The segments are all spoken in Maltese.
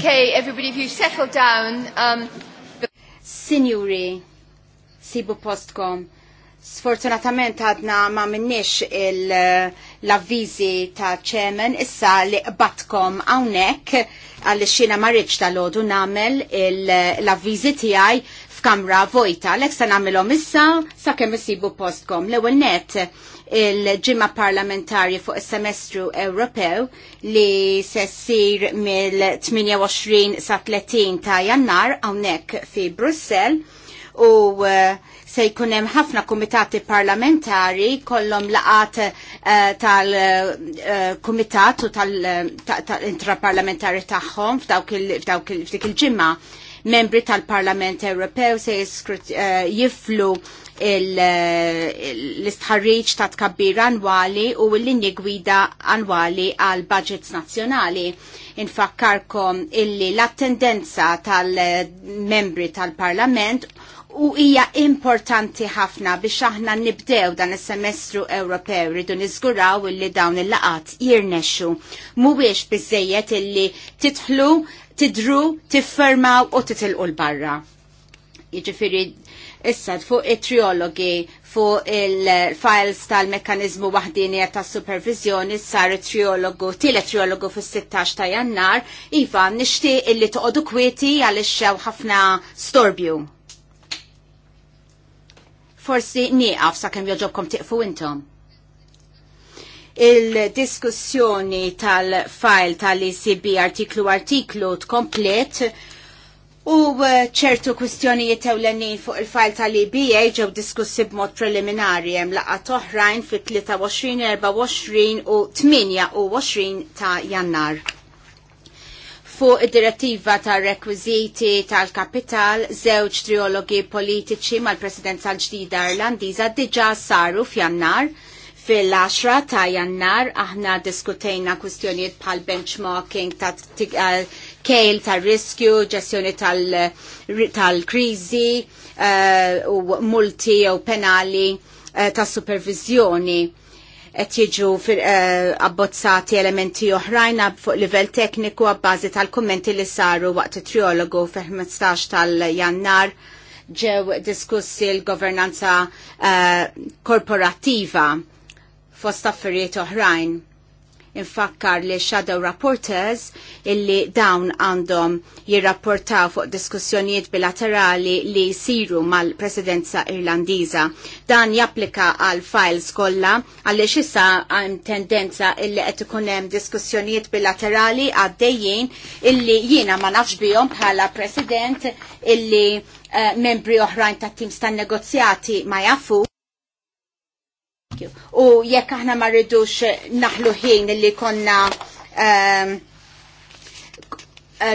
Okay, everybody, if you settle down... Um, the... Signori, sibu postkom. Sfortunatament għadna ma minnix l-avvizi ta' ċemen issa li batkom għawnek għalli xina marriċ tal-ħodu namel l-avvizi tijaj f'kamra vojta. Lek se missa, issa sakemm isibu postkom. L-ewwel net il-ġimma parlamentari fuq is-semestru Ewropew li se ssir mill-28 sa 30 ta' Jannar hawnhekk fi Brussel u eh, se jkun hemm ħafna kumitati parlamentari kollom laqat eh, tal eh, komitat u tal-intraparlamentari tagħhom f'dawk il-ġimgħa membri tal-Parlament Ewropew se eh, jiflu eh, l-istħarriċ ta' tkabbir annwali u l-linji gwida annwali għal budgets nazzjonali. Infakkarkom illi l-attendenza tal-membri tal-Parlament u hija importanti ħafna biex aħna nibdew dan is-semestru Ewropew rridu niżguraw illi dawn il-laqat jirnexxu. Mhuwiex biżejjed illi titħlu tidru, tiffermaw u titilqu l-barra. Jiġifieri issa fuq it-triologi fuq il-files tal mekanizmu wahdini ta' supervizjoni sar triologu, tile triologu fis-16 ta' jannar, Iva, nixtieq illi toqodu kwieti għaliex xew ħafna storbju. Forsi nieqaf sakemm joġobkom tiqfu intom il-diskussjoni tal-file tal-ECB artiklu artiklu tkomplet u eh, ċertu kwistjonijiet ewlenin fuq il-file tal-EBA ġew diskussi b'mod preliminari hemm laqa oħrajn fit-23, 24 u 28 ta' Jannar. Fuq id-direttiva tal-rekwiziti tal-kapital, żewġ triologi politiċi mal-presidenza l-ġdida Irlandiża diġà saru f'Jannar Fil-10 ta' jannar aħna diskutejna kwistjonijiet bħal benchmarking ta' eh, kejl ta' riskju, ġestjoni tal-krizi eh, u multi u penali eh, ta' supervizjoni qed jiġu abbozzati elementi oħrajn fuq livell tekniku għabbażi tal-kommenti li saru waqt triologu fil-15 tal-jannar ġew diskussi l-governanza uh, korporattiva fost affarijiet oħrajn. Infakkar li shadow rapporters illi dawn għandhom jirrapportaw fuq diskussjonijiet bilaterali li siru mal-presidenza irlandiza. Dan japplika għal files kollha għalli xissa għam tendenza illi qed ikun hemm diskussjonijiet bilaterali għaddejjin illi jiena ma nafx bihom bħala president illi uh, membri oħrajn tat-tim stan negozjati ma jafu U jekk aħna ma rridux naħlu ħin li konna um,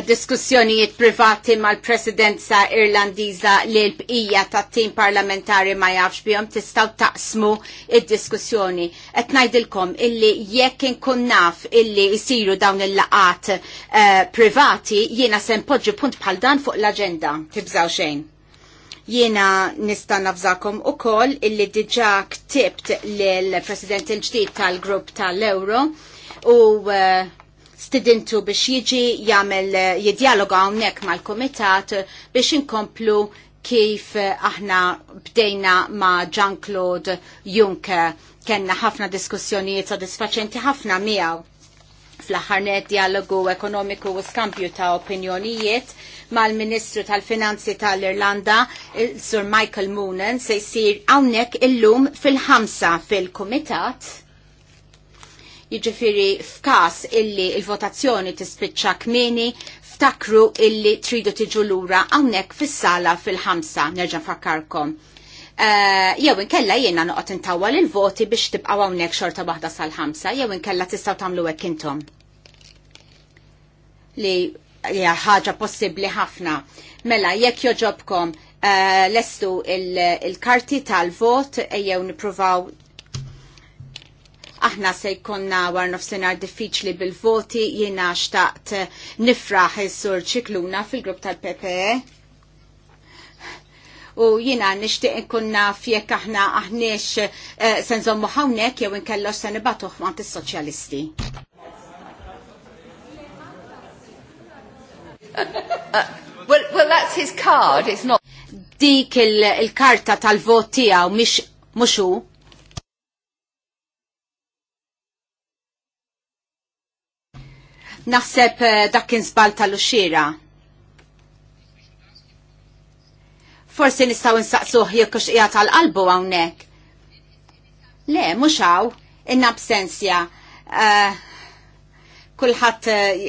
diskussjonijiet privati mal-presidenza irlandiza li l-bqija ta' tim parlamentari ma jafx bihom tistaw taqsmu id-diskussjoni. Et najdilkom illi jekk inkun naf illi jisiru dawn il-laqat uh, privati jiena sempoġġi punt bħal dan fuq l-agenda. Tibżaw xejn. Jiena nista' u ukoll illi diġà ktibt lill-President il-ġdid tal-Grupp tal-Euro u uh, stidintu biex jiġi jagħmel uh, jidjaloga hawnhekk mal-Kumitat biex inkomplu kif uh, aħna bdejna ma' Jean-Claude Juncker kenna ħafna diskussjonijiet sodisfaċenti ħafna miegħu fl-aħħar dialogu ekonomiku u skambju ta' opinjonijiet mal-Ministru tal-Finanzi tal-Irlanda, Sir Michael Moonan, se jsir hawnhekk illum fil-ħamsa fil-Kumitat. Jiġifieri f'każ illi il-votazzjoni tispiċċa kmieni, ftakru illi tridu tiġu lura hawnhekk fis-sala fil-ħamsa, nerġa' fakkarkom. Eh, jew inkella jiena noqgħod intawal il-voti biex tibqgħu hawnhekk xorta waħda sal-ħamsa, jew inkella tistgħu tagħmlu hekk intom li hija ħaġa possibbli ħafna. Mela, jekk joġobkom uh, lestu il-karti il tal-vot ejjew eh, nipruvaw aħna se jkonna war nofsenar diffiċli bil-voti jiena xtaqt eh, nifraħ is-sur ċikluna fil-grupp tal-PPE. U jiena nixtieq nkun fjek aħna aħniex uh, se nżommu hawnhekk jew nkellox se nibatuh mant is-soċjalisti. Uh, well, well, that's his card, it's not... Dik il-karta il karta tal vot tijaw, mux muxu. Naħseb uh, dak żball tal-uxira. Forsi nistgħu nsaqsuh jekk ija tal-qalbu hawnhekk. Le, mhux hawn, in absenzja. Uh, Kulħadd uh,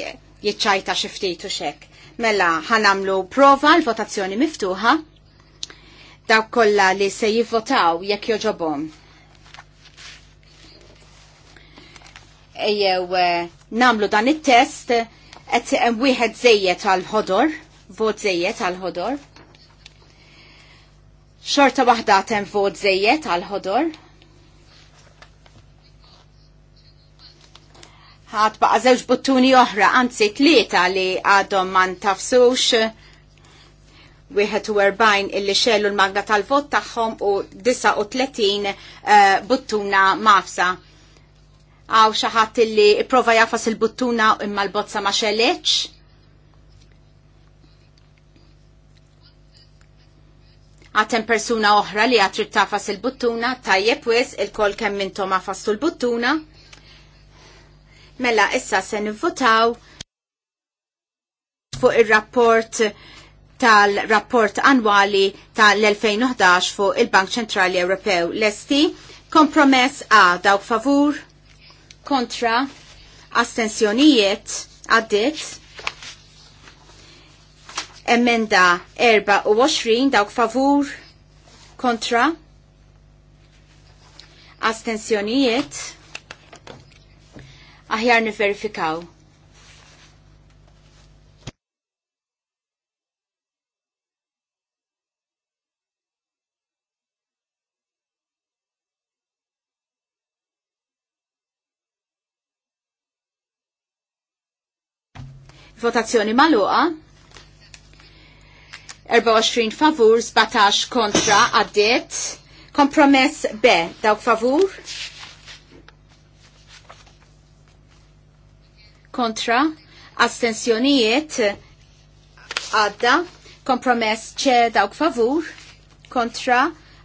jiċċajta xi ftit xek. Mela ħanamlu prova l-votazzjoni miftuħa. Dawk kollha li se jivvotaw jekk joġobhom. Ejjew eh, namlu dan it-test qed hemm wieħed żejjed għal ħodor, vot żejjed għal ħodor. Xorta waħda hemm vot żejjed għal ħodor. ħat baqa zewġ buttuni oħra, anzi tlieta li għadhom ma ntafsux. Wieħed u erbajn illi xellu l-magna tal-vot tagħhom u 39 uh, eh, buttuna mafsa. Għaw xi ħadd illi pprova jafas il-buttuna imma l-bozza ma xelleċ. għatem persuna oħra li għatrib tafas il-buttuna, tajjeb wis il-kol kemm intom għafastu l-buttuna. Mela issa se nivvotaw fuq ir-rapport tal-rapport annwali tal-2011 fuq il-Bank Ċentrali Ewropew lesti kompromess a dawk favur kontra astensjonijiet għaddit emenda 24 dawk favur kontra astensjonijiet aħjar niverifikaw. Votazzjoni maluqa. 24 favur, 17 kontra, għaddiet. Kompromess B, dawk favur? kontra astensjonijiet għadda kompromess ċe dawk favur kontra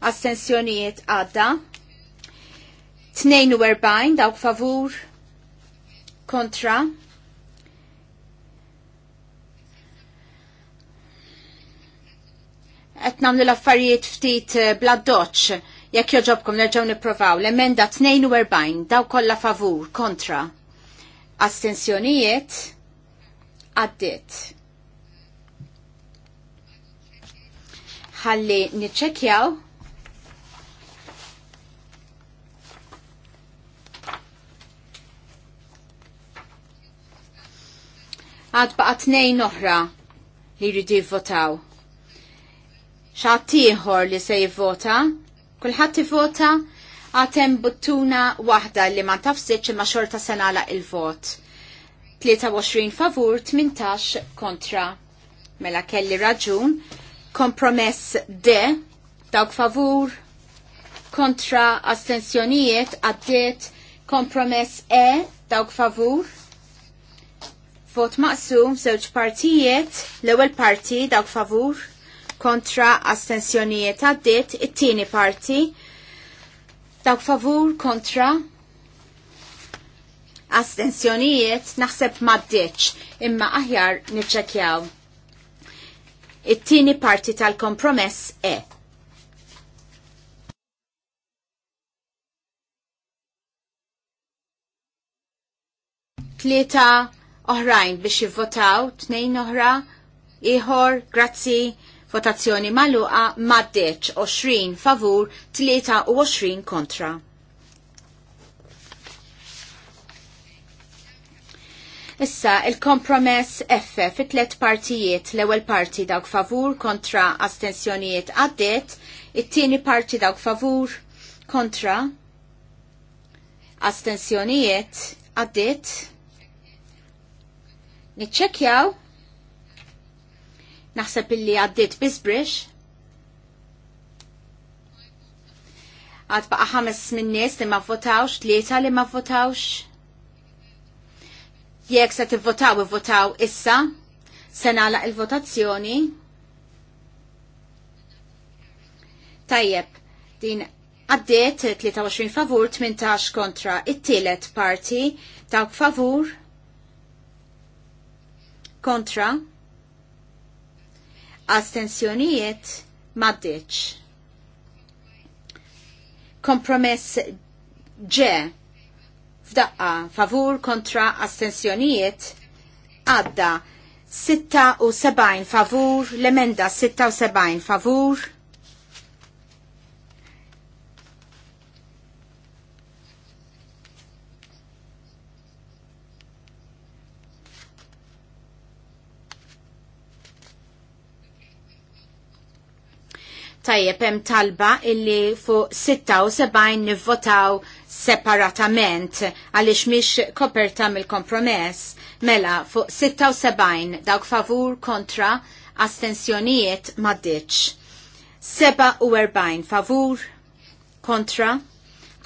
astensjonijiet għadda 42 dawk favur kontra qed nagħmlu l-affarijiet ftit eh, bla doċ jekk joġobkom nerġgħu nipprovaw l-emenda 42 daw kollha favur kontra astensjonijiet għaddit. Ħalli nitċekjaw għad baqa tnejn oħra li jridu jivvotaw. ċaħtiħor li se jivvota, kullħat jivvota, Għatem buttuna wahda li ma tafsiċ ma xorta senala il-vot. 23 favur, 18 kontra. Mela kelli raġun. Kompromess D, dawk favur, kontra astensjonijiet għaddiet kompromess E, dawk favur. Vot maqsum żewġ partijiet, l-ewwel parti dawk favur, kontra astensjonijiet għaddiet, it-tieni parti Dawk favur kontra astensjonijiet naħseb maddeċ imma aħjar niċċekjaw. It-tieni parti tal-kompromess E. Tlieta oħrajn biex jivvotaw, tnejn oħra, ieħor, grazzi Votazzjoni maluqa maddeċ 20 favur 23 kontra. Issa il-kompromess F fi tlet partijiet l-ewwel parti dawk favur kontra astensjonijiet għaddiet, it-tieni parti dawk favur kontra astensjonijiet għaddet. Niċċekjaw Naħseb illi għaddit bisbrix. Għad baqa ħames minnis li ma votawx, tlieta li ma votawx. Jek se tivvotaw, votaw issa, se nagħlaq il-votazzjoni. Tajjeb, din għaddiet 23 favur, 18 kontra. It-tielet parti, dawk favur, kontra, astensjonijiet maddiċ. Kompromess ġe f'daqqa favur kontra astensjonijiet għadda 76 favur, l-emenda 76 favur, Tajjeb hemm talba illi fuq 76 nivvotaw separatament għaliex mhix koperta mill-kompromess. Mela fuq 76 dawk favur kontra astensjonijiet maddiċ. 47 favur kontra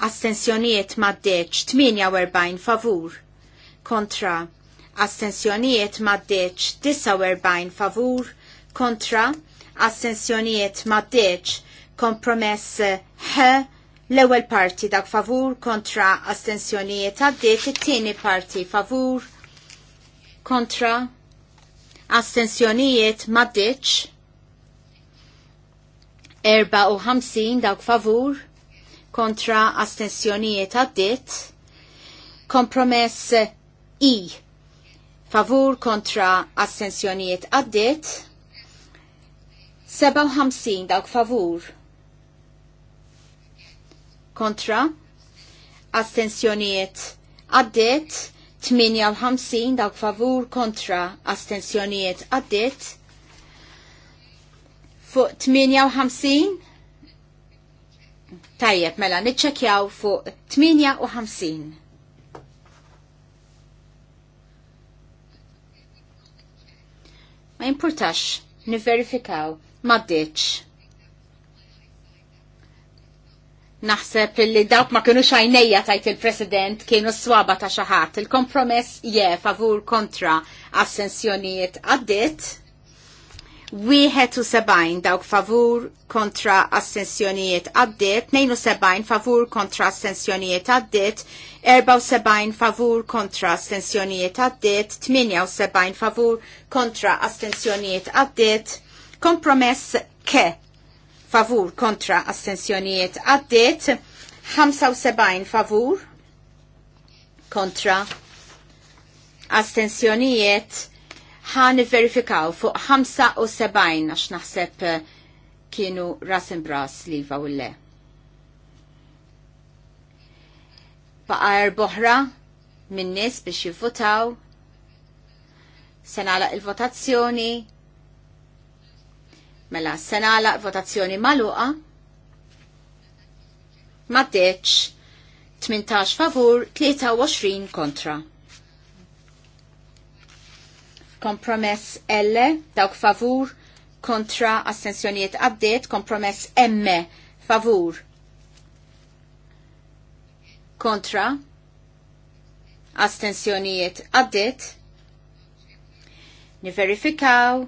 astensjonijiet maddeċ 48 favur kontra astensjonijiet maddeċ 49 favur kontra assenzjonijiet ma deċ kompromess H eh, l-ewwel parti dak favur kontra astensjonijiet deċ it-tieni parti favur kontra astensjonijiet ma deċ 54 dak favur kontra astensjonijiet għaddit, kompromess eh, I favur kontra astensjonijiet għaddit, 57 dawk favur. Kontra. Astensjonijiet għaddit. 58 dawk favur kontra astensjonijiet għaddit. Fuq 58 Tajjeb, mela, nitċekjaw fuq 58. Ma importax, niverifikaw maddiċ. Naħseb li dawk ma kienu xajnejja tajt il-President kienu swaba ta' xaħat. Il-kompromess je yeah, favur kontra assenzjonijiet għaddit. Wieħed u sebajn dawk favur kontra assenzjonijiet għaddit, sebajn favur kontra assenzjonijiet għaddit, 74 favur kontra astensjonijiet għaddit, 78 favur kontra assenzjonijiet għaddit, Kompromess ke favur kontra astensjonijiet għaddiet 75 favur kontra astensjonijiet ħan verifikaw fuq 75 għax naħseb eh, kienu rasim bras li u le. Baqar boħra minn nis biex jivvotaw, senala il-votazzjoni, Mela, senala votazzjoni maluqa. Maddeċ, 18 favur, 23 kontra. Kompromess L, dawk favur, kontra astensjonijiet għaddiet, kompromess M, favur, kontra, astensjonijiet għaddit, niverifikaw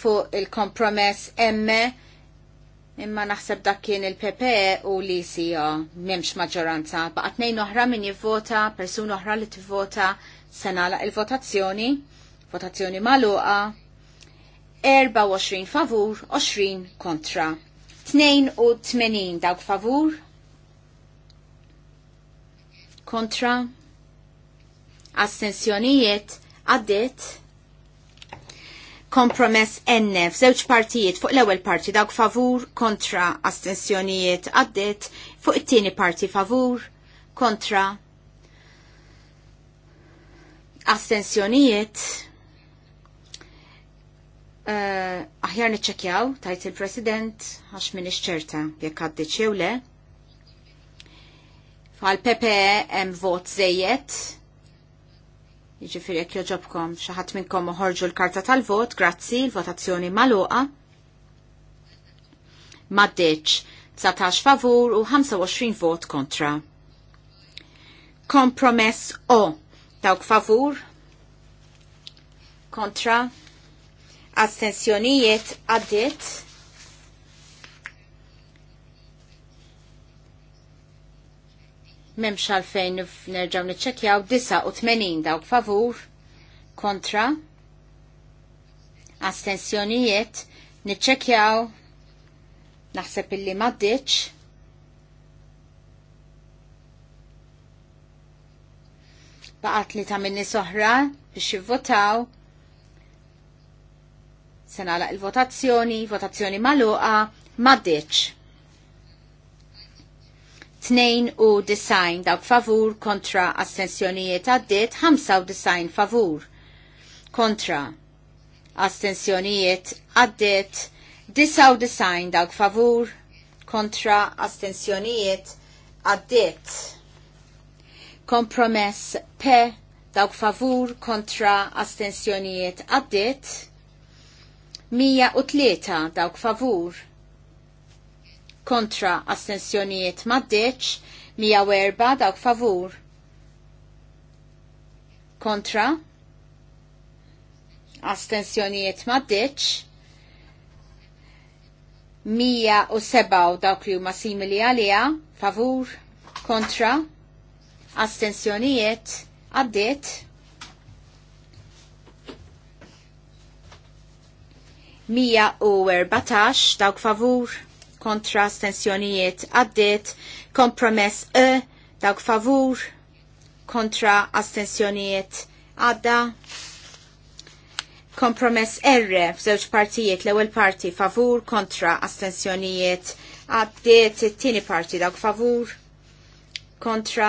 fuq il-kompromess emme imma naħseb dak kien il pp e u li sija e memx maġġoranza. Baqat nejn oħra min jivvota, persuna oħra li tivvota senala il-votazzjoni, votazzjoni maluqa, 24 favur, 20 kontra. 82 dawk favur, kontra, Astenzjonijiet għaddit, kompromess NF, zewċ partijiet fuq l-ewwel parti dawk favur kontra astensjonijiet għaddit, fuq it-tieni parti favur kontra astensjonijiet uh, aħjar niċċekjaw tajt il-President għax min ċerta jekk għaddit jew le. Għal PPE hemm vot żejjed Jiġifieri jekk joġobkom xi ħadd minnkom uħorġu l-karta tal-vot, grazzi, l-votazzjoni magħluqa. Maddeċ, 19 favur u 25 vot kontra. Kompromess O. Dawk favur? Kontra? Astensjonijiet għaddiet. memx għalfejn nerġaw niċċekjaw 89 dawk favur kontra astensjonijiet niċċekjaw naħseb illi maddiċ baqat li ta' minni soħra biex jivvotaw sena il-votazzjoni, votazzjoni maluqa, maddiċ. Tnejn u design dawk favur kontra astensjonijiet għaddit, u design favur kontra astensjonijiet għaddit, disaw design dawk favur kontra astensjonijiet għaddit. Kompromess P dawk favur kontra astensjonijiet għaddit, 103 dawk favur kontra astensjonijiet maddeċ, 104 dawk favur kontra astensjonijiet maddeċ, 107 dawk li huma simili għalija favur kontra astensjonijiet għaddiet 114 dawk favur kontra astensjonijiet għaddit, kompromess E, dawk favur, kontra astensjonijiet għadda, kompromess R, f'żewġ partijiet, l-ewel parti favur, kontra astensjonijiet għaddit, it-tieni parti dawk favur, kontra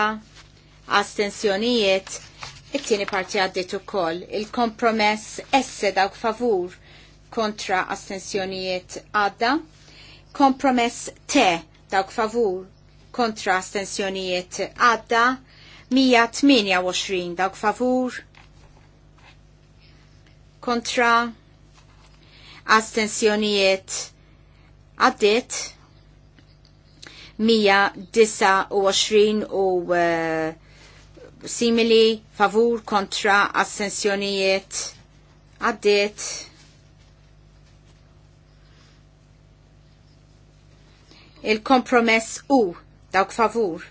astensjonijiet, it-tieni parti għaddit ukoll, il-kompromess S dawk favur, kontra astensjonijiet għadda, Kompromess te dawk favur kontra astensjonijiet għadda 128 dawk favur kontra astensjonijiet għaddit 129 u uh, simili favur kontra astensjonijiet għaddit Il-kompromess u dawk favur.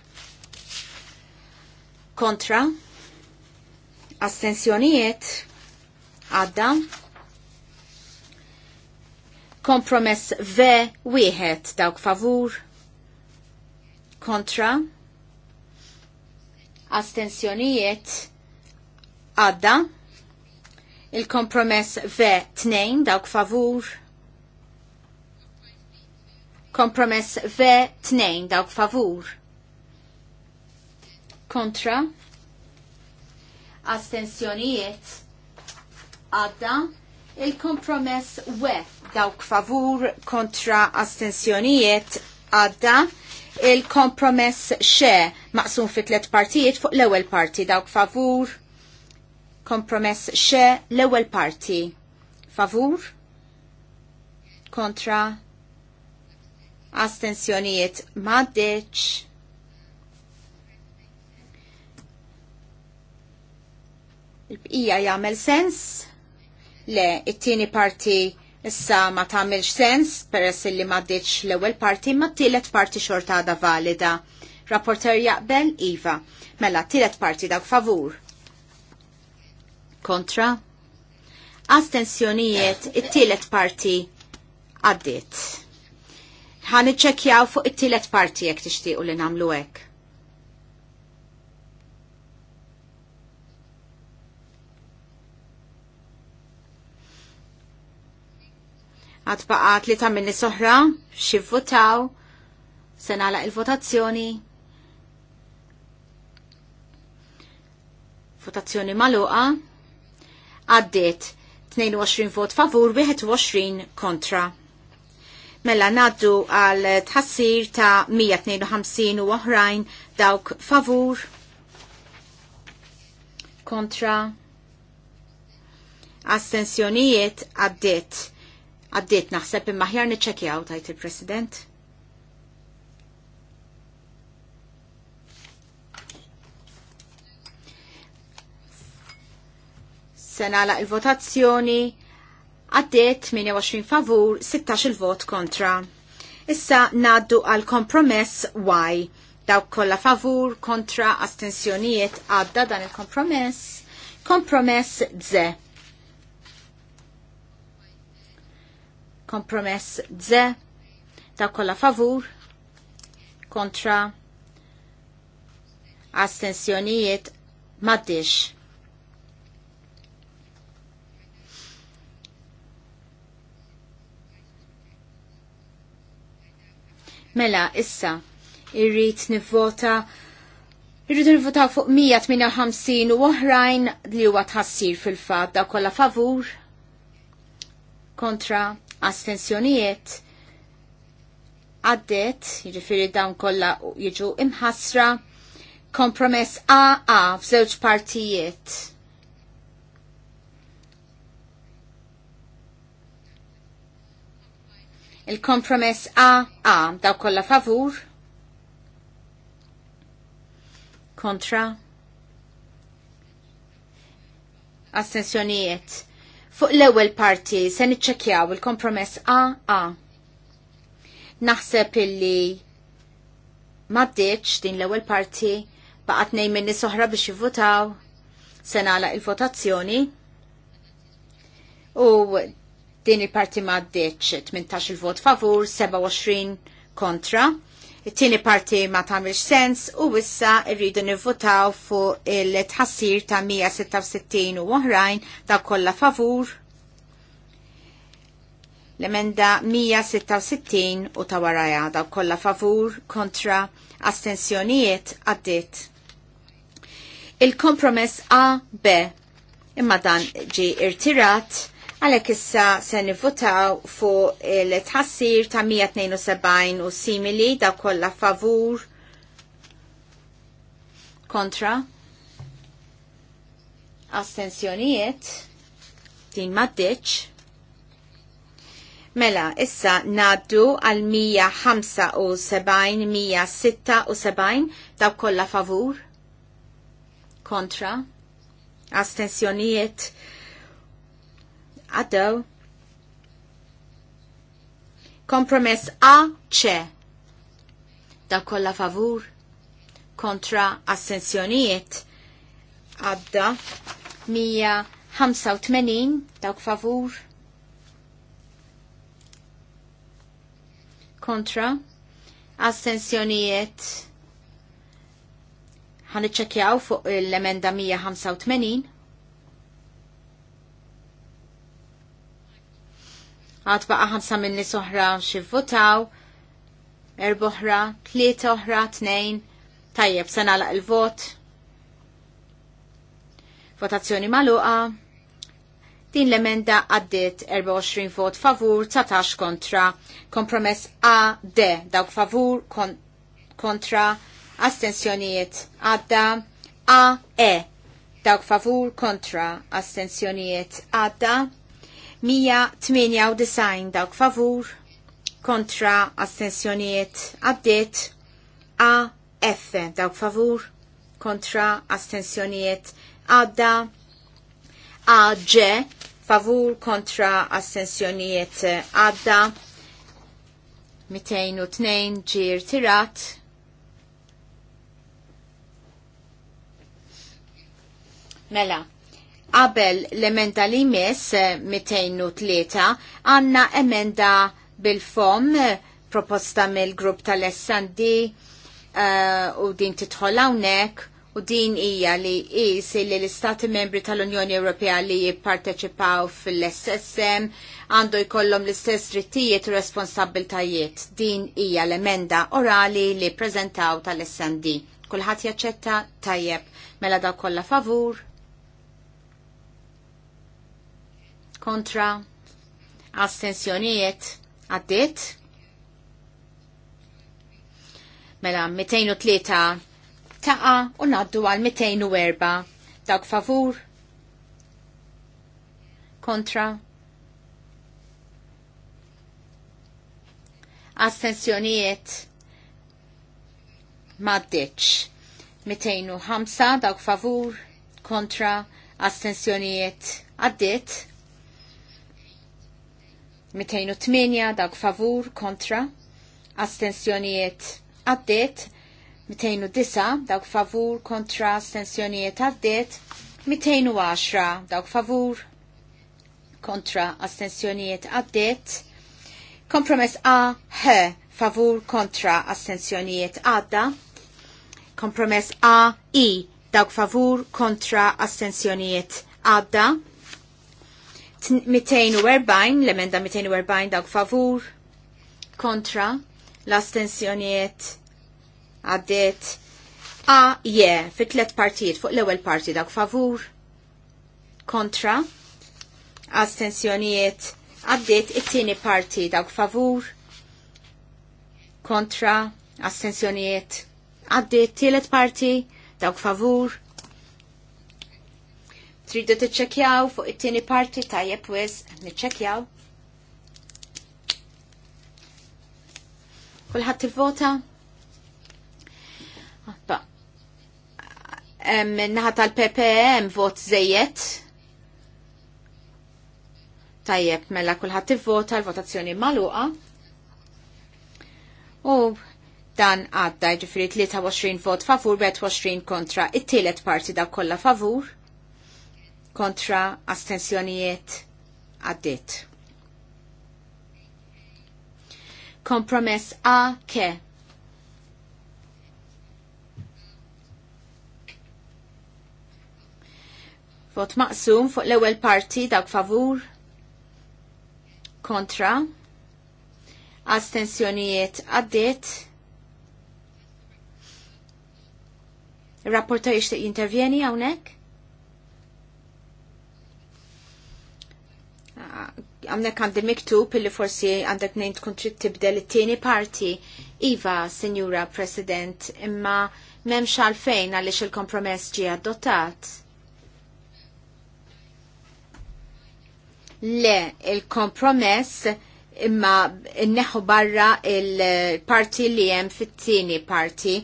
Kontra. Astensjonijiet għadda. Kompromess V wieħed dawk favur. Kontra. Astensjonijiet għadda il-kompromess v tnejn dawk favur Kompromess V2 dawk favur. Kontra. Astensjonijiet. Għadda. Il-kompromess W dawk favur kontra astensjonijiet. Għadda. Il-kompromess xe maqsum fit tlet partijiet fuq l-ewel parti dawk favur. Kompromess xe l-ewel parti. Favur. Kontra astensjonijiet maddeċ. Il-bqija jagħmel sens? Le, it-tieni parti issa ma tagħmilx sens peress li maddeċ l-ewwel parti ma t-tielet parti xorta valida. Rapporter jaqbel Iva. Mela t-tielet parti dak favur. Kontra? Astensjonijiet it-tielet parti għaddiet ħan iċċekjaw fuq it-tielet parti jekk tixtiequ li nagħmlu hekk. għad baqat li ta' minni soħra, xivvotaw, senala il-votazzjoni. Votazzjoni maluqa, għaddit 22 vot favur, 21 kontra. Mela naddu għal tħassir ta' 152 u oħrajn dawk favur kontra astensjonijiet għaddit. Għaddit naħseb imma ħjar niċċekjaw tajt il-President. Sena la il-votazzjoni għaddiet 28 favur, 16 il-vot kontra. Issa naddu għal kompromess Y. Dawk kolla favur, kontra, astensjonijiet għadda dan il-kompromess. Kompromess Z. Kompromess Z. Dawk kolla favur, kontra, astensjonijiet maddix. Mela, issa, irrit nivvota irrit nivvotaw fuq 158 u oħrajn li huwa tħassir fil fad da kollha favur kontra astensjonijiet għaddet, jiġifieri dawn kollha jiġu imħasra kompromess AA f'żewġ partijiet. Il-kompromess A, A, daw kolla favur. Kontra. Astensjonijiet. Fuq l-ewel parti se niċċekjaw il-kompromess A, A. Naħseb illi maddiċ din l-ewel parti baqat nej minni soħra biex jivvotaw. Se nagħlaq il-votazzjoni. U Din il-parti ma ddeċ 18 il-vot favur, 27 kontra. It-tieni parti ma tamil sens u wissa rridu nivvotaw fuq il-tħassir ta' 166 u oħrajn ta' kollha favur. L-emenda 166 u ta' waraja da' kolla favur kontra astensjonijiet għaddit. Il-kompromess A B imma dan ġi irtirat Għalek issa se nivvotaw fuq il-tħassir ta' 172 u simili da' kolla favur kontra astensjonijiet din maddiċ. Mela, issa naddu għal 175, 176 da' kolla favur? Kontra? Astensjonijiet għaddew. Kompromess A ċe. Da kolla favur kontra assenzjonijiet għadda 185 dawk favur kontra assenzjonijiet ħaniċċekjaw fuq l-emenda 185 għad baqa ħamsa minni soħra xivvotaw, erboħra, tlieta oħra, tnejn, tajjeb, sena laq il-vot. Votazzjoni maluqa. Din l-emenda għaddit 24 vot favur, 19 kontra, kompromess A, D, dawk favur, kon, kontra, astensjonijiet għadda, A, E, dawk favur, kontra, astensjonijiet għadda, 198 dawk favur kontra astensjonijiet għaddit A F dawk favur kontra astensjonijiet għadda A G favur kontra astensjonijiet għadda 202 ġir tirat Mela, Qabel l-emenda li mess 203 eh, għanna emenda bil-fom eh, proposta mill-grupp tal-SND eh, u din titħol hawnhekk u din hija li qis li l-Istati membri tal-Unjoni Ewropea li jipparteċipaw fil-SSM għandu jkollhom l-istess drittijiet u responsabiltajiet. Din hija l-emenda orali li preżentaw tal-SND. Kulħadd jaċċetta tajjeb mela daw kollha favur, kontra astensjonijiet għaddit. Mela 203 taqa u naddu għal 204 dawk favur kontra astensjonijiet maddiċ 205 dawk favur kontra astensjonijiet għaddit 208 dawk favur kontra astensjonijiet għaddiet 209 dawk favur kontra astensjonijiet għaddiet 210 dawk favur kontra astensjonijiet għaddiet Kompromess A, H, favur kontra astensjonijiet għadda. Kompromess A, I, dawk favur kontra astensjonijiet għadda. 240, l-emenda 240 dawk favur, kontra, l-astensjoniet għaddiet A, je, fit tlet partijiet, fuq l ewwel parti dawk favur, kontra, astensjonijiet għaddiet it-tieni parti dawk favur, kontra, astensjonijiet għaddiet tielet parti dawk favur, Tridu t-ċekjaw fuq it-tieni parti tajjeb ċekjaw niċċekjaw. Kulħadd tivvota? Naħa tal-PPM e, vot żejjed. Tajjeb, mela kulħadd tivvota l-votazzjoni magħluqa. U dan għadda ta' 23 vot favur, 20 kontra, it-tielet parti da kollha favur kontra astensjonijiet għaddit. Kompromess A ke. Vot maqsum fuq l-ewwel parti dak favur kontra astensjonijiet għaddit. Rapporta jishtiq jintervjeni hawnhekk? għamnek għandi miktub illi forsi għandek nejn tkun trid tibdel it-tieni parti. Iva, Sinjura President, imma memx għalfejn għaliex il-kompromess ġie adottat. Le, il-kompromess imma neħu barra il-parti li hemm fit-tieni parti,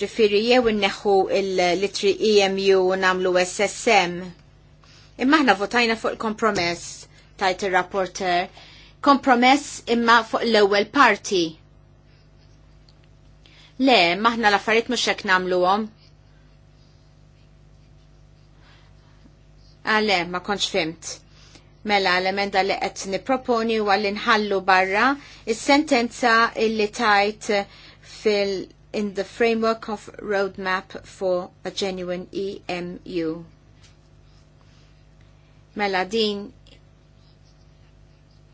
ġifiri jew neħu il-litri EMU namlu SSM. Imma ħna votajna fuq il-kompromess tajt il-rapporter, kompromess imma fuq l-ewwel parti. Le, maħna l-affarijiet mhux hekk nagħmluhom. Għale, ah, ma konċ fimt. Mela l-emenda li qed nipproponi u li nħallu barra is-sentenza illi tajt fil in the framework of roadmap for a genuine EMU. Mela din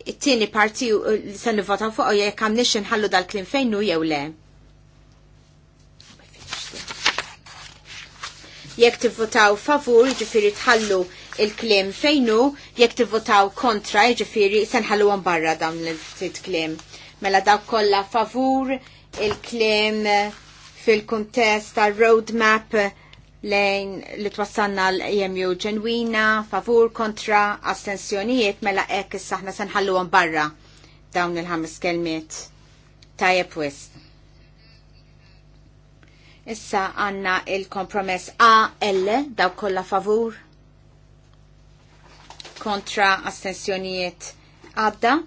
it-tieni parti li se nivvota fuq jekk għamniex inħallu dal-klim fejn hu jew le. Jekk tivvotaw favur, jiġifieri tħallu il-klim fejnu, jekk tivvotaw kontra, jiġifieri se nħallu barra dawn il-ftit klim. Mela dawk kollha favur il-klim fil-kuntest tal-roadmap lejn li twassanna l-EMU ġenwina, favur, kontra, astensjonijiet, mela ek s-saħna sanħallu barra dawn il-ħames kelmiet. Tajab wisq. Issa għanna il-kompromess AL, daw kolla favur, kontra astensjonijiet għadda.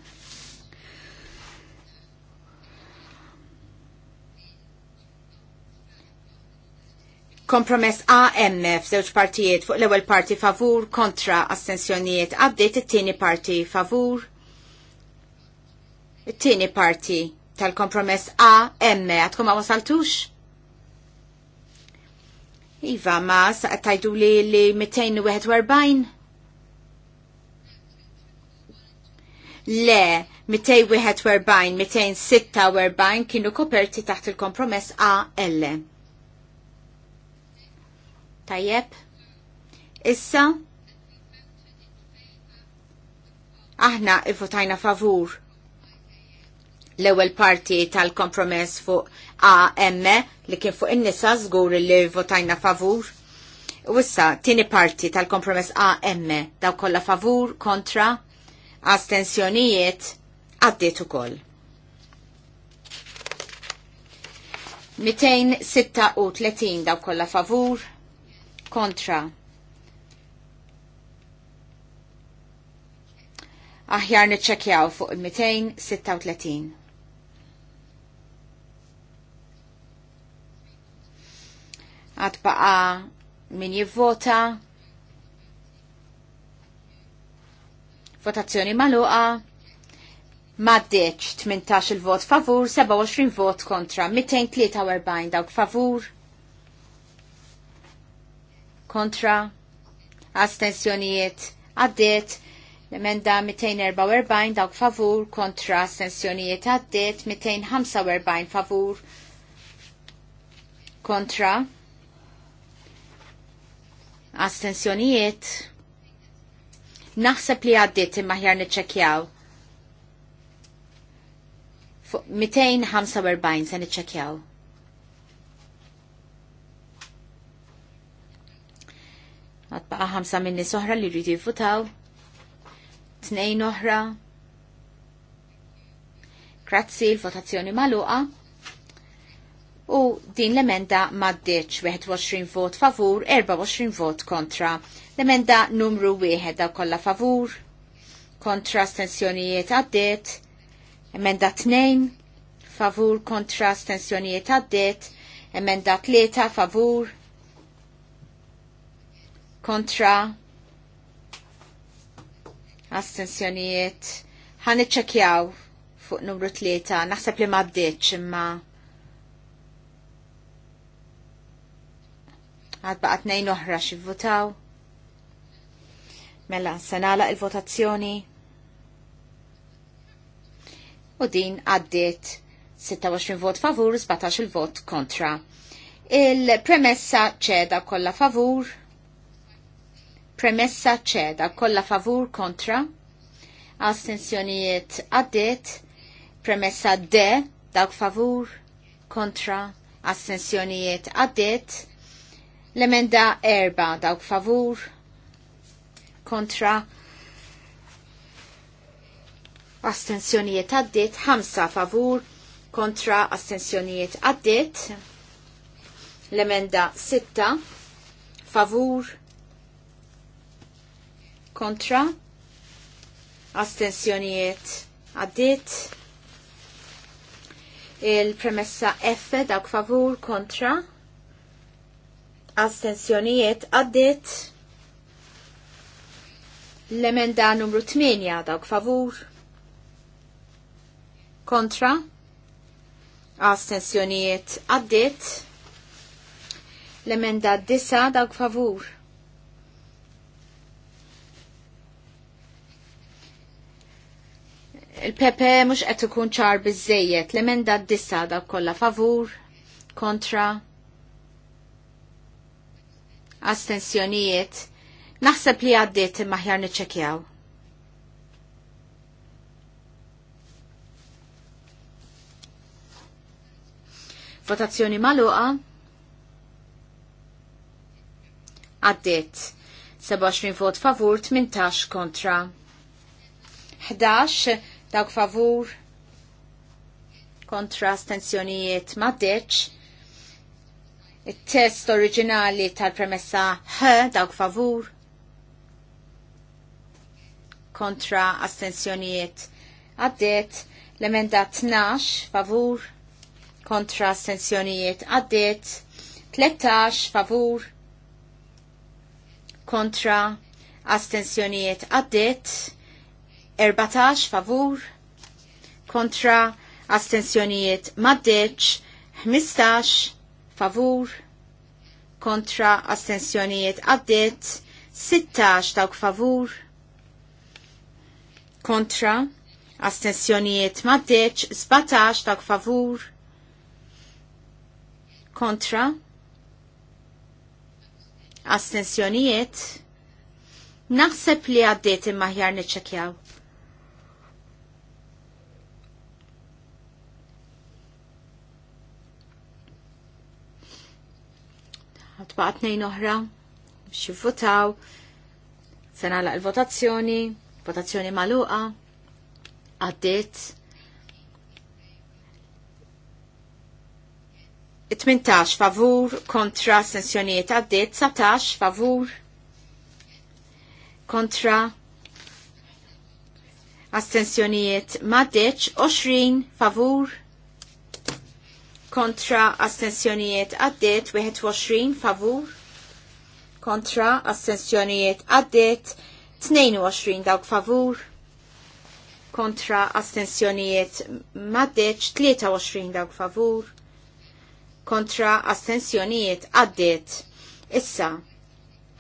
Kompromess AMF f'żewġ partijiet fuq l-ewwel parti favur kontra astensjonijiet għaddiet it-tieni parti favur. It-tieni parti tal-kompromess AM għadkom ma wasaltux? Iva, ma tajdu li li 241? Le, 241, 246 kienu koperti taħt il-kompromess AL. Tajjeb. Issa aħna ivvotajna favur l-ewwel parti tal-kompromess fuq AM li kien fuq in-nisa żgur li votajna favur. U issa tieni parti tal-kompromess AM daw kollha favur kontra astensjonijiet għaddiet ukoll. 236 daw kollha favur kontra. Aħjar niċċekjaw fuq il-236. Għad baqa min jivvota. Votazzjoni maluqa. Maddeċ 18 il-vot favur, 27 vot kontra, 243 dawk favur kontra astensjonijiet għaddiet l-emenda 244 dawk favur kontra astensjonijiet għaddiet 245 favur kontra astensjonijiet naħseb li għaddiet imma ħjar niċċekjaw 245 se niċċekjaw. għatbaqa ħamsa minni soħra li rridu jifutaw, tnejn oħra. Grazzi l-votazzjoni maluqa. U din l-emenda maddeċ 21 vot favur, 24 vot kontra. L-emenda numru 1 da kolla favur, kontra stensjonijiet għaddet, emenda 2 favur kontra stensjonijiet għaddet, emenda 3 favur kontra astensjonijiet ħan iċċekjaw fuq numru tlieta. naħseb li ma bdiċ imma għad baqat nejn oħra xivvotaw mela senala il-votazzjoni u din għaddiet 26 vot favur, 17 il-vot kontra. Il-premessa ċeda kolla favur, Premessa ċeda kollha favur kontra. Astensjonijiet għaddit, Premessa D dawk favur kontra. Astensjonijiet għaddit, L-emenda erba dawk favur kontra. Astensjonijiet għaddit, Ħamsa favur kontra astensjonijiet għaddit, l-emenda sitta favur kontra, astensjonijiet għaddit, il-premessa F dawk favur kontra, astensjonijiet għaddit, l-emenda numru 8 dawk favur kontra, astensjonijiet għaddit, l-emenda 9 dawk favur il-Pepe mux qed ikun ċar biżejjed l-emenda d-dissa da kollha favur, kontra, astensjonijiet, naħseb li għaddiet imma ħjar niċċekjaw. Votazzjoni maluqa għaddit 27 vot favur, 18 kontra. 11 Dawk favur kontra stenzjonijiet deċ. Il-test oriġinali tal-premessa H dawk favur kontra astensjonijiet għaddiet l-emenda 12 favur kontra astensjonijiet għaddiet 13 favur kontra astensjonijiet għaddiet 14 favur kontra astensjonijiet maddeċ 15 favur kontra astensjonijiet għaddit 16 dawk favur kontra astensjonijiet maddeċ 17 dawk favur kontra astensjonijiet naħseb li għaddiet imma ħjar niċċekjaw. tbaqat nejn oħra biex jivvotaw. Se nagħlaq il-votazzjoni, votazzjoni magħluqa, għaddiet. 18 favur kontra sensjonijiet għaddiet, 17 favur kontra astensjonijiet maddeċ, 20 favur kontra astensjonijiet għaddit 21 favur kontra astensjonijiet għaddit 22 dawk favur kontra astensjonijiet maddeċ 23 dawk favur kontra astensjonijiet għaddit issa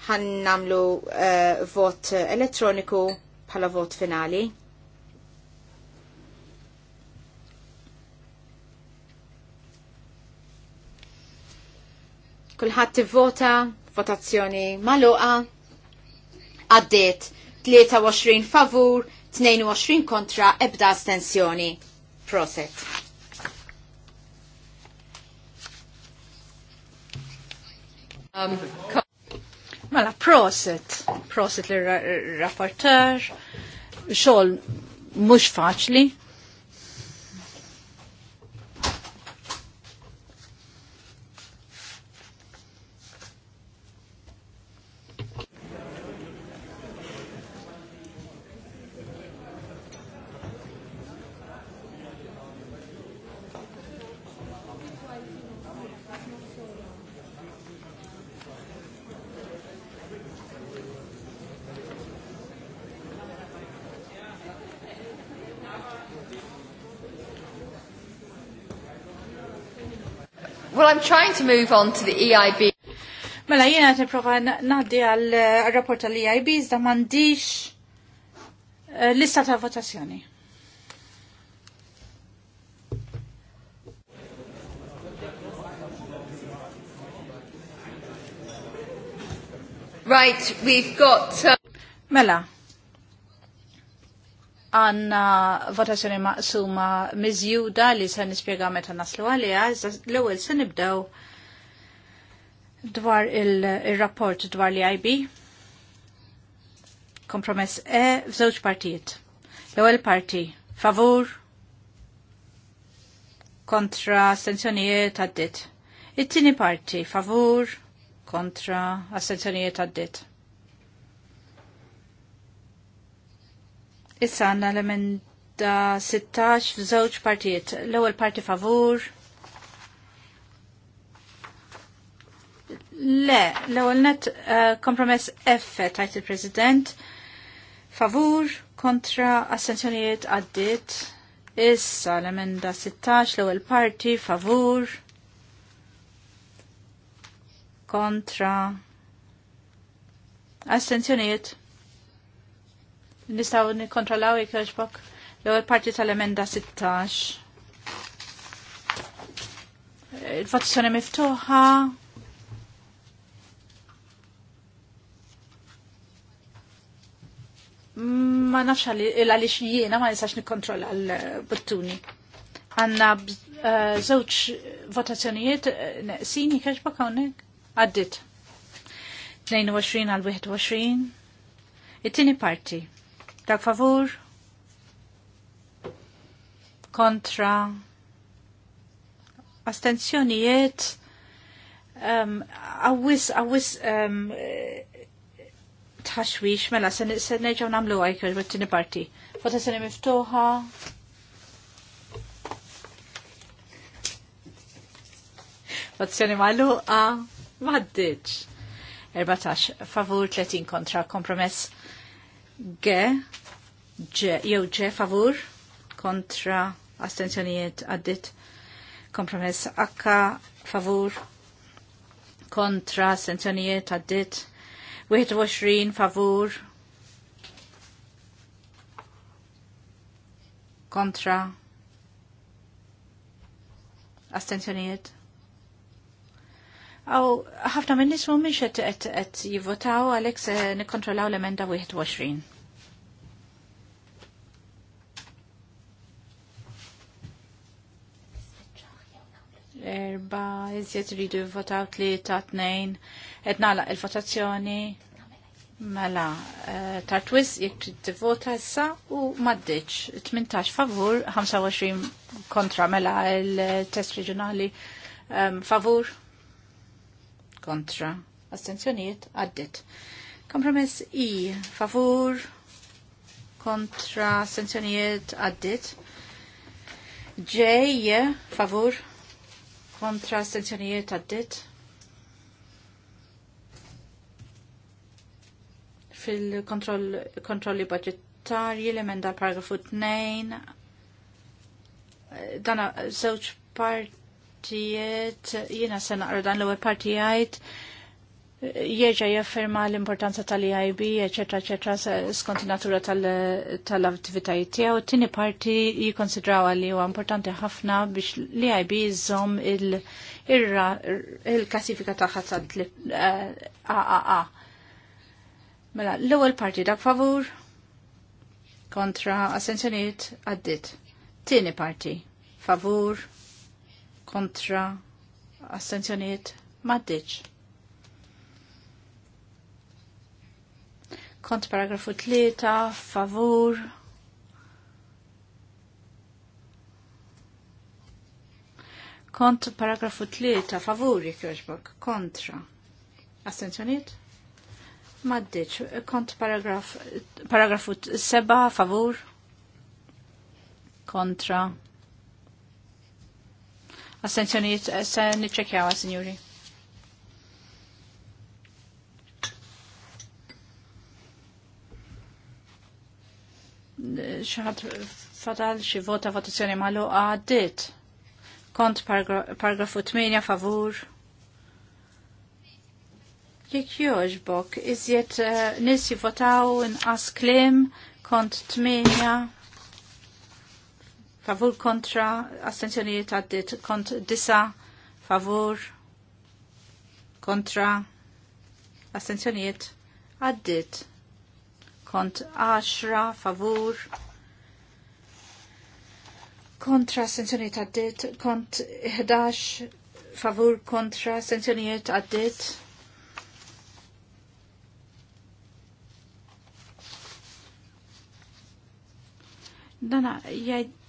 ħan namlu uh, vot elettroniku bħala vot finali. Kulħadd ivvota votazzjoni magħluqa għaddiet 23 favur, 22 kontra ebda astensjoni. Proset. Um, mela, proset. Proset l-rapporter. Xol mux faċli. trying to move on to the EIB. Mela jiena qed niprofa naddi għal eh, rapport għal eib zda mandiċ eh, lista ta' votazzjoni. Right, we've got... Uh... Mela, għanna votazzjoni maqsuma mizjuda li se nispjega meta naslu għalija, l-ewwel se nibdew dwar il-rapport dwar li IB. Kompromess E f'żewġ partijiet. L-ewwel parti favur kontra astenzjonijiet għaddit. It-tieni parti favur kontra astenzjonijiet għaddit. Issa għanna l-emenda 16 f'żewġ partijiet. L-ewwel parti favur. Le, l-ewwel net eh, kompromess F tajt il-President. Favur kontra assenzjonijiet għaddit. Issa l-emenda 16 l-ewwel parti favur kontra Assenzjonijiet. Nistaw nikontrollaw jek joġbok l-ewwel parti tal-emenda 16. Il-votazzjoni miftuħa. Ma nafx għal-għalix jiena ma nistax nikontrolla l-buttuni. Għanna zewċ eh, votazzjonijiet eh, neqsin jkeġbok hawnhekk għaddit. 22 għal 21. It-tieni parti. Dak favur? Kontra? Astenzjonijiet? Um, awis, awis, um, tħaxwix, mela, se neġaw namlu għajkir bit parti. Fota se miftuħa. Votazzjoni maluqa, maddiċ. 14 favur, 30 kontra, kompromess G, jew G favur kontra astenzjonijiet għaddit. Kompromess H favur kontra astenzjonijiet għaddit. 21 favur kontra astenzjonijiet. Aw, ħafna minn nismu minn xet jivvotaw għalek se nikontrollaw l-emenda 21. erba, iżjed rridu jivvotaw tlieta, tnejn, qed nagħlaq il-votazzjoni. Mela, eh, tartwis jek trid tivvota issa u maddiċ 18 favur, 25 kontra mela il-test reġjonali favur kontra astenzjonijiet għaddit. Kompromess I favur kontra astenzjonijiet għaddit. J favur kontra astenzjonijiet għaddit. Fil-kontrolli budgetarji l-emenda paragrafu 2 dana zewċ partijiet jina sena dan l għu partijajt jieġa jafferma l-importanza tal iib eccetera, eccetera, skont natura tal-attivitajiet tiegħu. Tini parti jikonsidraw li huwa importanti ħafna biex l iib jżomm il-klassifika tagħha tal-AAA. Eh, mela, l-ewwel parti dak favur kontra assenzjonijiet għaddit. Tieni parti favur kontra assenzjonijiet maddiċ Kont paragrafu 3, favur. Kont paragrafu 3, favur jekjoġbok, kontra. Astenzjoniet? Maddiċ, kont paragraf, paragrafu 7, favur. Kontra. Astenzjoniet, se niċċekjawa, signori. xaħat fadal xi vota votazzjoni malu għaddit. Kont paragrafu 8 favur. Jek joġbok, izjiet uh, eh, nis jivotaw inqas klim, kont 8 favur kontra, astenzjonijiet għaddit, kont 9 favur kontra, astenzjonijiet għaddit kont 10 favur kontra sensjoniet għaddit, kont 11 favur kontra sensjoniet għaddit. Dana, jgħid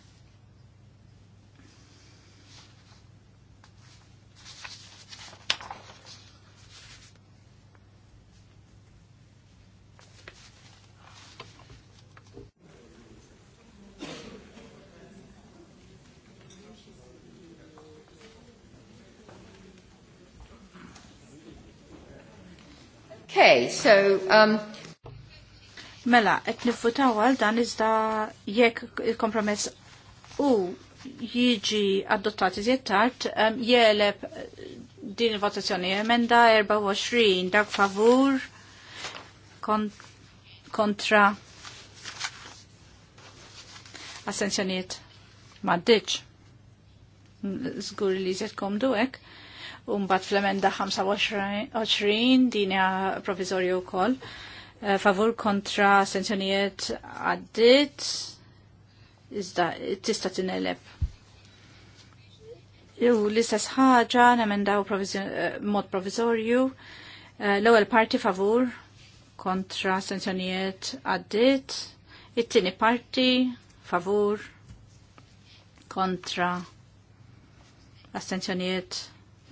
Okay, so... Um... Mela, et nifutaw għal dan iżda jekk il-kompromess u jiġi adottati iżjed tard um, jeleb din il-votazzjoni emenda 24 dak favur kon, kontra assenzjoniet ma' Zgur li ziet komdu ek. Umbat fl-emenda 25 dinja provizorju kol. Eh, favur kontra sanzjonijiet għaddit. Iżda tista tineleb. U l-istess ħaġa nemendaw eh, mod provizorju. Eh, l-ewwel parti favur kontra sanzjonijiet għaddit. It-tieni parti favur kontra astenzjonijiet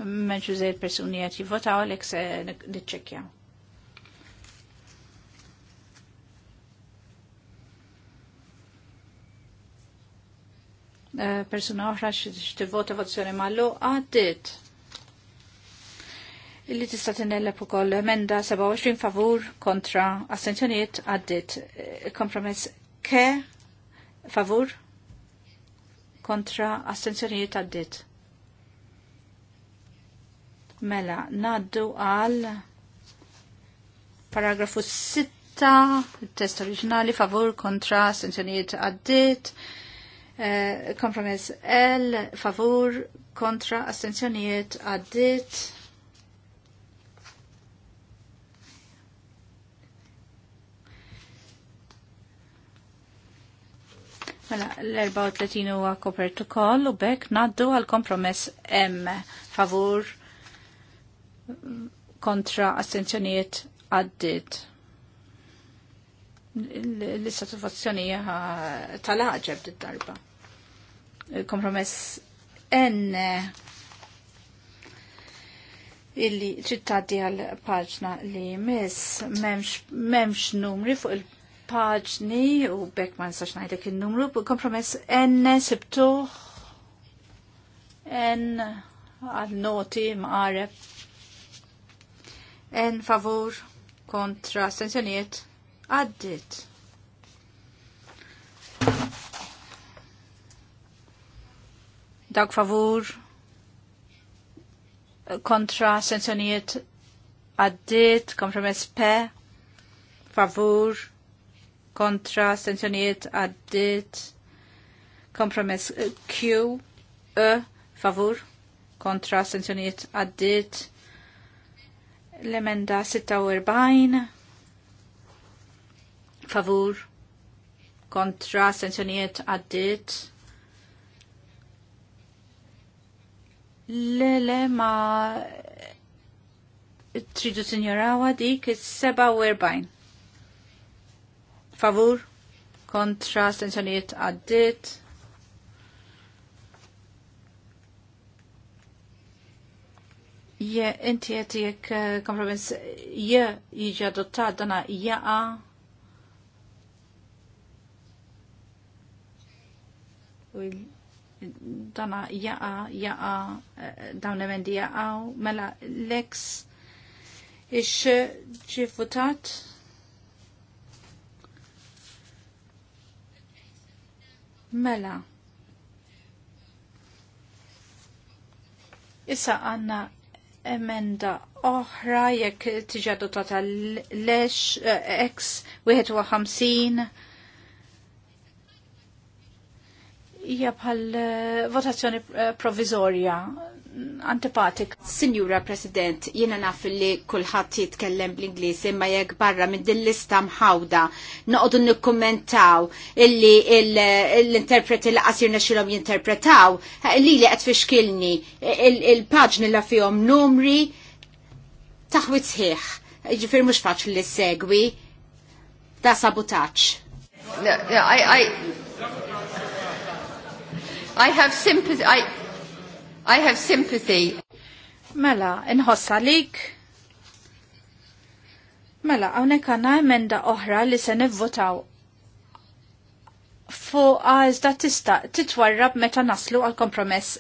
meġu zej personi għet jivotaw l se nitċekja. Eh, persuna oħra x-tivota votazzjoni mallu għaddit. Illi tista' tinelleb ukoll emenda 27 favur kontra astenzjonijiet għaddit. Eh, kompromess ke favur kontra astenzjonijiet għaddit Mela, naddu għal paragrafu 6, il test oriġinali, favur, kontra, sanzjoniet għaddit, eh, kompromess L, favur, kontra, astenzjoniet għaddit. Mela, l-34 huwa kopertu koll u bekk naddu għal kompromess M, favur, kontra assenzjoniet għaddit. L-istatisfazzjoni tal-ħagġeb dit-darba. Kompromess N illi ċittaddi għal paġna li mis, memx, memx numri fuq il-paġni u bekk ma nistax il-numru kompromess n sibtuħ n għal noti maqareb en favor, kontra astensjoniet għaddit. Dak favor. kontra astensjoniet għaddit, kompromess P, favor kontra astensjoniet għaddit, kompromess Q, E, favor kontra astensjoniet għaddit, L-emenda 46 favur kontra sanzjonijiet għaddit. Lele ma tridu tinjorawa dik is-47. Favur kontra sanzjonijiet għaddit. Je, inti għet jek eh, kompromis, je jiġi adottat dana jaqa dana jaqa jaqa eh, dawn emendi jaqa mela l-ex ix ġi votat mela issa għanna emenda oħra jekk tiġa dotata lex eh, ex 51 hija bħal eh, votazzjoni eh, provizorja antipatik. Signora President, jiena naf li kulħadd jitkellem bl-Ingliż imma jekk barra minn din lista mħawda noqogħdu nikkummentaw illi l-interpreti li qasir xilom jinterpretaw li li qed fixkilni il-paġni la fihom numri taħwit sħiħ. Ġifir mhux faċli li segwi. Da sabutaġġ. I, I, I have sympathy. I, I have sympathy. Mela, inħossa lik. Mela, għawnek għanna emenda oħra li se nivvotaw fuq għazda tista titwarrab meta naslu għal kompromess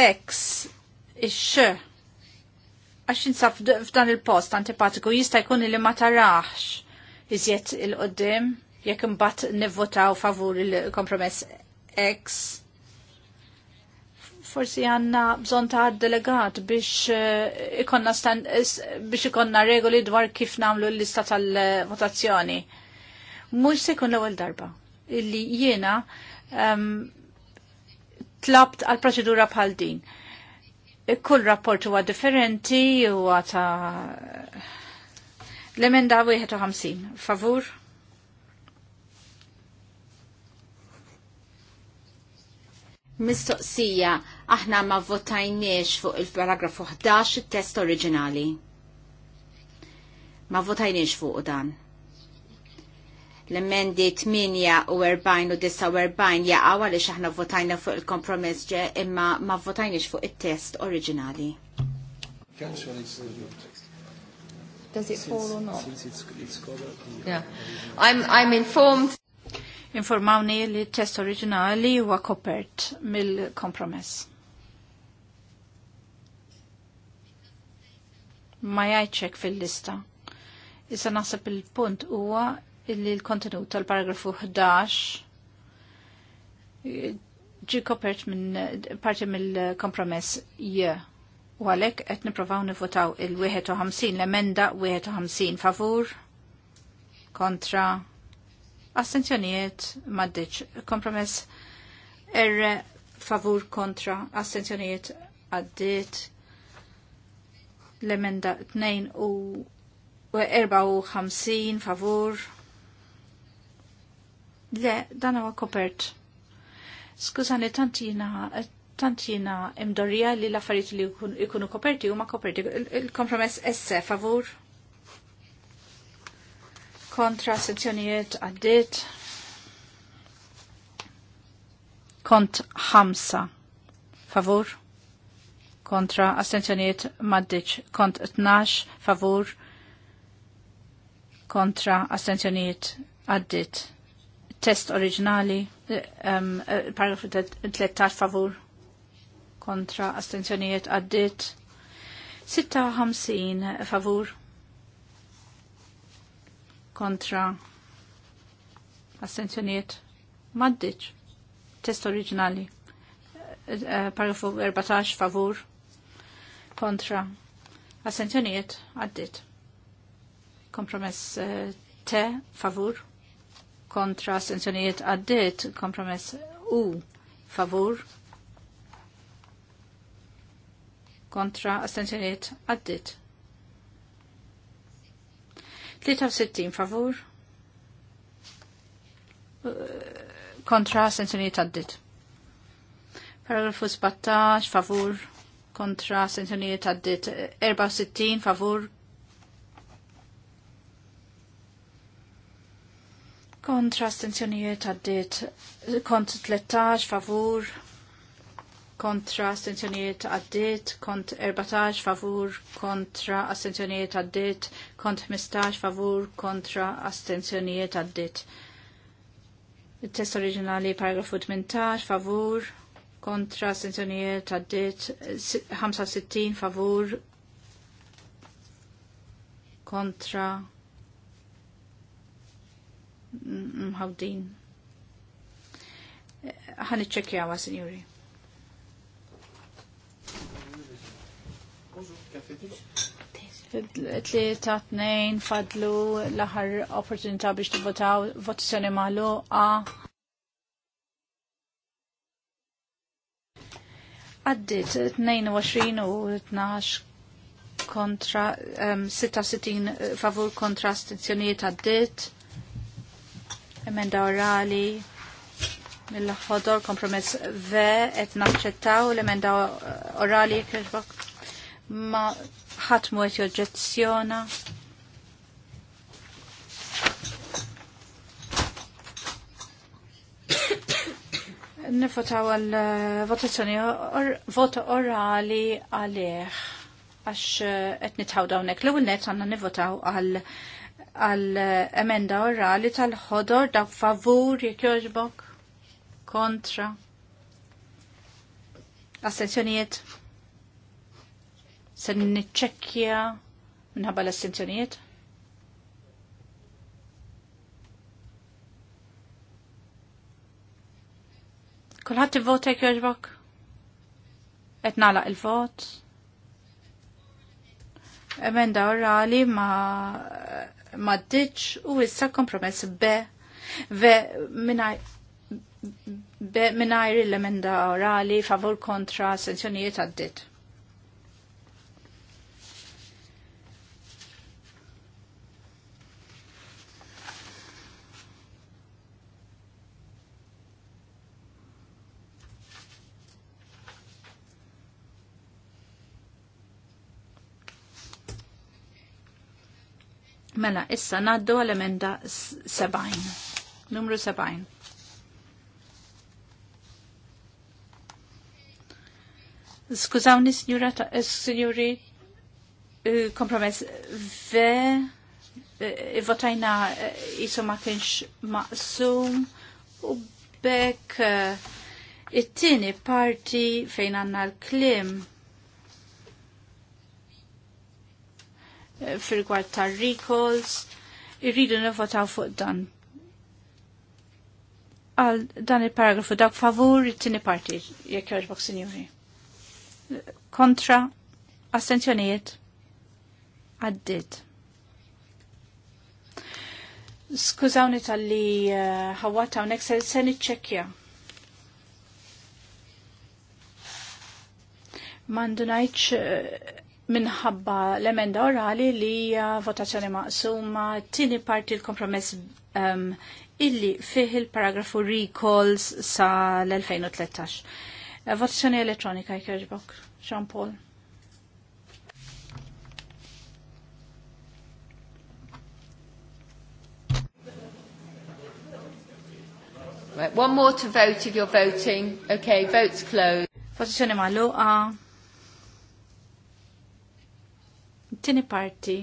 X ix għax insaf f'dan il-post antipatiku jista' jkun li ma tarax iżjed il-qoddim jekk imbagħad nivvotaw favur il-kompromess X forsi għanna bżon ta' delegat biex eh, ikonna stan, biex ikonna regoli dwar kif namlu l-lista tal-votazzjoni. Mux se jkun l-ewel darba illi jiena um, tlabt għal proċedura bħal din. E, kull rapport huwa differenti huwa ta' l-emenda 51 favur Mistoqsija, aħna ma votajniex fuq il-paragrafu 11 il-test oriġinali. Ma votajniex fuq dan. L-emendi 48 u 49 jaqaw għaliex aħna votajna fuq il-kompromess ġe imma ma votajniex fuq il-test oriġinali. Does it fall or not? Since it's, it's covered. Yeah. I'm, I'm informed informawni li test oriġinali huwa kopert mill-kompromess. Ma jgħidxek fil-lista. Issa naħseb il-punt huwa li l-kontenut tal-paragrafu 11 ġi kopert minn parti mill-kompromess j. U għalek qed niprofaw nivotaw il-51 l-emenda 51 favur kontra Astenzjonijiet maddiċ. Kompromess R favur kontra. Astenzjonijiet għaddit. L-emenda 2 u 54 favur. Le, dan huwa kopert. Skużani, tantina, tantina imdorija li l-affarijiet li ikunu koperti huma koperti. Il-kompromess esse, favur kontra sezzjonijiet għaddit. Kont ħamsa favur kontra astenzjonijiet maddiċ. Kont 12 favur kontra astenzjonijiet għaddit. Test oriġinali, um, paragrafu 13 favur kontra astenzjonijiet għaddit. 56 favur kontra assenzjoniet maddiċ. Test oriġinali. Eh, paragrafu 14 favur kontra assenzjoniet għaddit. Kompromess eh, te favur kontra assenzjoniet għaddit. Kompromess u favur kontra assenzjoniet għaddit 63 uh, favur kontra sentunijiet taddit. Paragrafu 17 favur kontra sentunijiet taddit. 64 favur kontra sentunijiet taddit. kont 13 favur kontra assenzjonijiet għaddit, kont 14 favur kontra assenzjonijiet għaddit, kont 15 favur kontra astenzjonijiet għaddit. Il-test oriġinali paragrafu 18 favur kontra astenzjonijiet għaddit, 65 favur kontra mħawdin. Eh, ħan iċċekjawa, signori. Tlieta tnejn fadlu l-aħħar opportunità biex tivvotaw votazzjoni magħluqa. Għaddit 22 u 12 kontra 66 eh, favur kontra stazzjonijiet għaddit. Emenda orali mill-ħodor kompromess ve et naċċettaw l-emenda orali kħiġbok ma ħadd mu qed joġġezzjona. Nifotaw għal eh, votazzjoni vota orali għalih għax eh, qed nitħaw dawnek l-ewwel nett għandna nivotaw għal għal eh, emenda orali tal-ħodor da favur jekk jogħġbok kontra. Astenzjonijiet se niċċekkja minħabba l-estenzjonijiet. Kulħadd ivvotek jogħġbok? Qed nagħlaq il-vot. Emenda orali ma ma ditx u issa kompromess be ve minaj minajr l-emenda orali favur kontra sensjonijiet għaddit. Mela, issa naddu għal-emenda 70. Numru 70. Skużawni, signora, eh, signori, eh, kompromess, ve, eh, votajna jisu ma kienx maqsum u bekk it-tini parti fejn għanna l-klim Eh, fil-gwart tar recalls, irridu nivvotaw fuq dan. Għal dan il-paragrafu dak favur it-tini parti, jekk jorġbok sinjuri. Kontra, astenzjoniet, għaddit. Skużawni tal-li eh, ħawata uh, se sen iċċekja. Mandunajċ eh, minħabba l-emenda orali li votazzjoni maqsuma tini parti l-kompromess um, illi fih il-paragrafu recalls sa l-2013. Uh, votazzjoni elettronika jkerġbok, Jean Paul. Right, one more to vote if you're voting. Okay, vote's closed. Votazzjoni maluqa Tini parti.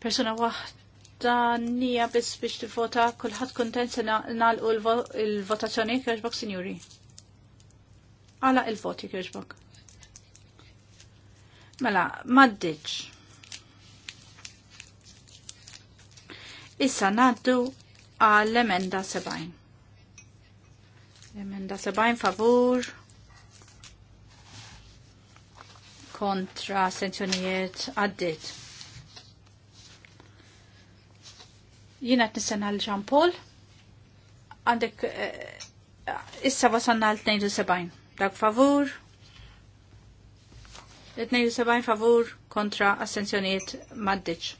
Persuna wahda nija biss biex tivvota kulħadd kontent se nagħlqu l-votazzjoni kħerġbok, signori. Għala il-voti kħerġbok. Mela, maddiċ. Issa naddu għall-emenda 70. L-emenda 70 favur kontra sensjonijiet għaddit. Jina t-nistenna l-Ġan Paul, għandek eh, issa wasanna l-72, dak favur, l-72 favur kontra assenzjoniet maddiċ.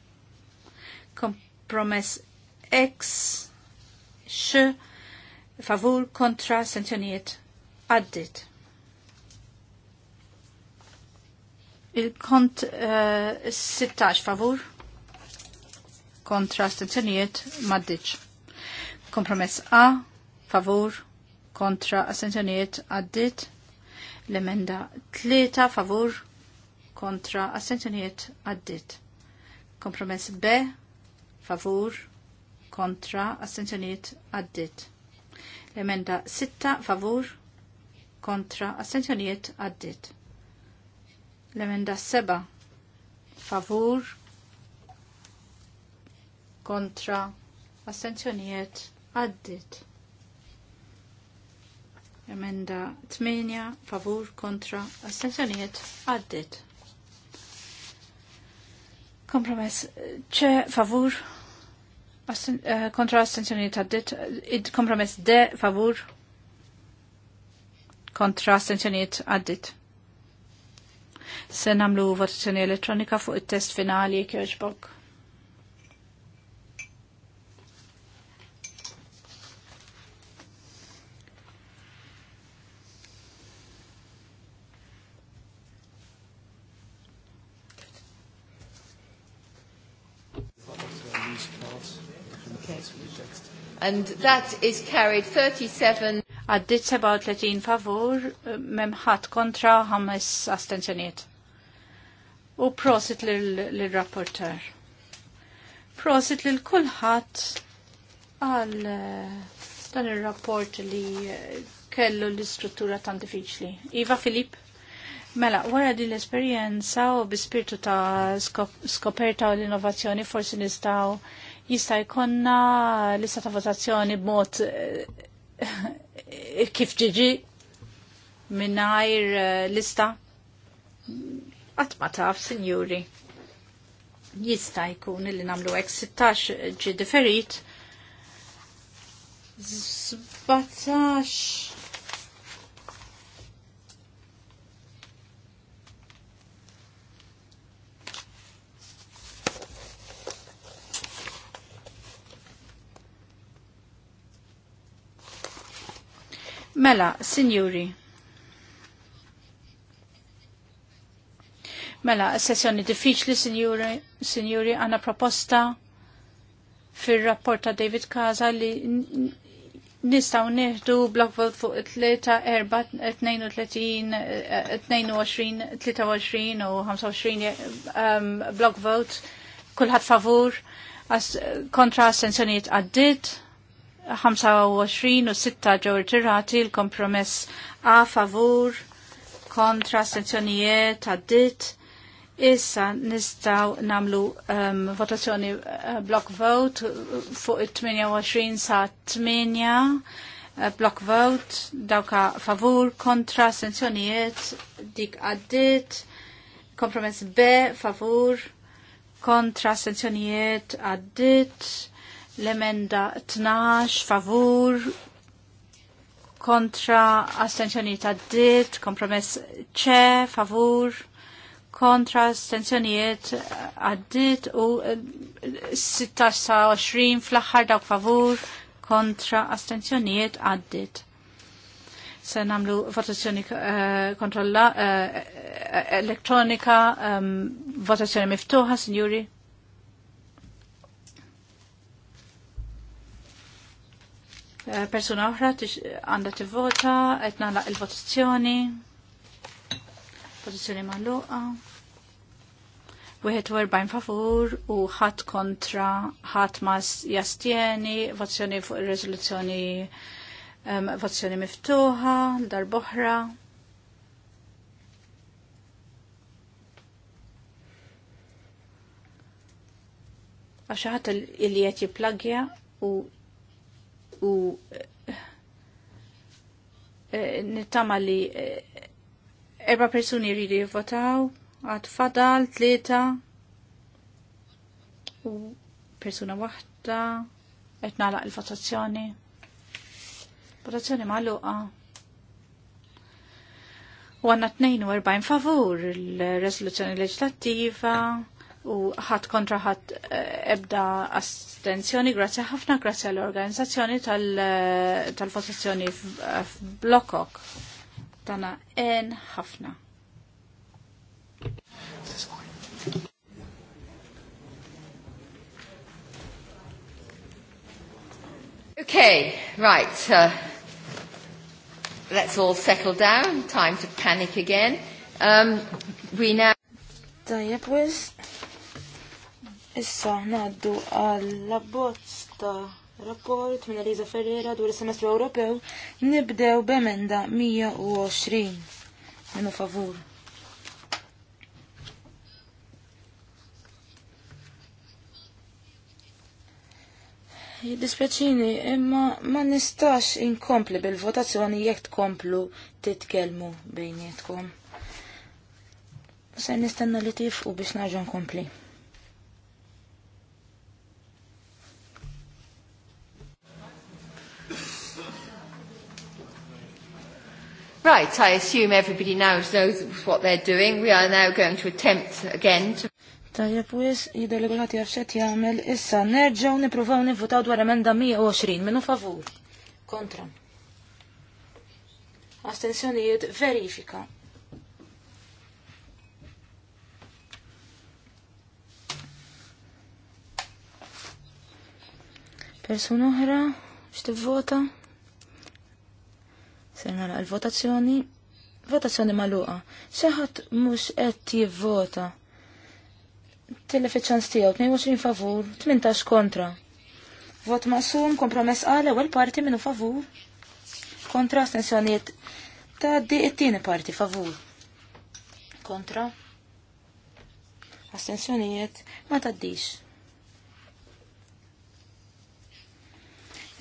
Kompromess X, x, favur kontra assenzjoniet għaddit. Il-kont uh, eh, 16 favur kontra astenzjonijiet maddiċ. Kompromess A favur kontra astenzjonijiet għaddit. L-emenda 3 favur kontra astenzjonijiet għaddit. Kompromess B favur kontra astenzjonijiet għaddit. L-emenda 6 favur kontra astenzjonijiet għaddit L-emenda seba favur kontra assenzjonijiet, għaddit. Emenda 8 favur kontra assenzjonijiet, għaddit. Kompromess ċe favur eh, kontra assenzjonijiet għaddit. Id kompromess de favur kontra assenzjonijiet għaddit. Se namlu votazzjoni elettronika fuq il-test finali kjoġbok. And that is carried 37 għaddit 37 favur, memħat kontra ħames astenzjoniet. U prosit l-rapporter. Prosit l-kulħat għal eh, dan il-rapport li eh, kellu l-istruttura tan diffiċli. Iva Filip, mela, wara din l-esperienza u bispirtu ta' skoperta u l-innovazzjoni forsi nistaw jista' jkonna lista ta' votazzjoni b'mod eh, kif ġiġi minnajr eh, lista għatma taf, sinjuri. Jista jkun li namlu għek 16 ġi differit. 17 Mela, sinjuri. Mela, sessjoni diffiċli, sinjuri, għanna proposta fil-rapport ta' David Kaza li nistaw neħdu block vote fuq 3, 4, 32, 22, 23 u 25 block vote, kullħat favur, kontra sessjoni għaddit 25 u 6 ġew irtirati l-kompromess a favur kontra astenzjonijiet għaddit. Issa nistaw namlu um, votazzjoni uh, block vote uh, fuq il-28 sa 8 uh, block vote dawka favur kontra astenzjonijiet dik għaddit. Kompromess B favur kontra astenzjonijiet għaddit L-emenda 12 favur kontra astenzjoni ta' dit, kompromess ċe, favur, kontra astenzjonijiet għaddit u 26 eh, fl-axħar dawk favur kontra astenzjonijiet għaddit. Se namlu votazzjoni eh, kontrolla eh, elektronika, ehm, votazzjoni miftuħa, signori. Eh, persuna oħra għandha tivvota, qed nagħlaq il-votazzjoni. Votazzjoni magħluqa. Wieħed erbajn favur u ħadd kontra ħadd ma jastieni, votazzjoni fuq ir-riżoluzzjoni um, votazzjoni miftuħa, darb'oħra. Għaxħat il-jiet jiplagja u u eh, eh, nittama li eh, erba persuni jridu jivvotaw, għad fadal, tlieta u persuna waħda, qed nagħlaq il-votazzjoni. Votazzjoni luqa. U għanna 42 favur il-resoluzzjoni leġislattiva u ħat kontra ħat eh, ebda astenzjoni grazie ħafna grazie l organizzazzjoni eh, tal-votazzjoni tal eh, f'Blokok. Tana en ħafna. Okay, right. Uh, let's all settle down. Time to panic again. Um, we now. Tajab, Issa naddu għall-abbozz ta' rapport minn Eliza Ferreira dwar is-semestru Ewropew nibdew b'emenda 120 minnu favur. Jiddispjaċini, imma ma nistax inkompli bil-votazzjoni jekk tkomplu titkellmu bejnietkom. Se nistenna li tifqu biex naġun nkompli. Right, I assume everybody now knows what they're doing. We are now going to attempt again to... Tajjeb wis, jiddelegolati għafxet jgħamil, issa nerġaw niprufaw nivvotaw dwar emenda 120, minu favur. Kontra. Astensjonijiet verifika. Persuna oħra, x'tivvota? vota Se nara l-votazzjoni. Votazzjoni maluqa. Seħat mux qed jivvota. Tilli fiċ-ċans tiegħu 22 favur, 18 kontra. Vot maqsum, kompromess għal ewwel parti minnu favur. Kontra stensjoniet, ta' di it-tieni parti favur. Kontra. Astensjonijiet ma taddix.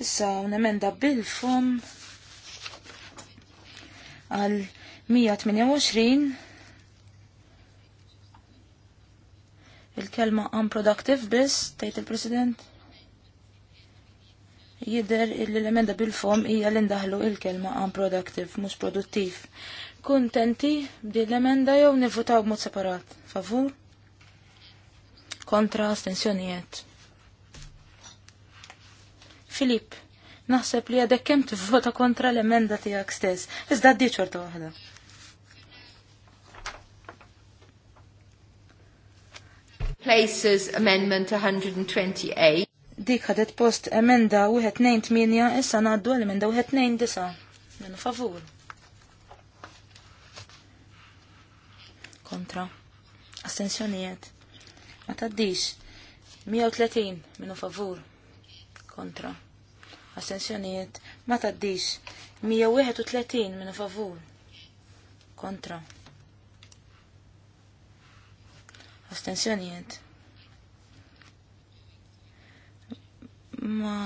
Issa, un-emenda bil-fum għal 128 il-kelma unproductive biss, tgħid il-President. Jider l lemenda bil-fom hija li ndaħlu il-kelma unproductive, mhux produttiv. Kuntenti b'din l-emenda jew nivvutaw b'mod separat. Favur? Kontra astensjonijiet. Filip. Naħseb li għadek kem tivvota kontra l-emenda tijak stess. Iżda għaddi ta' wahda. Places Amendment 128. Dik ħadet post emenda 128 issa naddu l-emenda 129. Menu favur. Kontra. Astensjonijiet. Ma taddix. 130 Menu favur. Kontra Astensjonijiet ma taddix. 131 minn favur. Kontra. Astensjonijiet. Ma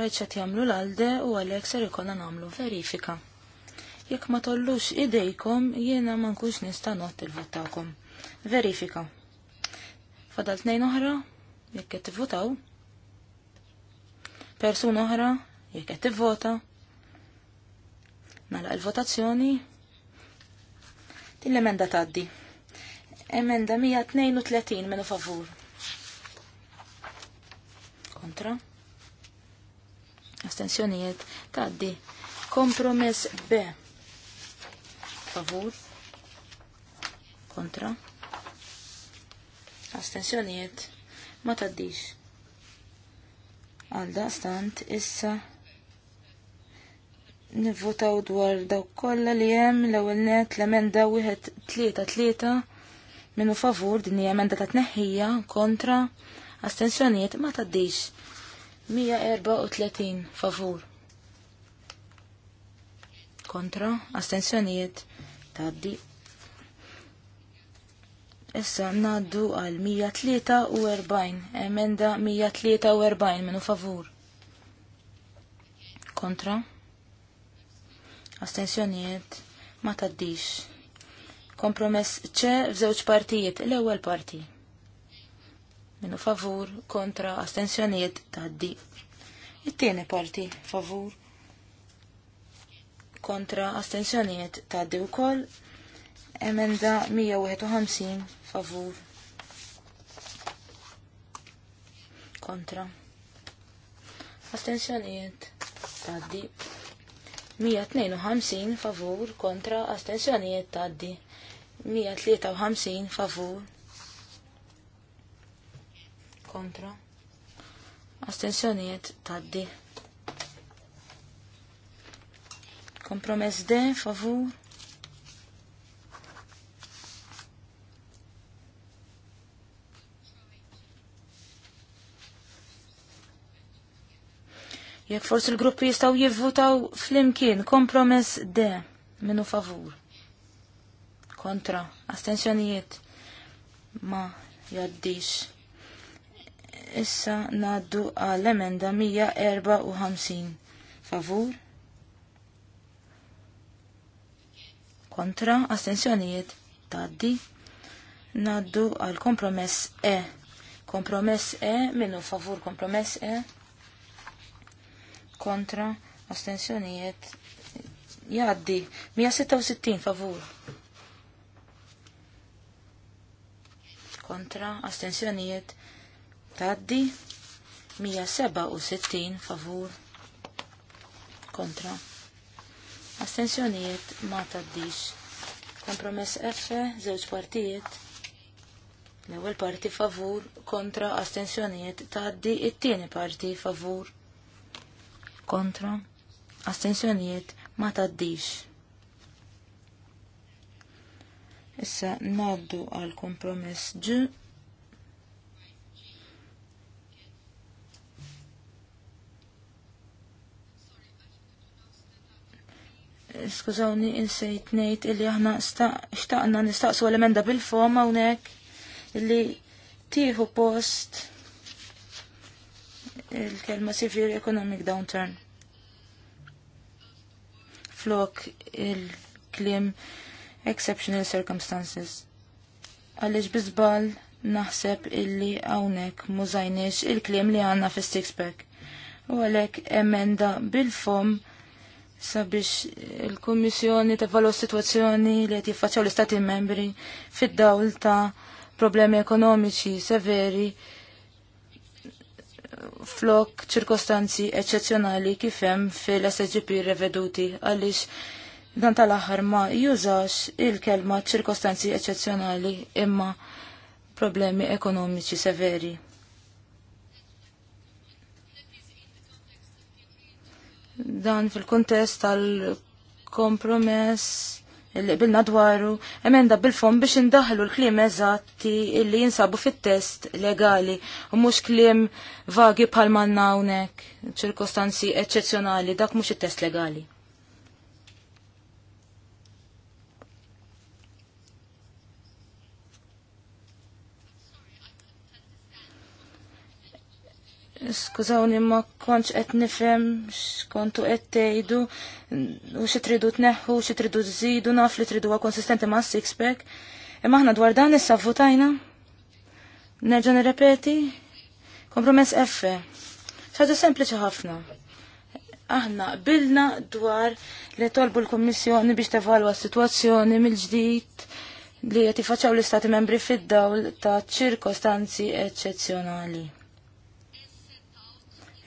rajċat jamlu l-alde u għalek ser ikonna namlu verifika. Jekk ma tollux idejkom, jiena ma nkunx nista' not il votakom Verifika. Fadal tnejn oħra, jekk qed votaw Persuna oħra jekk qed tivvota. Nagħlaq il-votazzjoni. Din l-emenda tgħaddi. Emenda 132 minu favur. Kontra. Astensjonijiet tgħaddi. Kompromess B. Favur. Kontra. Astensjonijiet ma tgħaddix għal daqstant issa nivvotaw dwar daw kollha li hemm l-ewwel net l-emenda wieħed tlieta tlieta minnu favur din hija emenda ta' tneħħija kontra astensjonijiet ma tgħaddix. 134 favur. Kontra astensjonijiet tgħaddi. Issa ngħaddu għal 143 emenda 143 minnu favur. Kontra astensjoniet ma taddix. Kompromess ċe f'żewġ partijiet, l-ewwel parti. Minu favur, kontra, astensjonijiet taddi. It-tieni parti, favur, kontra, astensjonijiet taddi wkoll. Emenda 151, favur, kontra. Astensjoniet taddi. 152 favur kontra astensjonijiet taddi. 153 favur kontra astensjonijiet taddi. Kompromess D favur Jekk forsi l-gruppi jistaw jivvutaw flimkien kompromess de minnu favur. Kontra, astensjonijiet ma jaddix. Issa naddu għal emenda 154. Favur? Kontra, astensjonijiet taddi. Naddu għal kompromess E. Kompromess E minnu favur kompromess E kontra astensjonijiet jaddi 166 favur kontra astensjonijiet taddi 167 favur kontra astensjonijiet ma taddix kompromess F żewġ partijiet l-ewwel parti favur kontra astensjonijiet taddi it-tieni parti favur kontra, astensjonijiet ma taddix. Issa naddu għal kompromess ġu. Skużawni, insejt nejt illi aħna xtaqna nistaqsu l-emenda bil forma unek illi tiħu post il-kelma severe economic downturn. Flok il-klim exceptional circumstances. Għalix bizbal naħseb illi għawnek mużajniex il-klim li għanna fis six pack. U għalek emenda bil-fom sabiex il-Kommissjoni tevalu situazzjoni li għet jiffaċċaw l-Istati membri fid-dawl ta' problemi ekonomiċi severi flok ċirkostanzi eccezzjonali kif hemm fil-SGP reveduti għaliex dan tal-aħħar ma jużax il-kelma ċirkostanzi eccezzjonali imma problemi ekonomiċi severi. Dan fil-kontest tal-kompromess li qbilna dwaru, emenda bil fom biex indaħlu l-kliem eżatti illi jinsabu fit-test legali u mhux kliem vagi bħal manna hawnhekk, ċirkostanzi eċċezzjonali, dak mhux it-test legali. Skużawni ma kontx qed nifem x'kontu qed tgħidu u xi tridu tneħħu, xi tridu żidu naf li tridu konsistenti ma' six pack. Imma aħna dwar dan issa votajna. Nerġa' nirrepeti. Kompromess F. Xaġa sempliċi ħafna. Aħna bilna dwar li tolbu l-Kommissjoni biex tevalwa s-sitwazzjoni mill-ġdid li qed ifaċċaw l-Istati membri fid-dawl ta' ċirkostanzi eċċezzjonali.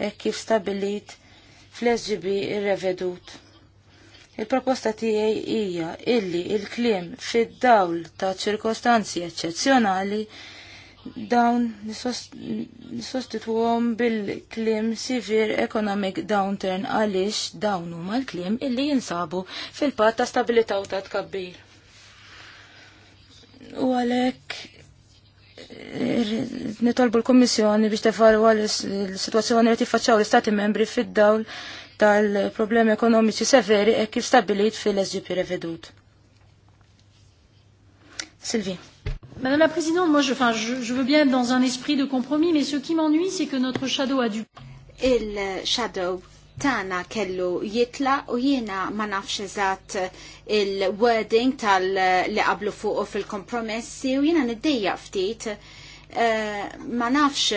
E kif stabilit fl-SGB irrevedut. Il-proposta tiegħi hija illi il-kliem fid-dawl ta' ċirkostanzi eccezzjonali dawn nisostituhom bil-klim Severe Economic Downturn għaliex dawn huma l-klim illi jinsabu fil-patt ta' stabilità u ta' tkabbir. U għalhekk nitolbu l-Kommissjoni biex tefarwa l-situazzjoni li tiffaċċaw l stati membri fid-dawl tal-problemi ekonomiċi severi e kif stabilit fil-SGP revedut. Sylvie. Madame la Présidente, moi je, enfin, je, je veux bien être dans un esprit de compromis, mais ce qui m'ennuie, c'est que notre shadow a du... Il shadow tana kellu jitla u jiena ma nafx eżat il-wording tal li qablu fuq fil-kompromessi u jiena niddejja ftit eh, ma nafx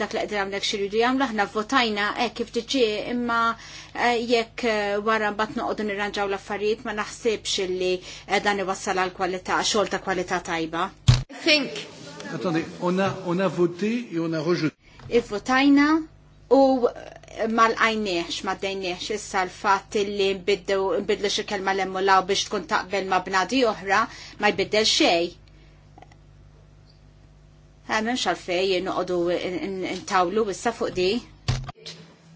dak li qed għamlek xiridu jagħmlu aħna votajna hekk kif tiġi imma eh, jekk eh, wara mbagħad noqogħdu nirranġaw l-affarijiet ma naħsibx li dan iwassal għal kwalità xogħol ta' kwalità tajba. Think. Attendi, ona a, on a voté et on Ivvotajna u mal-għajniex, ma dejniex, issa l-fat li nbidlu xie kelma l-emmulaw biex tkun taqbel ma bnadi oħra, ma jbiddel xej. Għamem xalfej nuqodu intawlu issa fuq di.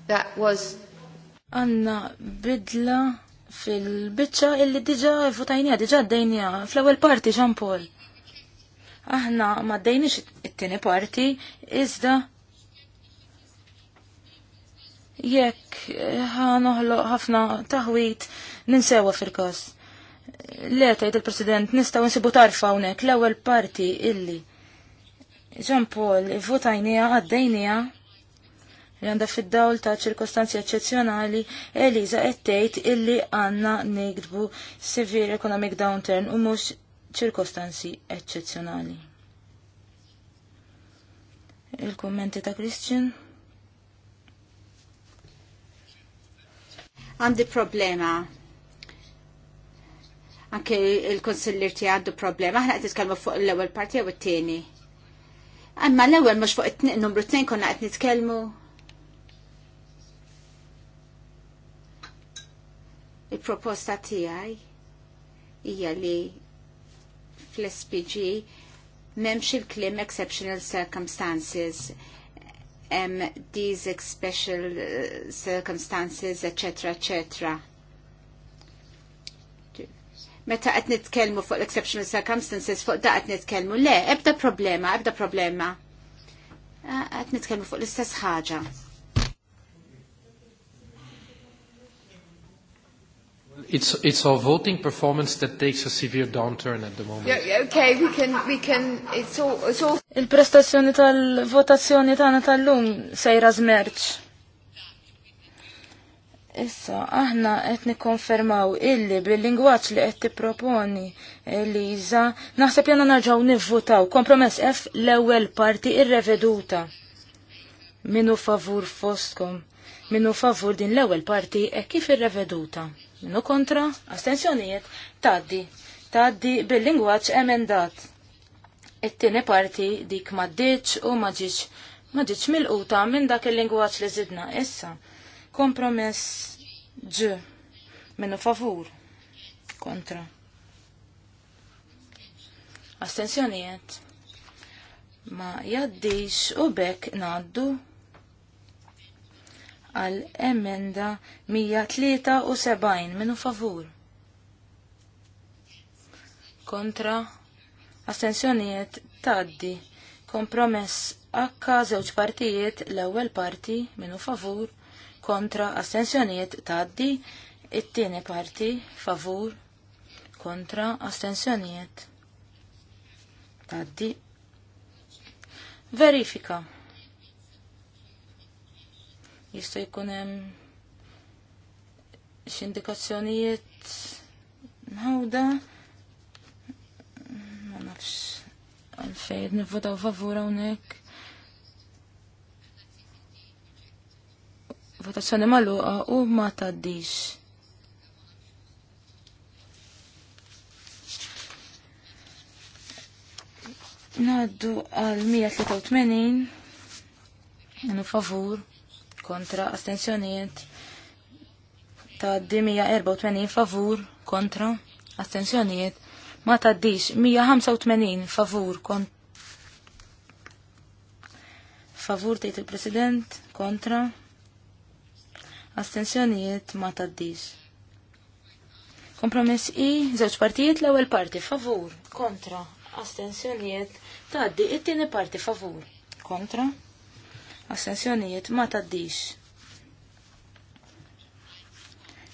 That was. Għanna bidla fil-bicċa illi diġa futajnija, diġa d dajnija fl-ewel parti ġampol. Aħna ma d dajnix it-tini parti, iżda jekk eh, ħanoħloq ħafna taħwit ninsewa fil kos Le tgħid il-President nistgħu nsibu tarfa hawnhekk l-ewwel parti illi Jean Paul votajnija għaddejnija li għandha fid-dawl ta' ċirkostanzi eċċezzjonali Eliza qed tgħid illi għandna nigdbu severe economic downturn u mhux ċirkostanzi eċċezzjonali. Il-kummenti ta' Christian? Għandi problema anke il-konsillir ti għandu problema, ħna għed nitkellmu fuq l-ewel parti u t-tieni. Imma l-ewel mux fuq numru t tini konna għed nitkellmu. Il-proposta tiegħi hija li fl-SPG memx il-klim exceptional circumstances um, these special uh, circumstances, etc., etc. Meta qed nitkellmu fuq exceptional circumstances, fuq da qed nitkellmu le, ebda problema, ebda problema. Ah, qed nitkellmu fuq l-istess ħaġa. it's it's our voting performance that takes a severe downturn at the moment. Yeah, okay, we can we can it's all it's all Il-prestazzjoni tal-votazzjoni tagħna tal-lum sejra żmerġ. Issa, aħna qed nikkonfermaw illi bil-lingwaġġ li qed tipproponi Eliza, naħseb jana narġaw nivvutaw kompromess F l-ewwel parti irreveduta. Minu favur fostkom, minu favur din l-ewwel parti e kif irreveduta minnu kontra, astensjonijiet, taddi, taddi bil-lingwaċ emendat. It-tieni parti dik maddiċ u maġiċ, maġiċ mil-quta minn dak il-lingwaċ li zidna issa. Kompromess ġ minnu favur, kontra. Astensjonijiet, ma jaddix u bekk naddu għal emenda 173 minu favur. Kontra astensjonijiet taddi kompromess akka żewġ partijiet l-ewwel parti minu favur kontra astensjonijiet taddi it-tieni parti favur kontra astensjonijiet taddi verifika jista' jkun hemm x'indikazzjonijiet mħawda ma nafx għalfejn nivvotaw favur hawnhekk. Votazzjoni magħluqa u ma tgħaddix. Naddu għal 183 għanu favur kontra astensjonijiet ta' 284 favur kontra astensjonijiet ma taddix 185 favur kont favur tejt il-president kontra astensjonijiet ma taddix kompromess i żewġ partijiet l-ewwel parti favur kontra astensjonijiet di it-tieni parti favur kontra Assenzjonijiet ma taddix.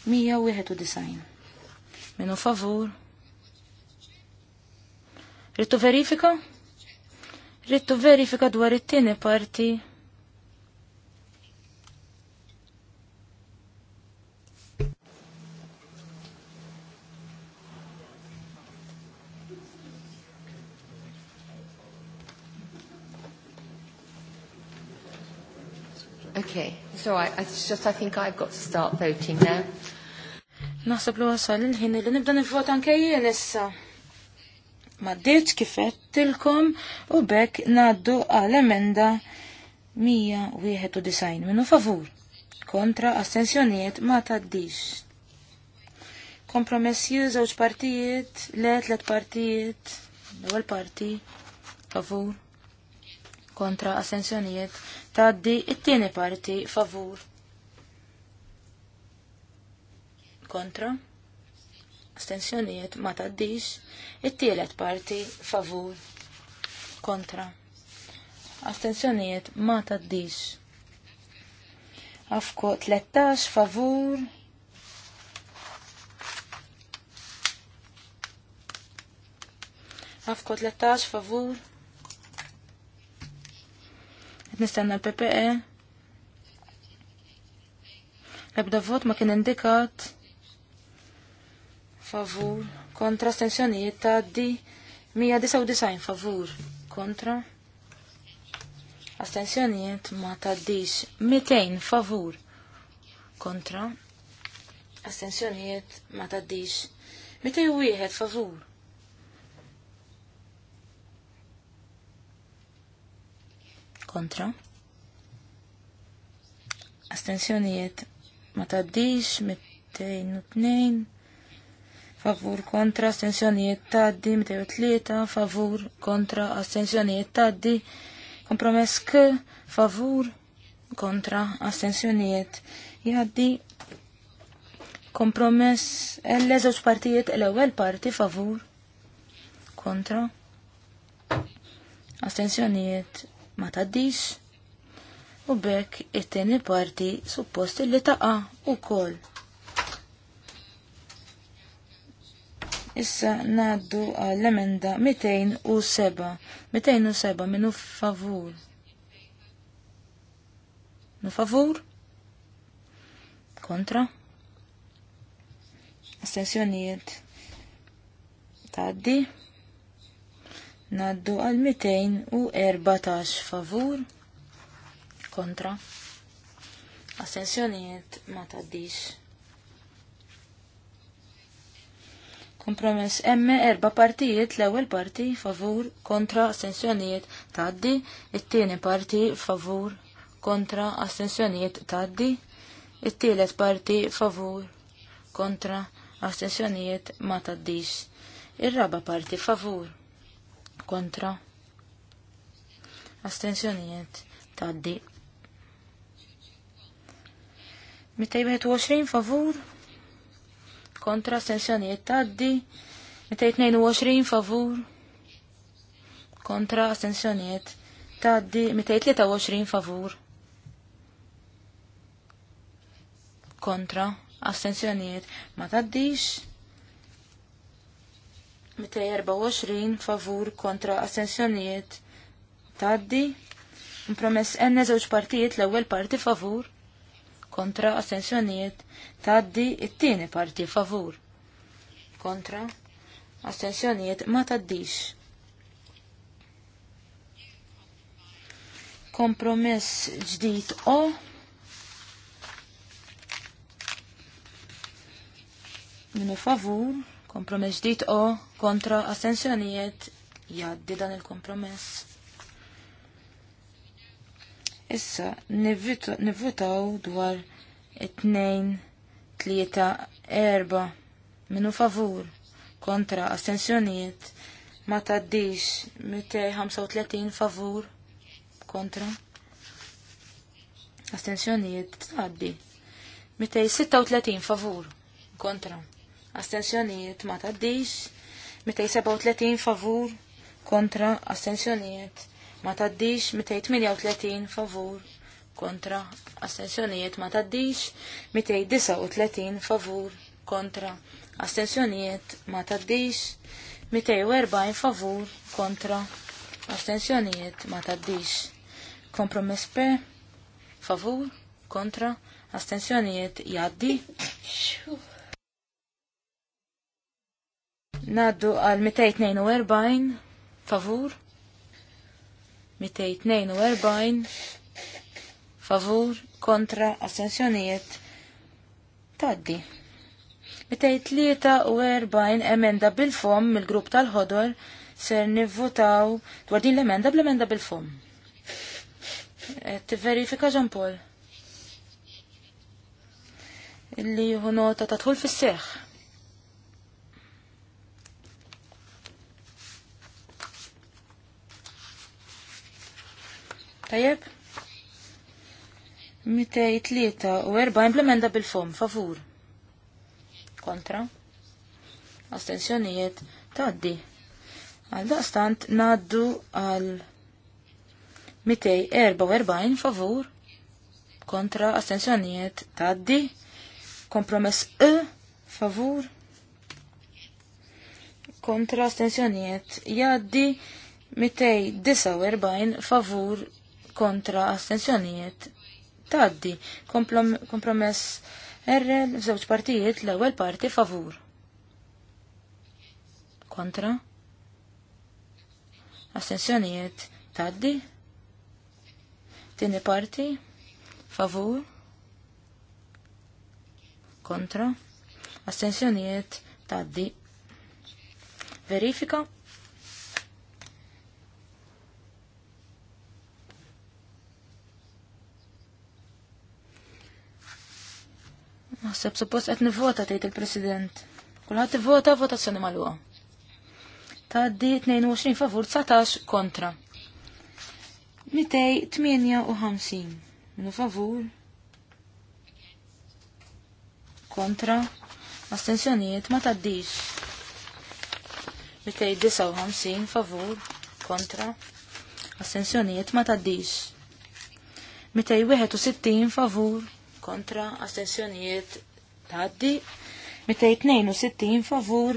191. Minu favur. Rittu verifika? Rittu verifika dwar it-tieni parti Okay, so I, I just I think I've got to start voting now. Naħseb li wasal il-ħin li nibda nivvota anke jien issa. Ma kif kifettilkom u bekk naddu għal emenda 191 minu favur. Kontra astensjonijiet ma taddix. Kompromessi żewġ partijiet, le tlet partijiet, l-ewwel parti favur kontra assenzjonijiet taddi it-tieni parti favur kontra astensjonijiet ma taddix it-tielet parti favur kontra astensjonijiet ma taddix Afko 13 favur Afko 13 favur Nistenna l-PPE. ebda vot ma kien indikat. Favur. Kontra stensjonijiet ta' di 199 favur. Kontra. Astensjonijiet ma taddix 200 favur. Kontra. Astensjonijiet ma taddix 201 favur. kontra. Astenzjonijiet ma taddix 202 favur kontra astenzjonijiet taddi 203 favur kontra astenzjonijiet taddi kompromess k favur kontra astenzjonijiet jaddi kompromess l żewġ partijiet l-ewwel parti favur kontra astenzjonijiet ma taddix. U bekk it-tieni parti suppost li taqa' ukoll. Issa naddu għall-emenda 207. 207 minu favur. Nu favur? Kontra? Astensjonijiet. Taddi. Naddu għal 214 favur kontra. assenzjoniet ma taddix. Kompromess emme erba partijiet l-ewwel parti favur kontra astensjonijiet taddi, it-tieni parti favur kontra assenzjonijiet taddi, it-tielet parti favur kontra assenzjonijiet ma taddix. Ir-raba parti favur kontra astensjonijiet taddi. 221 favur kontra astensjonijiet taddi. 222 favur kontra astensjonijiet taddi. 223 favur kontra astenzjonijiet ma taddix. 224 favur kontra assenzjonijiet taddi. Promess enne żewġ partijiet l-ewwel parti favur kontra assenzjonijiet taddi it-tieni parti favur kontra assenzjonijiet ma taddix. Kompromess ġdid o minu favur Kompromess ġdid o kontra astensjonijiet jaddi dan il-kompromess. Issa, nivvitaw dwar it-tnejn, tlieta, erba, minu favur, kontra astensjonijiet, ma taddix 235 favur, kontra. Astensjonijiet taddi. 236 favur, kontra astensjonijiet ma taddix, 237 favur kontra astensjonijiet ma taddix, 238 favur kontra astensjonijiet ma taddix, 239 favur kontra astensjonijiet ma taddix, 240 favur kontra astensjonijiet ma taddix. Kompromess P favur kontra astensjonijiet jaddi. Naddu għal 242 favur. 242 favur kontra assenzjonijiet taddi. 243 emenda bil-fom mill-grupp tal-ħodor ser nivvotaw dwar din l-emenda bl-emenda bil-fom. Eh, t-verifika John Paul. Illi hu nota ta' tħul fis-seħħ. Tajjeb? 243 implementa bil-fom, favur. Kontra. Astensjonijiet taddi. Għal daqstant naddu għal 244 favur. Kontra astensjonijiet taddi. Kompromess E favur. Kontra astensjonijiet jaddi 249 favur kontra astensjonijiet taddi kompromess R żewġ partijiet l-ewwel parti favur. Kontra. Astensjonijiet taddi. Tieni parti favur. Kontra. Astensjonijiet taddi. Verifika. Naħseb suppost qed nivvota tgħid il-President. Kulħadd ivvota votazzjoni magħluqa. Tgħaddi 22 favur 19 kontra. 258 minu favur kontra astensjonijiet ma taddix 259 favur kontra astensjonijiet ma taddix 261 favur kontra astensjonijiet taddi 262 favur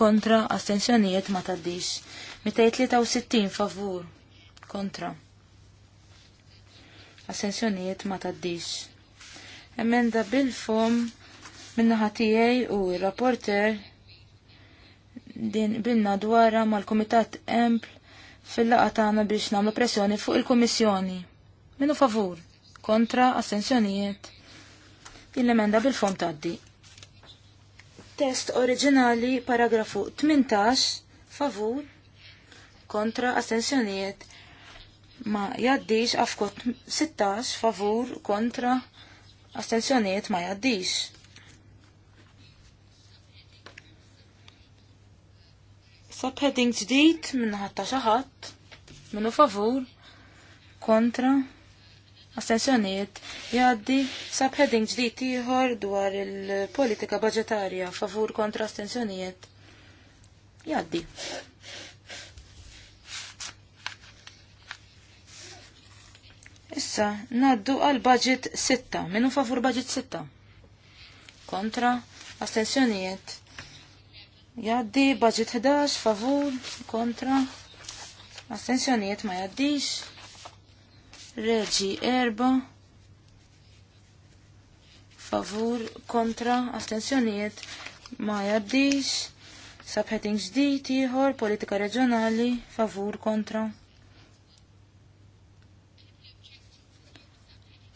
kontra astensjonijiet ma taddix 263 favur kontra astensjonijiet ma taddix emenda bil-fom minna ħatijaj u rapporter din binna dwara mal-komitat empl fil-laqa tagħna biex nagħmlu pressjoni fuq il-Kummissjoni. Minu favur, kontra astensjonijiet Din l-emenda bil-fom taddi. Test oriġinali paragrafu 18 favur kontra astensjonijiet ma jaddix afkot 16 favur kontra astensjonijiet ma jaddix. Subheading ġdid minna ħatta xaħat minnu favur kontra Astensjonijiet jgħaddi subheading ġdid ieħor dwar il-politika budgetarja favur kontra astensjonijiet. Jgħaddi. Issa, naddu għal budget 6. Minu favur budget 6. Kontra astensjonijiet. Jgħaddi budget 11 favur kontra astensjonijiet ma jgħaddix. Reġi erba. Favur kontra astensjonijiet ma jaddix. Subheading ġdijt ieħor politika reġjonali favur kontra.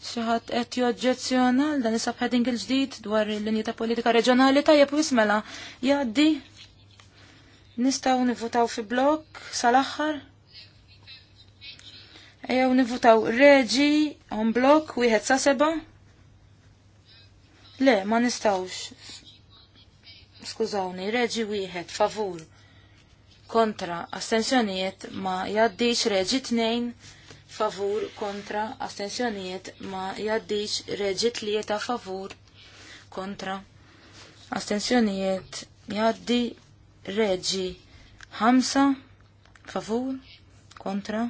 Xaħat qed joġġezzjonal dan is-subheading il-ġdid dwar il-linji ta' politika reġjonali tajjeb wismela jgħaddi nistgħu nivvutaw fi blok sal-aħħar. Ejaw nivutaw reġi on blok wieħed saseba. Le, ma nistawx. Skużawni, reġi wieħed favur kontra astensjonijiet ma jaddix reġi tnejn favur kontra astensjonijiet ma jaddix reġi tlieta favur kontra astensjonijiet jaddi reġi ħamsa favur kontra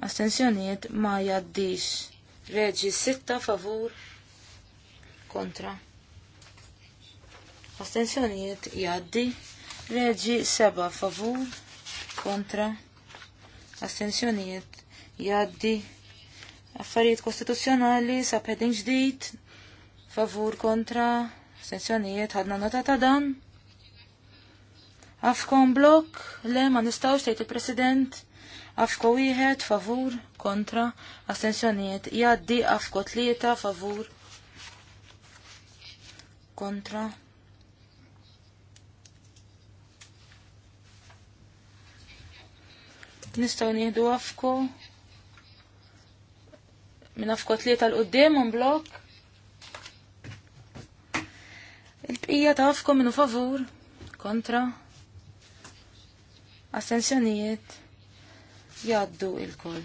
Astensjoniet ma jaddix. Reġi sitta, favur kontra. Astensjoniet jaddi. Reġi seba', favur kontra. Astensjoniet jaddi. Affarijiet kostituzzjonali sabħedin ġdid. Favur kontra. Astensjoniet ħadna nota ta' dan. Afkon blok, le ma nistawx tgħid il-President Afko wieħed favur kontra astensjonijiet jaddi afko tlieta favur kontra Nistaw nieħdu afko minn afko tlieta l-qoddim un blok. Il-bqija ta' afko minnu favur kontra astensjonijiet jaddu il-koll.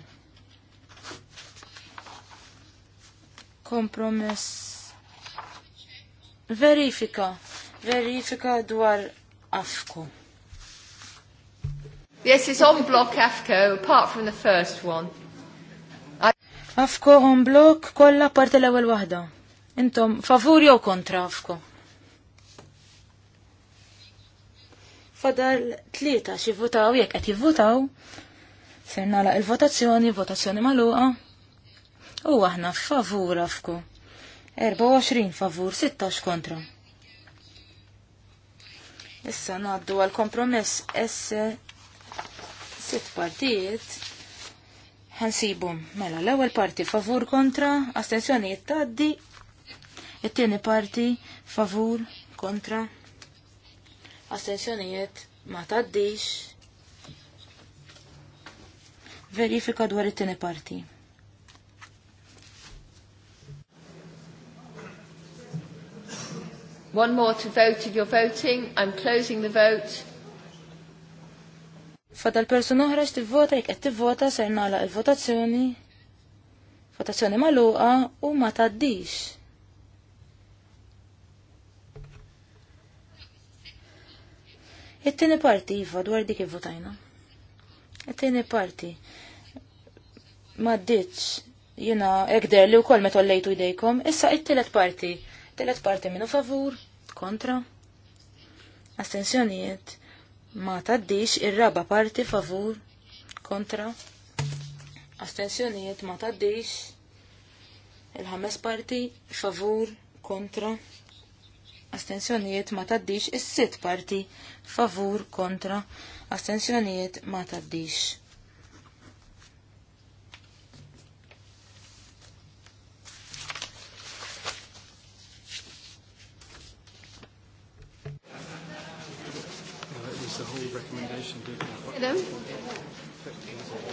Kompromess. Verifika. Verifika dwar afku. Yes, it's on block AFCO, apart from the first one. Afko AFCO on block, kolla parti l-ewel wahda. Intom, favur jew kontra AFCO? Fadal tlieta xivvutaw, jek, jekk qed jivvotaw, Ser nagħlaq il-votazzjoni, votazzjoni magħluqa. U aħna favur għafku. 24 favur, 16 kontra. Issa ngħaddu għal kompromess S 6 partijiet ħansibu mela l-ewwel parti favur kontra, astensjonijiet jittaddi, it-tieni parti favur kontra, jitt ma taddix, verifika dwar it-tieni parti. One more to vote if you're voting. I'm closing the vote. Fadal persuna oħra vota jekk qed tivvota ser nagħlaq il-votazzjoni. Votazzjoni magħluqa u ma tgħaddix. It-tieni parti iva dwar dik ivvotajna. It-tieni parti Maddiċ, jina ekder li u kol metollejtu idejkom, issa it-telet parti. Telet parti minu favur, kontra. Astensjonijiet, ma taddix ir-raba parti favur, kontra. Astensjonijiet ma taddiċ il-ħames parti favur, kontra. Astensjonijiet ma taddix is-sitt parti favur, kontra. Astensjonijiet ma taddix. recommendation. Madam?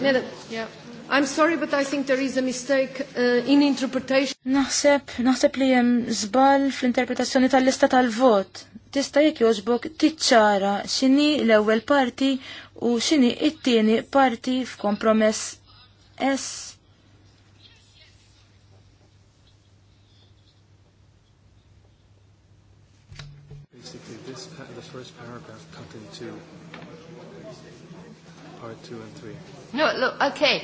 Madam, yeah. I'm sorry, but I think there is a mistake uh, in interpretation. Naħseb, naħseb li jem zbal fl-interpretazzjoni tal-lista tal-vot. Tista jek joġbok tiċċara xini l ewwel parti u xini it-tieni parti f'kompromess S. Basically, this, the first paragraph cut in two part two and three. No, look, okay.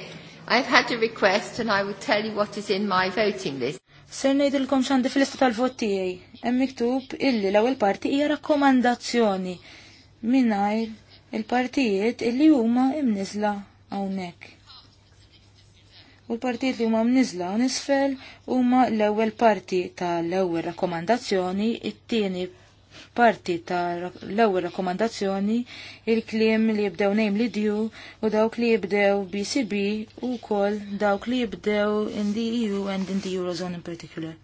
I've had a request and I will tell you what is in my voting list. Ser ngħidilkom x'andi fil-lista tal-vot tiegħi. Hemm miktub illi l-ewwel parti hija rakkomandazzjoni mingħajr il-partijiet illi huma imniżla hawnhekk. U l-partijiet li huma mniżla nisfel huma l-ewwel parti tal-ewwel rakkomandazzjoni, it-tieni parti ta' l-ewwel rakkomandazzjoni il-kliem li jibdew name li dju u dawk li jibdew BCB u wkoll dawk li jibdew in the EU and in the Eurozone in particular.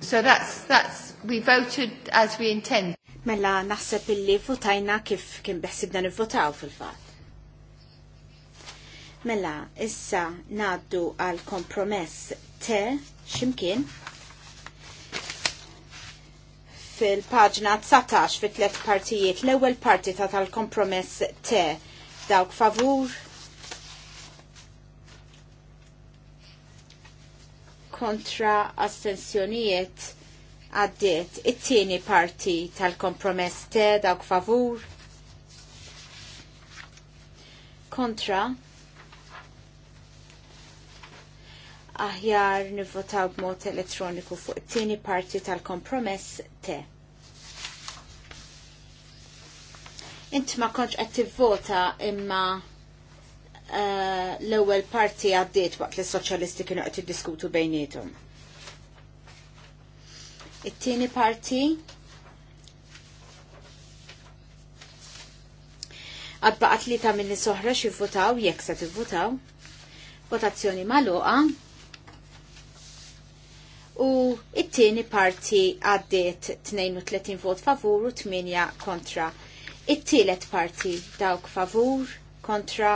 So that's, that's, we voted as we intend. Mela naħseb illi votajna kif kien il nivvotaw fil-fatt. Mela issa naddu għal kompromess te ximkien fil-paġna 19 fit tlet partijiet l-ewwel parti ta' tal-kompromess te dawk favur kontra astensjonijiet għaddiet it-tieni parti tal-kompromess te dawk favur kontra aħjar nivvotaw b'mod elettroniku fuq it-tieni parti tal-kompromess te. Inti ma kontx qed tivvota imma uh, l-ewwel parti għaddiet waqt li s-soċjalisti kienu qed jiddiskutu bejniethom. It-tieni parti għadbaqat li ta' minni soħra xivvotaw, jekk se tivvotaw, votazzjoni maluqa, u it-tieni parti għaddiet 32 vot favur u 8 kontra. It-tielet parti dawk favur, kontra,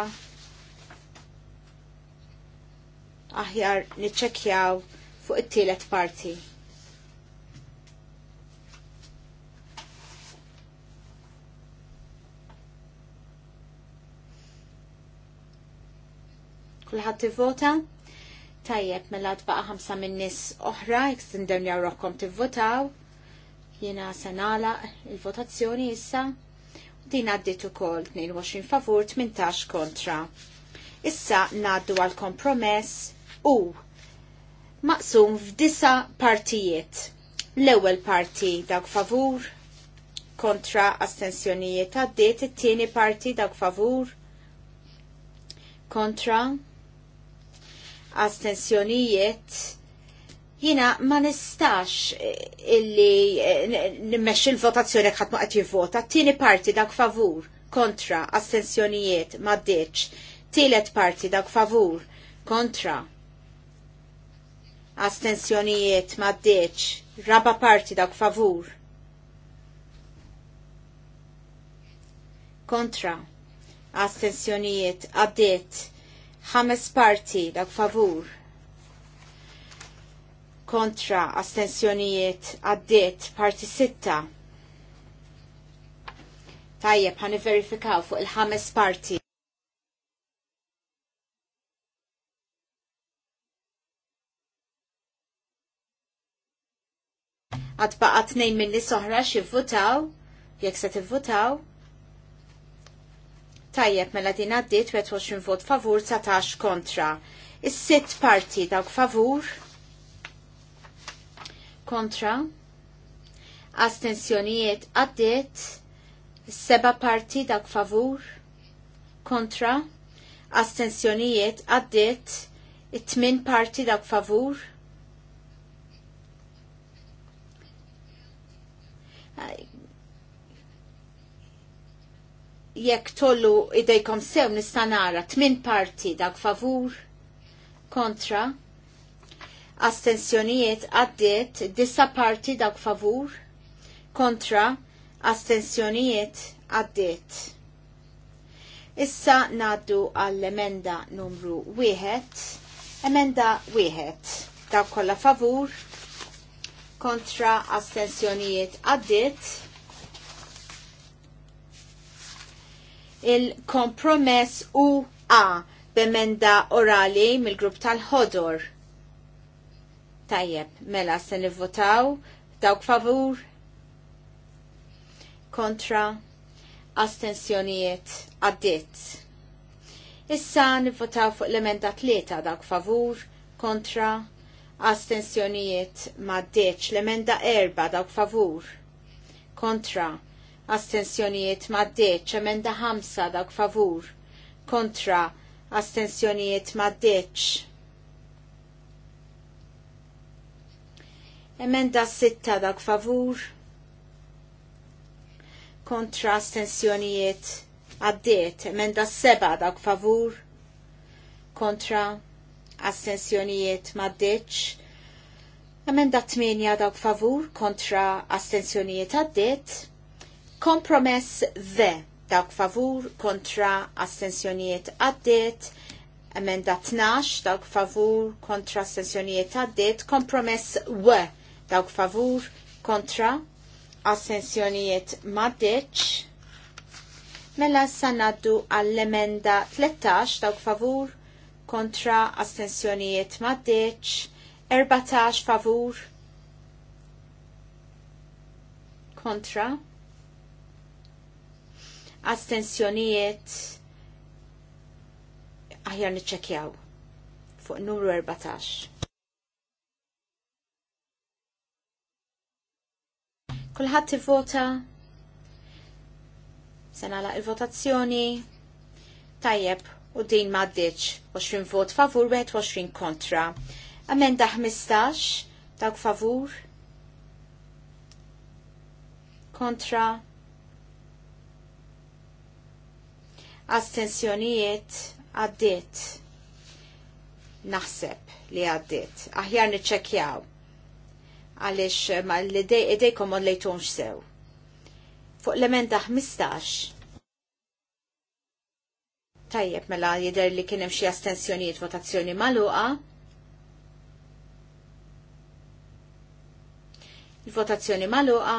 aħjar niċċekjaw fuq it-tielet parti. kulħadd tivvota. Tajjeb mela tbaqa' ħamsa minn nies oħra jekk tindernew roħkom tivvotaw. Jiena se nagħlaq il-votazzjoni issa. Din għaddiet ukoll 22 favur 18 kontra. Issa ngħaddu għal kompromess u maqsum f'disa partijiet. L-ewwel parti dak favur, kontra astensjonijiet għaddiet it-tieni parti dak favur, kontra astensjonijiet jina ma nistax illi nimmex l-votazzjoni ħadd ma qed jivvota. Tieni parti dak favur kontra astensjonijiet ma ddeċ. tilet parti dak favur kontra astensjonijiet ma ddeċ. Raba parti dak favur kontra astensjonijiet għaddiet ħames parti dak favur kontra astensjonijiet għaddiet parti sitta. Tajjeb ħan verifikaw fuq il-ħames parti. Għadbaqa tnejn minni soħra xivvutaw, jekk se tivvutaw. Tajjeb, mela din għaddit 21 vot favur, 19 kontra. Is-sitt parti dawk favur, kontra, astensjonijiet għaddit, seba parti dawk favur, kontra, astensjonijiet għaddit, it-tmin parti dawk favur, jekk tollu idejkom sew nistanara tmin parti dak favur kontra astensjonijiet għaddiet disa parti dak favur kontra astensjonijiet għaddiet. Issa naddu għall-emenda numru 1, emenda 1, dak kolla favur kontra astensjonijiet għaddiet il-kompromess u A b'emenda orali mill-grupp tal-ħodor. Tajjeb, mela se nivvotaw dawk favur kontra astensjonijiet Addit? Issa nivvotaw fuq l-emenda tlieta dawk favur kontra astensjonijiet maddeċ l-emenda erba dawk favur kontra astensjonijiet maddeċ, emenda ħamsa dawk favur, kontra astensjonijiet maddeċ. Emenda sitta dawk favur, kontra astensjonijiet għaddiet, emenda seba dawk favur, kontra astensjonijiet maddeċ, emenda tmenja dawk favur kontra astensjonijiet għaddiet, Kompromess ve, dawk favur kontra astensjonijiet għaddit, emenda 12, dawk favur kontra astensjonijiet għaddit, kompromess we dawk favur kontra astensjonijiet maddeċ. Mela sanaddu għall-emenda 13, dawk favur kontra astensjonijiet maddeċ, 14 favur kontra astensjonijiet aħjar niċċekjaw fuq numru 14. Kulħadd ivvota se nagħlaq il-votazzjoni tajjeb u din m'għaddiċ 20 vot favur 21 kontra. Amenda 15 dawk favur kontra astensjonijiet għaddiet. Naħseb li għaddiet. Aħjar niċċekjaw għaliex ma l-idej idejkom ma lejtumx sew. Fuq l-emenda 15. Tajjeb mela jidher li kien hemm xi astensjonijiet votazzjoni magħluqa. Il-votazzjoni magħluqa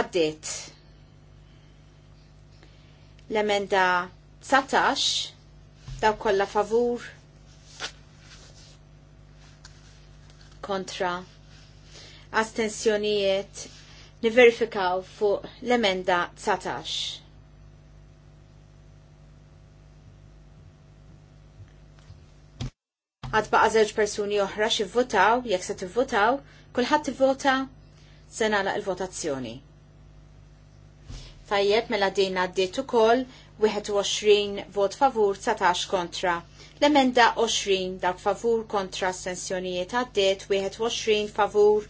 għaddiet L-emenda 19, daw kolla favur kontra astensjonijiet niverifikaw fuq l-emenda 19. Għad baqa zewġ persuni oħra xivvotaw, jekk se tivvotaw, kulħadd tivvota se nagħlaq il-votazzjoni. Tajjeb mela din għaddiet ukoll 21 vot favur 19 kontra. L-emenda 20 dak favur kontra astensjonijiet għaddiet 21 favur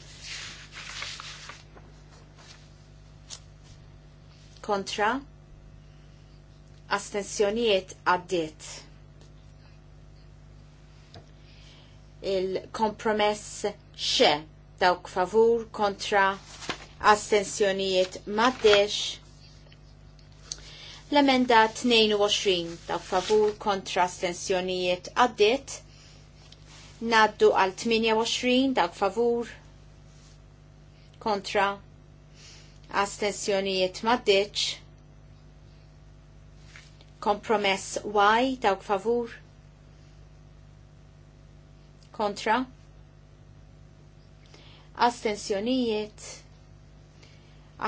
kontra astensjonijiet għaddiet. Il-kompromess xe dawk favur kontra astensjonijiet maddex L-emenda 22 ta' favur kontra stensjonijiet għaddit. Naddu għal 28 ta' favur kontra astensjonijiet maddiċ. Kompromess Y ta' favur kontra astensjonijiet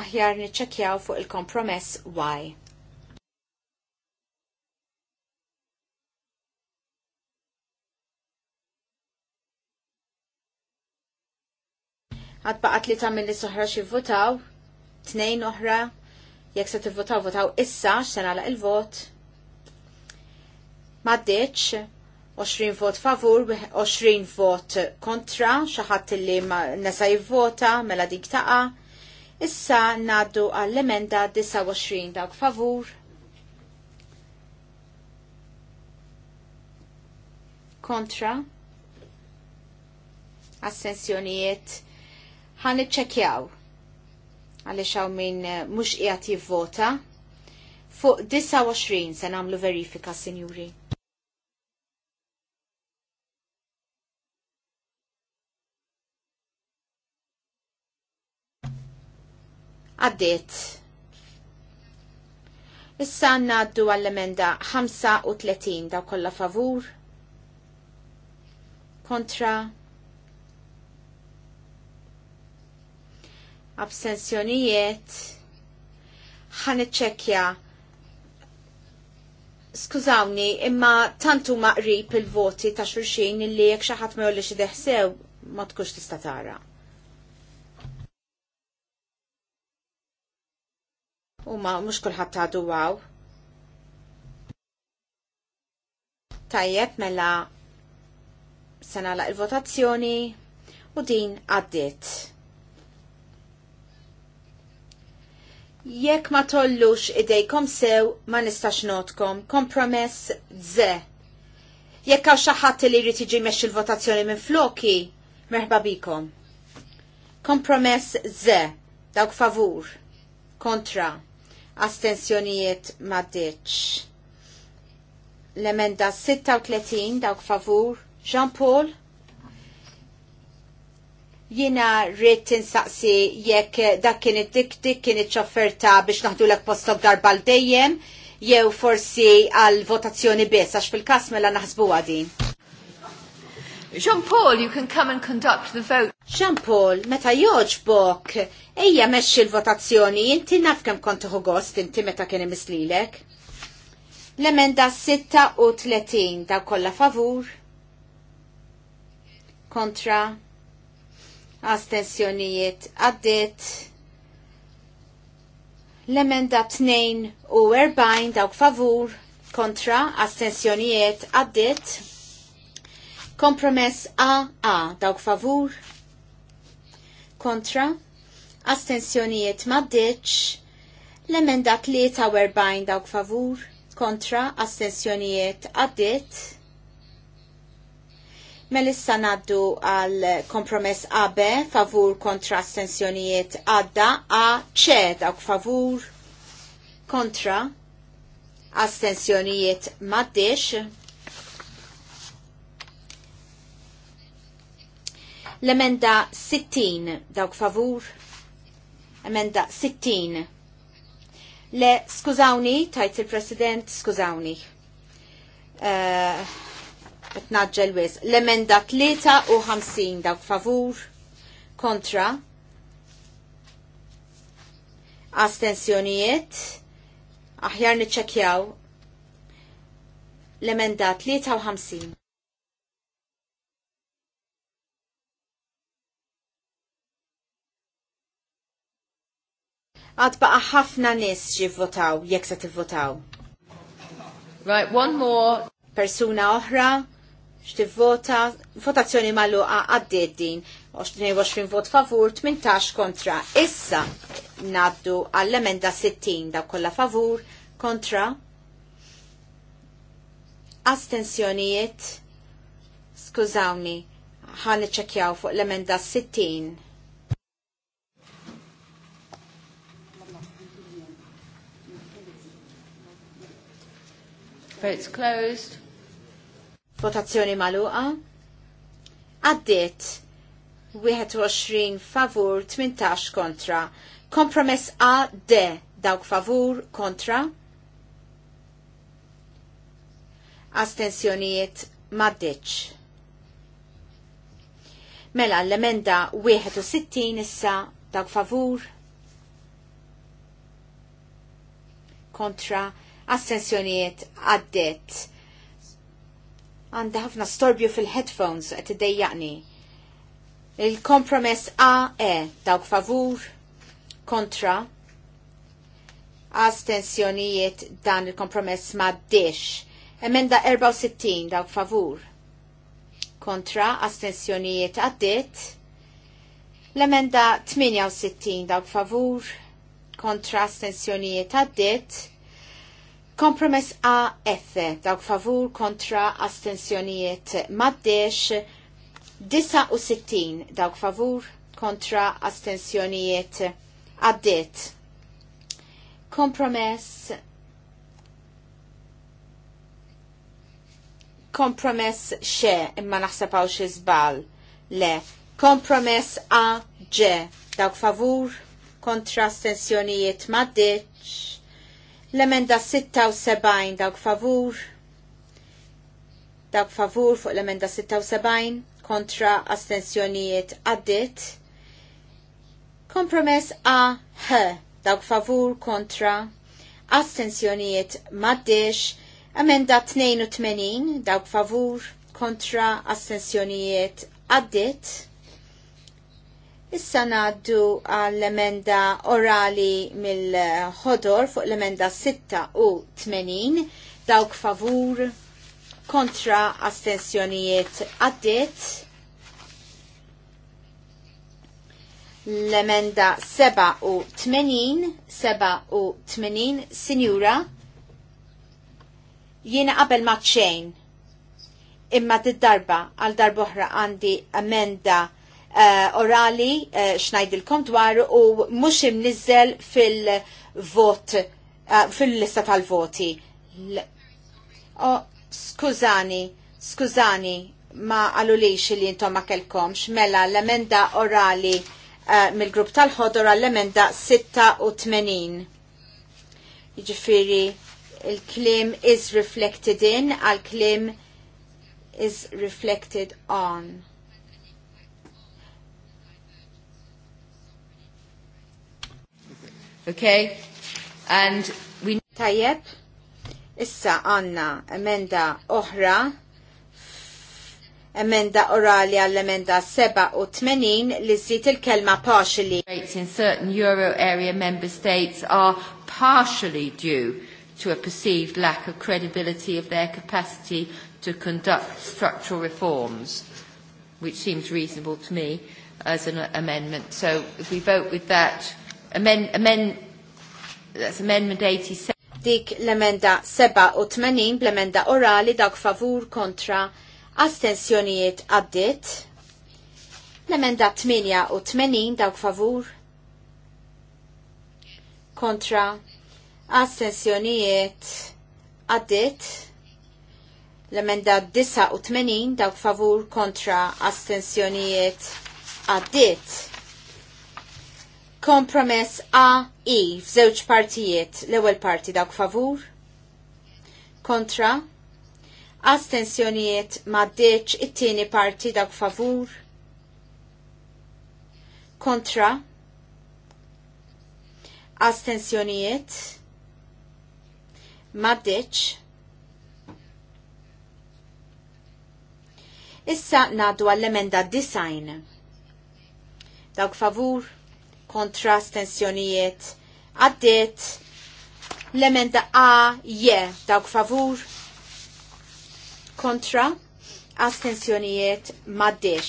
aħjar niċċekjaw fuq il-kompromess Y. għad baqat li ta' mill-li soħra xivvotaw, tnejn oħra, jekk se tivvotaw votaw issa x'se nagħlaq il-vot. Maddeċ, 20 vot favur, 20 vot kontra, xaħat li nesa jivvota, mela dik taqa. Issa naddu għall-emenda 29 dawk favur. Kontra. Assenzjonijiet ħan iċċekjaw għaliex hawn min eh, mhux qiegħed jivvota. Fuq 29 se nagħmlu verifika, sinjuri. Għaddit. Issa ngħaddu għall-emenda 35 daw kollha favur. Kontra absenzjonijiet ħaniċċekkja skużawni imma tantu maqrib il-voti ta' xurxin illi jekk xi ħadd ma jolli deħsew ma tkunx tista' tara. Uma mhux kulħadd għadu għaw. Tajjeb mela se la' il-votazzjoni u din għaddiet. Jekk ma tollux idejkom sew ma nistax notkom. Kompromess ze. Jekk għaw xaħat li jrid ġi mex il-votazzjoni minn floki, merħba bikom. Kompromess ze. Dawk favur. Kontra. Astensjonijiet ma ditx l-emenda 36 dawk favur, Jean Paul, Jina rrit tinsaqsi jekk dak kien id-diktik kien iċ-ċofferta biex naħdu l postok darba dejjem jew forsi għal votazzjoni biss, għax fil-kas mela naħsbu għadi. Jean-Paul, you can come and conduct the vote. Jean-Paul, meta bok, ejja meċi l-votazzjoni, inti naf kem kontu gost, inti meta kien mislilek. L-emenda 36 da kolla favur. Kontra astensjonijiet għaddit l-emenda u 40 dawk favur kontra astensjonijiet għaddit kompromess AA dawk favur kontra astensjonijiet maddiċ l-emenda 43 dawk favur kontra astensjonijiet għaddit Melissa naddu għal kompromess AB favur kontra astensjonijiet għadda A C dawk favur kontra astensjonijiet maddix. L-emenda 60 dawk favur. Emenda 60. Le, skużawni, tajt il-President, skużawni. Uh, qed naġġel wis. L-emenda 53 dawk favur kontra astensjonijiet aħjar niċċekjaw l-emenda 53. għad baqa ħafna nis ġivvotaw, jek se tivvotaw. Right, one more. Persuna oħra, x'tivvota votazzjoni magħluqa għaddiet din 22 vot favur, 18 kontra. Issa naddu għall-emenda 60 da kollha favur kontra astensjonijiet skużawni ħan iċċekjaw fuq l-emenda 60. Votes closed. Votazzjoni maluqa. Għaddit 21 favur 18 kontra. Kompromess A D dawk favur kontra. Astensjonijiet maddiċ. Mela l-emenda 61 issa dawk favur kontra astensjonijiet għaddit. Għanda ħafna storbju fil-headphones qed iddejjaqni. Il-kompromess A e dawk favur kontra tensjonijiet dan il-kompromess ma' diex. Emenda 64 dawk favur. Kontra tensjonijiet għaddit. L-emenda 68 dawk favur. Kontra tensjonijiet għaddit. Kompromess AF, dawk favur kontra astensjonijiet maddex, 69 dawk favur kontra astensjonijiet għaddit. Kompromess kompromess xe imma naħseb għaw xe Le, kompromess a ġe. Dawk favur kontra astensjonijiet maddeċ. L-emenda 76 dawk favur. Dawk favur fuq l-emenda 76 kontra astensjonijiet għaddit. Kompromess A H dawk favur kontra astensjonijiet maddex Emenda 82 dawk favur kontra astensjonijiet għaddit. Issa naddu għall-emenda orali mill-ħodor fuq l-emenda 6 u 80 dawk favur kontra astensjonijiet għaddit. L-emenda 7 u 80, 7 u 80, sinjura, jiena qabel ma' imma d-darba għal oħra għandi emenda Eh, orali eh, xnajdilkom dwar u mux imnizzel fil-vot, eh, fil-lista tal-voti. Skużani, skużani, ma għalulix li jintom ma kelkomx, mela l-emenda orali mill-grupp tal-ħodor għall-emenda 86. Iġifiri, il-klim is reflected in għal-klim is reflected on. Okay? And we... Tajjeb, issa għanna emenda oħra, emenda orali għall-emenda 87 li zit il-kelma partially. Rates in certain euro area member states are partially due to a perceived lack of credibility of their capacity to conduct structural reforms, which seems reasonable to me as an amendment. So if we vote with that, amendment 87. Dik l-emenda 87 bl-emenda orali dak favur kontra astensjonijiet għaddit. L-emenda 88 dak favur kontra astensjonijiet għaddit. L-emenda 89 dak favur kontra astensjonijiet għaddit Kompromess A, I, f'żewġ partijiet, l-ewwel parti dawk favur, kontra, astensjonijiet maddeċ, it-tieni parti dawk favur, kontra, astensjonijiet maddeċ, Issa nadu għall-emenda design. Dawk favur, kontra tensjonijiet għaddit l-emenda A, je, dawk favur kontra astensjonijiet maddix.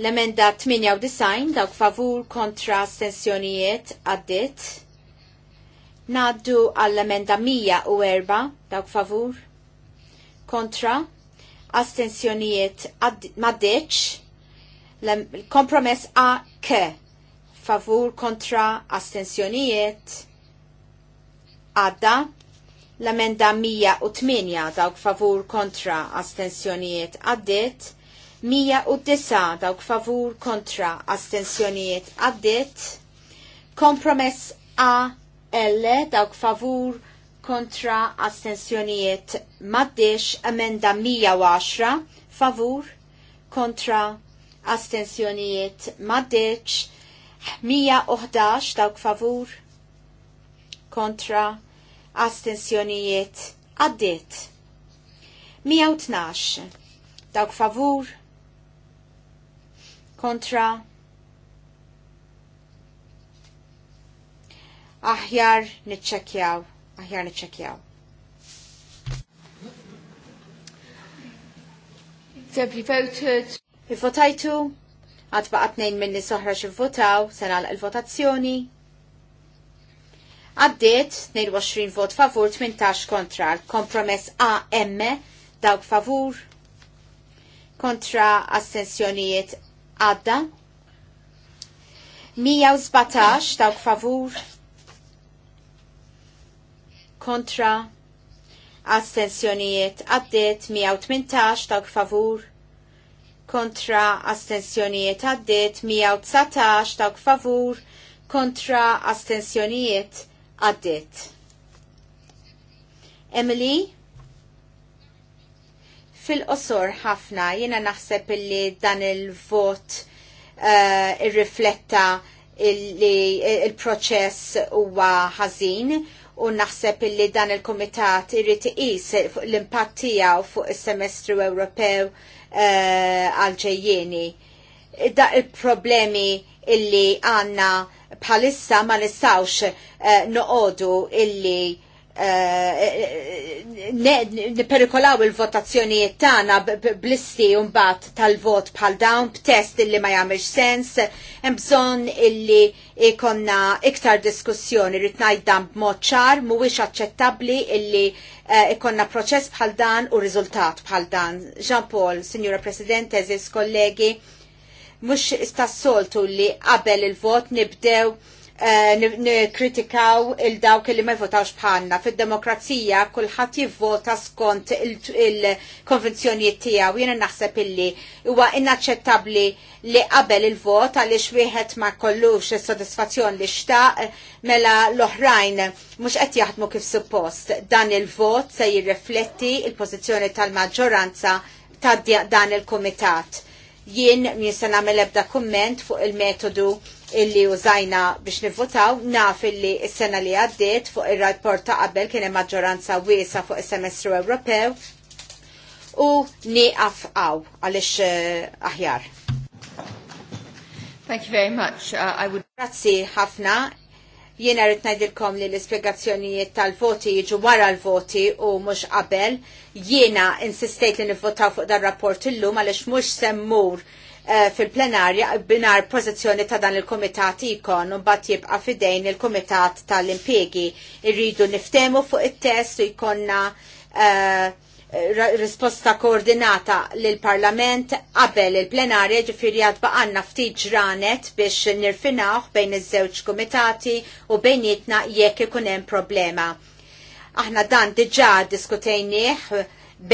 L-emenda 98 dawk favur kontra astensjonijiet għaddit. Naddu għall-emenda 104 dawk favur kontra astensjonijiet maddeċ. L-kompromess A ke favur kontra astensjonijiet għadda l-amenda 108 dawk favur kontra astensjonijiet għaddit 109 dawk favur kontra astensjonijiet għaddit kompromess A L dawk favur kontra astensjonijiet maddix amenda 110 favur kontra astensjonijiet maddeċ, 111 dawk favur kontra astensjonijiet għaddit. 112 dawk favur kontra aħjar nitċekjaw, aħjar nitċekjaw. Every voted. Ivvotajtu? Għad baqa tnejn minni soħra xivvotaw, sena l-votazzjoni. Għaddiet 22 vot favur, 18 kontra. Kompromess AM dawk favur kontra assenzjonijiet għadda. 117 dawk favur kontra astensjonijiet għaddiet 118 dawk favur kontra astensjonijiet għaddit 119 dawk favur kontra astensjonijiet għaddit. Emily? Fil-qosor ħafna jiena naħseb illi dan il-vot uh, irrifletta illi il-proċess huwa ħażin u naħseb illi dan il-komitat irrit iqis l-impatt tiegħu fuq is-semestru Ewropew Eh, għalġejjeni. Da il-problemi illi għanna bħalissa ma nistawx eh, noqodu illi Eh, eh, eh, niperikolaw il-votazzjonijiet tagħna blisti mbagħad tal-vot bħal dawn b'test illi ma jagħmilx sens, hemm bżonn illi ikonna iktar diskussjoni rrid ngħid dan b'mod ċar mhuwiex aċċettabbli illi ikonna proċess bħal dan u riżultat bħal dan. Jean Paul, Signora Presidente, eżis kollegi, mhux istassoltu li qabel il-vot nibdew Eh, nikritikaw il-dawk li ma jvotawx bħalna. Fid-demokrazija kulħadd jivvota skont il-konvenzjonijiet tiegħu. Jiena naħseb illi huwa inaċċettabbli li qabel il-vot għaliex wieħed ma kollux is-sodisfazzjon li xtaq mela l-oħrajn mhux qed jaħdmu kif suppost. Dan il-vot se jirrifletti il-pożizzjoni tal-maġġoranza ta' dan il-komitat. Jien jista' nagħmel ebda kumment fuq il-metodu illi użajna biex nivvotaw, naf illi s-sena li għaddiet fuq ir-rapport ta' qabel kien hemm maġġoranza wiesa fuq is-semestru Ewropew u nieqaf għaw għaliex eh, aħjar. Thank you very much. Uh, I would... Grazzi ħafna. Jiena rrit ngħidilkom li l-ispjegazzjonijiet tal-voti jiġu wara l-voti u mhux qabel. Jiena insistejt li nivvotaw fuq dar rapport illum għaliex mhux semmur Eh, fil-plenarja binar pożizzjoni ta' dan il-komitat ikon u bat jibqa fidejn il-komitat tal-impiegi. Irridu niftemu fuq it-test u jkonna eh, risposta koordinata l-Parlament qabel il-plenarja ġifiri għadba għanna ftit ġranet biex nirfinaħ bejn iż-żewġ komitati u bejnietna jekk ikun hemm problema. Aħna dan diġà diskutejnieh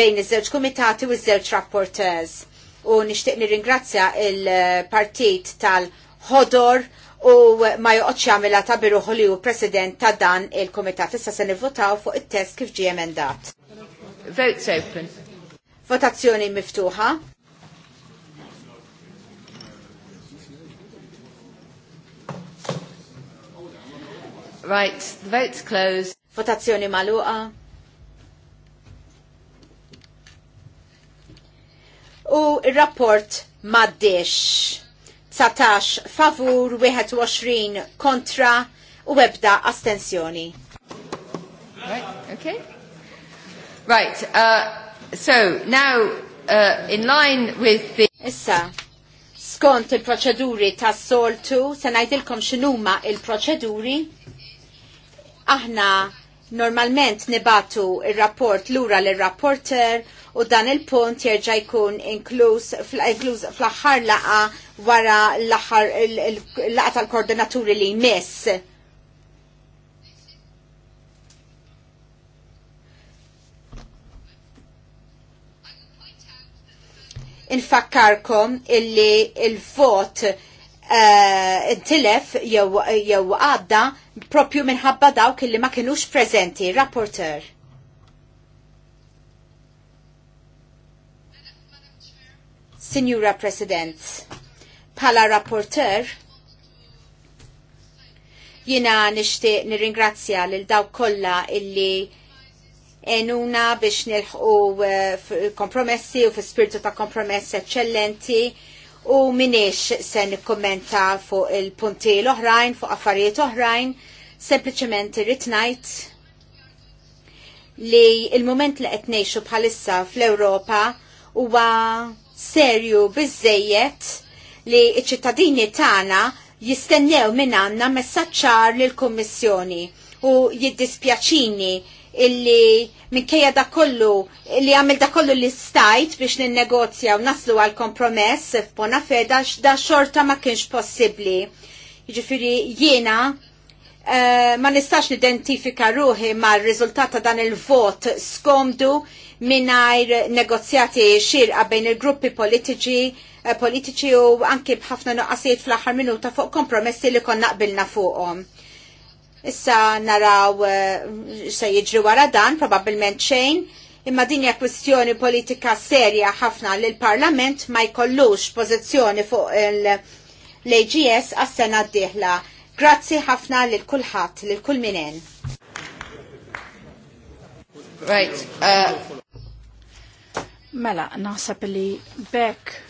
bejn iż-żewġ komitati u iż-żewġ rapporteurs u nixtieq nirringrazzja il-partit tal-ħodor u ma joqgħodx jagħmilha ta' biruħu li president ta' dan il-kumitat. Issa se nivvotaw fuq it-test kif ġie emendat. Votes open. Votazzjoni miftuħa. Right, the vote's closed. Votazzjoni maluqa. u il-rapport maddix. 19 favur, 21 kontra u ebda astensjoni. Right, okay. Right, uh, so now uh, in line with the... Issa, skont il-proċeduri ta' soltu, se najdilkom xinuma il-proċeduri, aħna Normalment nibatu il-rapport lura l-rapporter u dan il-punt jerġa' jkun inkluż fl-aħħar laqa wara l-aħħar laqa tal-koordinaturi li jmiss. Infakkarkom illi il-vot il vot Eh, intilef jew għadda propju minħabba dawk illi ma kienux prezenti, rapporter. Signora President, pala rapporter, jina nishti nirringrazzja lil dawk kollha illi enuna biex nilħu eh, kompromessi u fi spiritu ta' kompromess eccellenti u minix se nikkommenta fuq il-punti l-oħrajn, fuq affarijiet oħrajn, sempliciment irrit ngħid li il-moment li qed ngħixu bħalissa fl-Ewropa huwa serju biżejjed li ċ-ċittadini tagħna jistennew minn għandna messaċċar lill-Kummissjoni u jiddispjaċini illi minkejja da kollu li għamil da kollu li stajt biex ninnegozja u naslu għal kompromess f'bona feda da xorta ma kienx possibli. Ġifiri jiena uh, ma nistax nidentifika ruħi ma r-riżultat ta' dan il-vot skomdu minnajr negozjati xirqa bejn il-gruppi politiċi eh, politiċi u anki bħafna nuqqasiet fl-axar minuta fuq kompromessi li konna qbilna fuqhom Issa naraw eh, se jiġri wara dan, probabbilment xejn, imma din hija kwistjoni politika serja ħafna li l-Parlament ma jkollux pożizzjoni fuq l-AGS għas-sena d-dieħla. Grazzi ħafna lil kulħadd, lil kull minen. Right. Uh... Mela, naħseb li bekk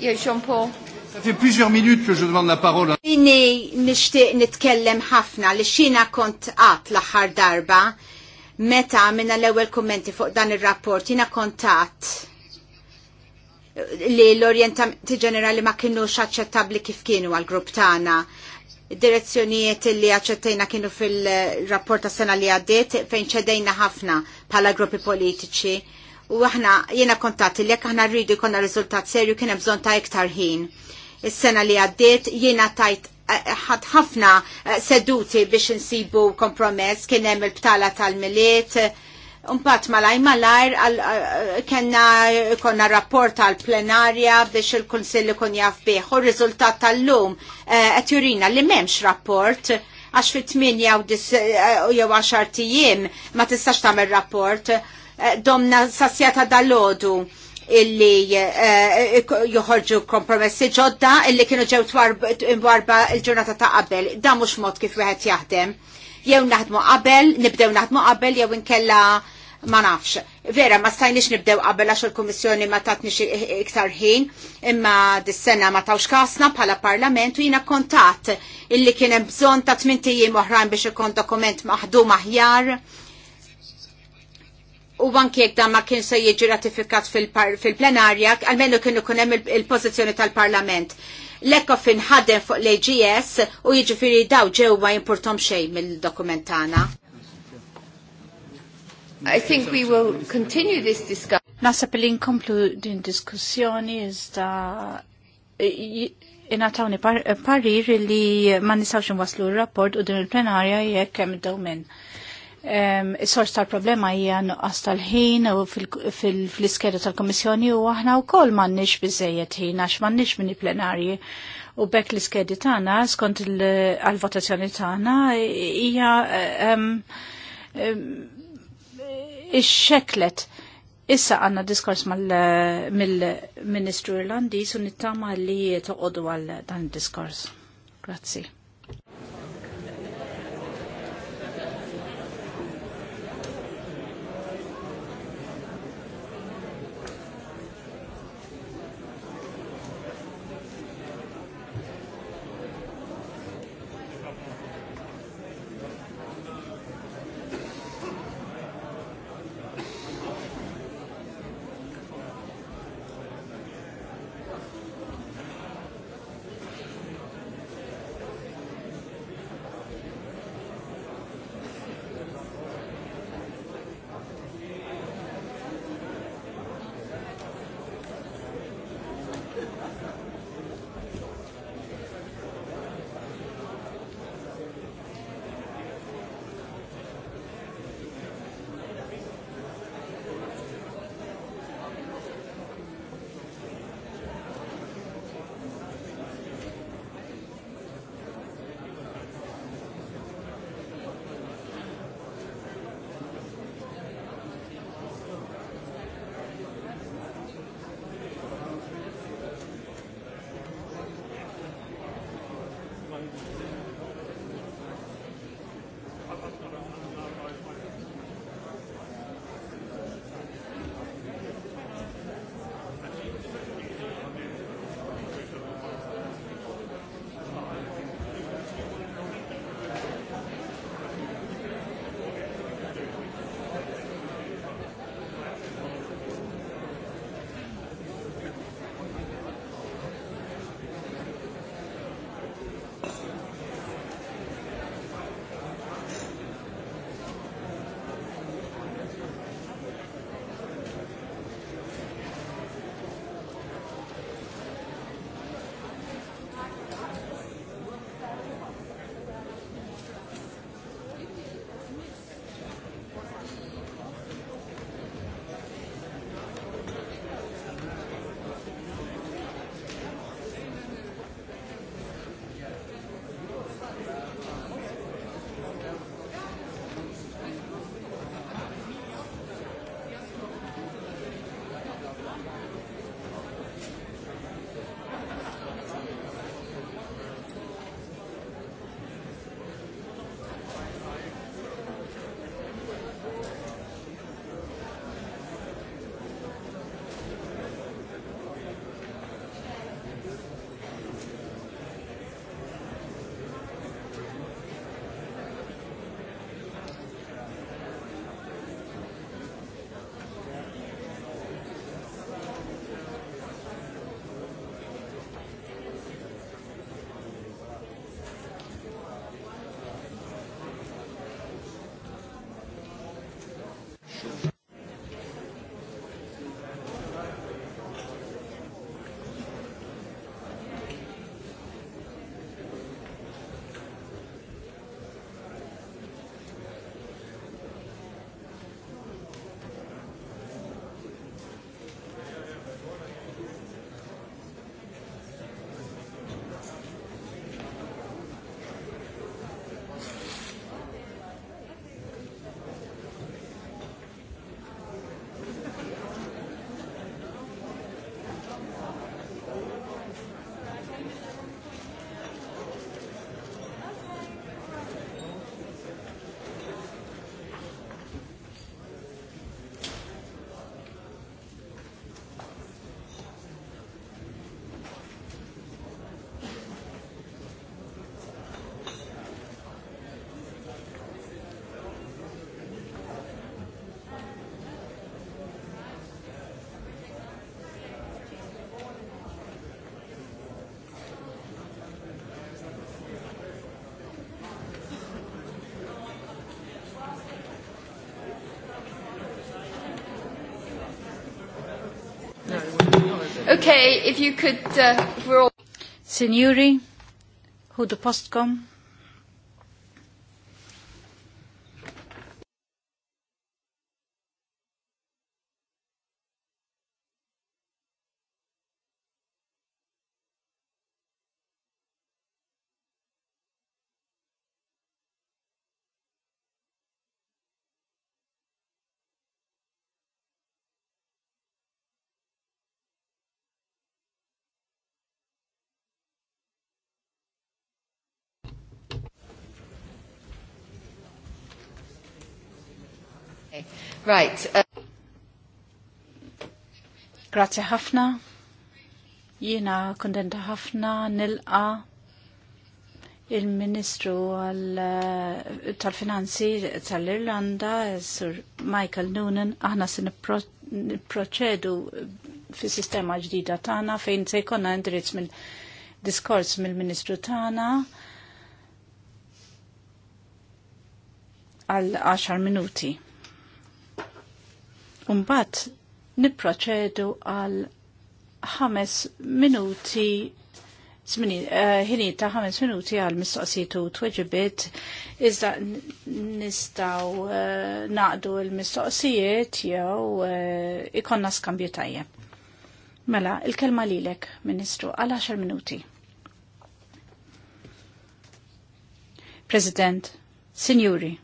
Ça fait plusieurs minutes que je demande la parole. Inni nishtiq nitkellem ħafna li xina kont għat l-aħħar darba meta minna l-ewwel kummenti fuq dan ir-rapport jina kontat li l orjentamenti ġenerali ma kinux aċċettabbli kif kienu għall grupp tagħna direzzjonijiet li aċċettejna kienu fil-rapport ta' sena li għaddiet fejn ċedejna ħafna pala gruppi politiċi U aħna jiena kontat li jekk aħna rridu jkollna riżultat serju kien hemm bżonn ta' iktar ħin. Is-sena li għaddiet jiena tajt eh, ħad ħafna eh, seduti biex insibu kompromess kien hemm il-btala tal-miliet. Unbat malaj malajr eh, kena konna rapport għal plenarja biex il-Konsilli kun jaf u Rizultat tal-lum qed jurina li m'hemmx rapport għax fit-8 jew 10 tiem ma tistax tagħmel rapport Eh, domna sassjata dal lodu illi eh, eh, joħorġu kompromessi ġodda illi kienu ġew twarba il-ġurnata ta' qabel. Da mhux mod kif wieħed jaħdem. Jew naħdmu qabel, nibdew naħdmu qabel jew inkella ma nafx. Vera, ma stajniex nibdew qabel għax il-Kummissjoni ma tatniex iktar ħin, imma dis-sena ma tawx kasna bħala Parlament u jina kontat illi kien hemm bżonn ta' tmien oħrajn biex ikun dokument maħdu maħjar u anki jekk dan ma kien se jiġi ratifikat fil-plenarja, fil għalmenu kienu kunem il-pozizjoni il tal-parlament. parlament Lekko fin ħadem fuq l-AGS u firri jiġifieri daw ġew ma jimportom xej mill-dokumentana. I think we will continue this discussion. Nasab li nkomplu din diskussjoni iżda inatawni parir li ma nisawx waslu l rapport u din il-plenarja jekk hemm dawmen. Is-sors tal-problema hija nuqqas tal-ħin u fil iskedu tal-Komissjoni u aħna wkoll m'għandniex biżejjed ħin għax m'għandniex mini plenarji. U bekk l-iskedi tagħna skont għal-votazzjoni tagħna hija ix-xeklet. Issa għanna diskors mill-Ministru Irlandiż u nittama li toqodu għal dan diskors. Grazzi. Okay, if you could, uh, we're all... Signori, who the postcom? Right. Uh, Grazie ħafna. Jiena kontenta ħafna nilqa il-Ministru uh, tal-Finanzi tal-Irlanda, Sir Michael Noonan, aħna se nipproċedu fis sistema ġdida tagħna fejn se jkollna indirizz mill-diskors mill-Ministru Tana. għal 10 minuti. Umbat niproċedu għal ħames minuti eh, ħinita ta' ħames minuti għal mistoqsijiet u tweġibiet iżda nistaw eh, naqdu l-mistoqsijiet jew eh, ikonna skambju tajjeb. Mela, il-kelma lilek, Ministru, għal 10 minuti. President, Signori,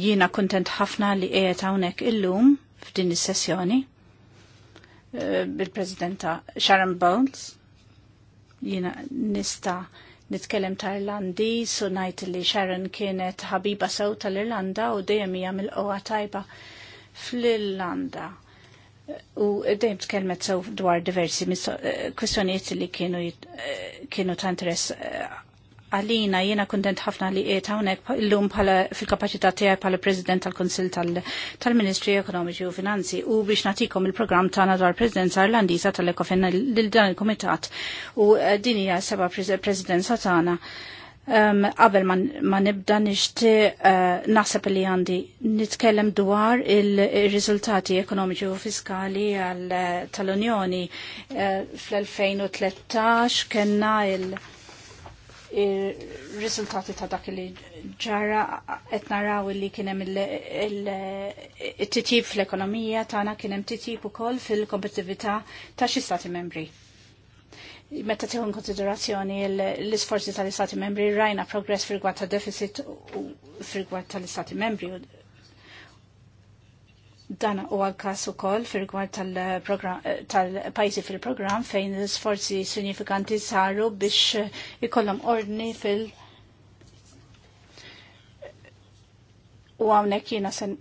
Jiena kontent ħafna li qiegħed hawnhekk illum f'din is-sessjoni eh, bil-Presidenta Sharon Bowles. Jiena nista' nitkellem ta' Irlandi, su najt li Sharon kienet ħabiba sew tal-Irlanda u dejjem hija mill qoha tajba fl-Irlanda. U dejjem tkellmet sew dwar diversi eh, kwistjonijiet li kienu, eh, kienu ta' interess għalina jiena kontent ħafna li qiet hawnhekk illum bħala fil-kapaċità tiegħi bħala President tal-Kunsill tal-Ministri Ekonomiċi u Finanzi u biex nagħtikom il-programm tagħna dwar Presidenza Irlandiża tal ekofen lil dan il-Kumitat u eh, din hija seba' Presidenza tagħna. Ehm, qabel um, ma nibda nixti uh, naħseb li għandi nitkellem dwar il-riżultati ekonomiċi u fiskali eh, tal-Unjoni uh, fl-2013 kena il- il rizultati ta' dak li ġara qed naraw li kien hemm il-titjib fl-ekonomija tagħna kien hemm titjib ukoll fil-kompetittività ta' xi stati membri. Meta tieħu konsiderazzjoni l-isforzi tal-Istati membri rajna progress fil ta' deficit u fil tal-Istati membri Dan u għal-kas u koll fil-gwar tal-pajzi fil-program fejn sforzi signifikanti saru biex ikollom ordni fil- U għawnek jina sen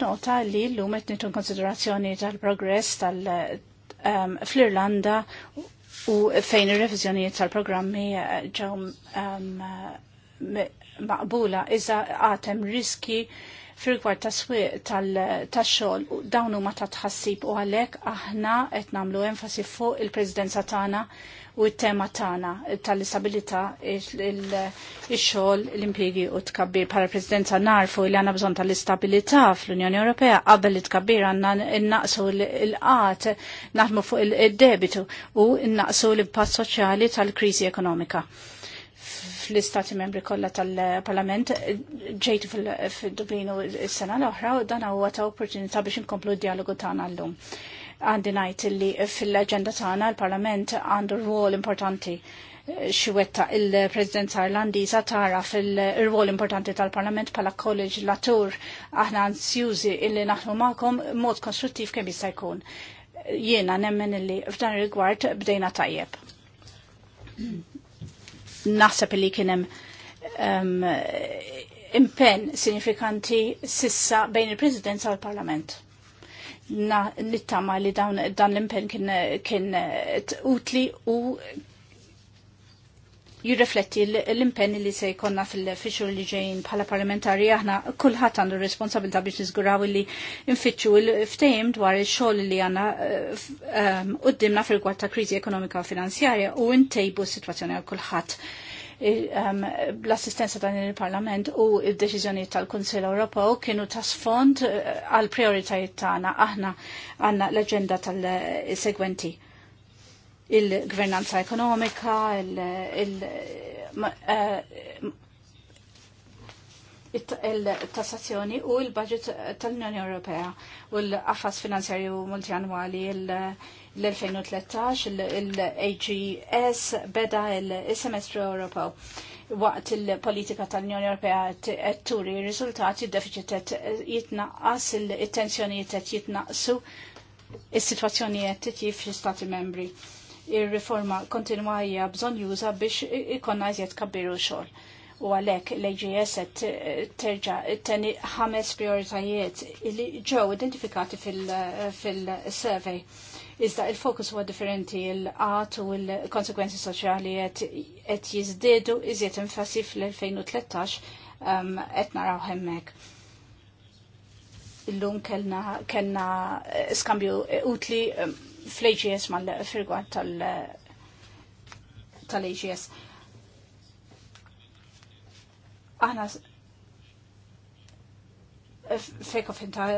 nota li l-lumet nitu konsiderazzjoni tal-progress tal- ehm, flirlanda irlanda u fejn ir-reviżjonijiet tal-programmi eh, ġew ehm, maqbula iżda għatem riski fil-gwar ta' swieq tal-xol dawn huma ta' tħassib u għalhekk aħna qed nagħmlu enfasi fuq il-Presidenza tagħna u t-tema tagħna tal-istabilità ix-xogħol l-impjiegi u tkabbir bħala Presidenza narfu li għandna bżonn tal-istabilità fl-Unjoni Ewropea qabel li tkabbir għandna naqsu l-qat naħdmu fuq il-debitu u n-naqsu l-impatt soċjali tal-kriżi ekonomika fl-istati membri kollha tal-Parlament ġejt fil-Dublinu s-sena l-oħra u dan huwa ta' opportunità biex inkomplu d-dialogu tagħna llum. Għandi ngħid li fil-aġenda tagħna l-Parlament għandu rwol importanti xiwetta il-Presidenza Irlandiża tara fil-rwol importanti tal-Parlament pala kolleġ latur aħna ansjużi illi naħnu magħkom mod konstruttiv kemm jista' jkun. Jiena nemmen illi f'dan ir-rigward bdejna tajjeb naħseb li kienem um, impen signifikanti sissa bejn il-Presidenza u l-Parlament. Nittama li dan, l-impen kien, kien utli u jirrifletti l-impenni li se jkonna fil-fixur li ġejn bħala parlamentari aħna kullħat għandu responsabilta biex nizguraw li nfittxu l-ftejm dwar il-xol li għanna għoddimna eh, ehm, um, fil ta' krizi ekonomika u finanzjarja u ntejbu situazzjoni għal kullħat ehm, l-assistenza dan il-Parlament u il-deċizjoni tal-Kunsel Ewropew kienu ta' sfond eh, għal prioritajiet tagħna aħna għandna l-aġenda tal-segwenti il-gvernanza ekonomika, eh, il-tassazzjoni u il-budget tal-Unjoni Ewropea u l-affas finanzjarju multianwali l-2013, l-AGS beda il-semestru Ewropew waqt il-politika tal-Unjoni Ewropea qed turi r-riżultati d-deficit qed jitnaqqas, it-tensjonijiet qed jitnaqsu, is-sitwazzjoni qed titjib fl-Stati membri ir-riforma kontinwa hija bżonn juża biex ikonna iżjed kabbiru xogħol. U għalhekk l-AGS qed eh, terġa' teni ħames prioritajiet li ġew identifikati eh, fil-survey. Iżda il-fokus huwa differenti l-qat u l-konsekwenzi soċjali qed jiżdiedu iżjed infassi fl-2013 ehm, qed naraw hemmhekk illum kellna eh, skambju utli ehm, fl-AGS mal-firgwad tal-AGS. Aħna fejko fin ta'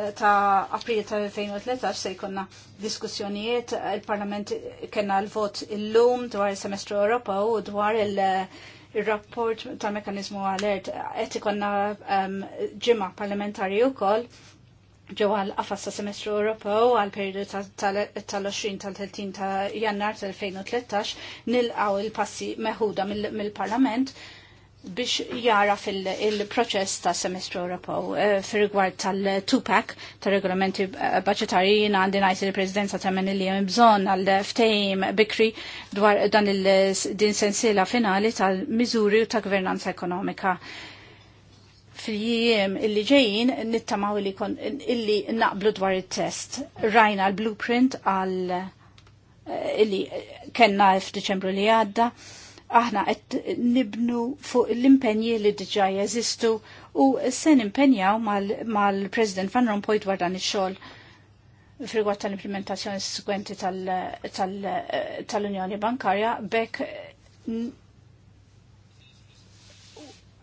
april ta' 2013 se jkonna diskussjonijiet, il-parlament kena l-vot il-lum dwar il-semestru Europa u dwar il-rapport ta' mekanizmu għalert, għet ikonna um, ġimma parlamentari u koll ġew għal qafas ta' semestru Ewropew għal periodu tal-20 tal-30 ta' jannar tal-2013 nilqaw il-passi meħuda mill-Parlament biex jara fil-proċess ta' semestru Ewropew eh, fir rigward tal-2-pack ta' regolamenti budgetari jien għandi ngħid il-Presidenza temmen li hemm bżonn għal ftehim bikri dwar dan il-din sensila finali tal-miżuri ta' gvernanza ekonomika fil-jiem illi ġejjin nittamaw illi, kon, illi naqblu dwar il-test. Rajna l-blueprint għal eh, illi kena f'Diċembru li għadda. Aħna qed nibnu fuq l-impenji li diġà jeżistu u se nimpenjaw mal-President Van Rompuy dwar dan ix-xogħol fil tal-implementazzjoni sekwenti tal-Unjoni tal, tal, eh, tal Bankarja bekk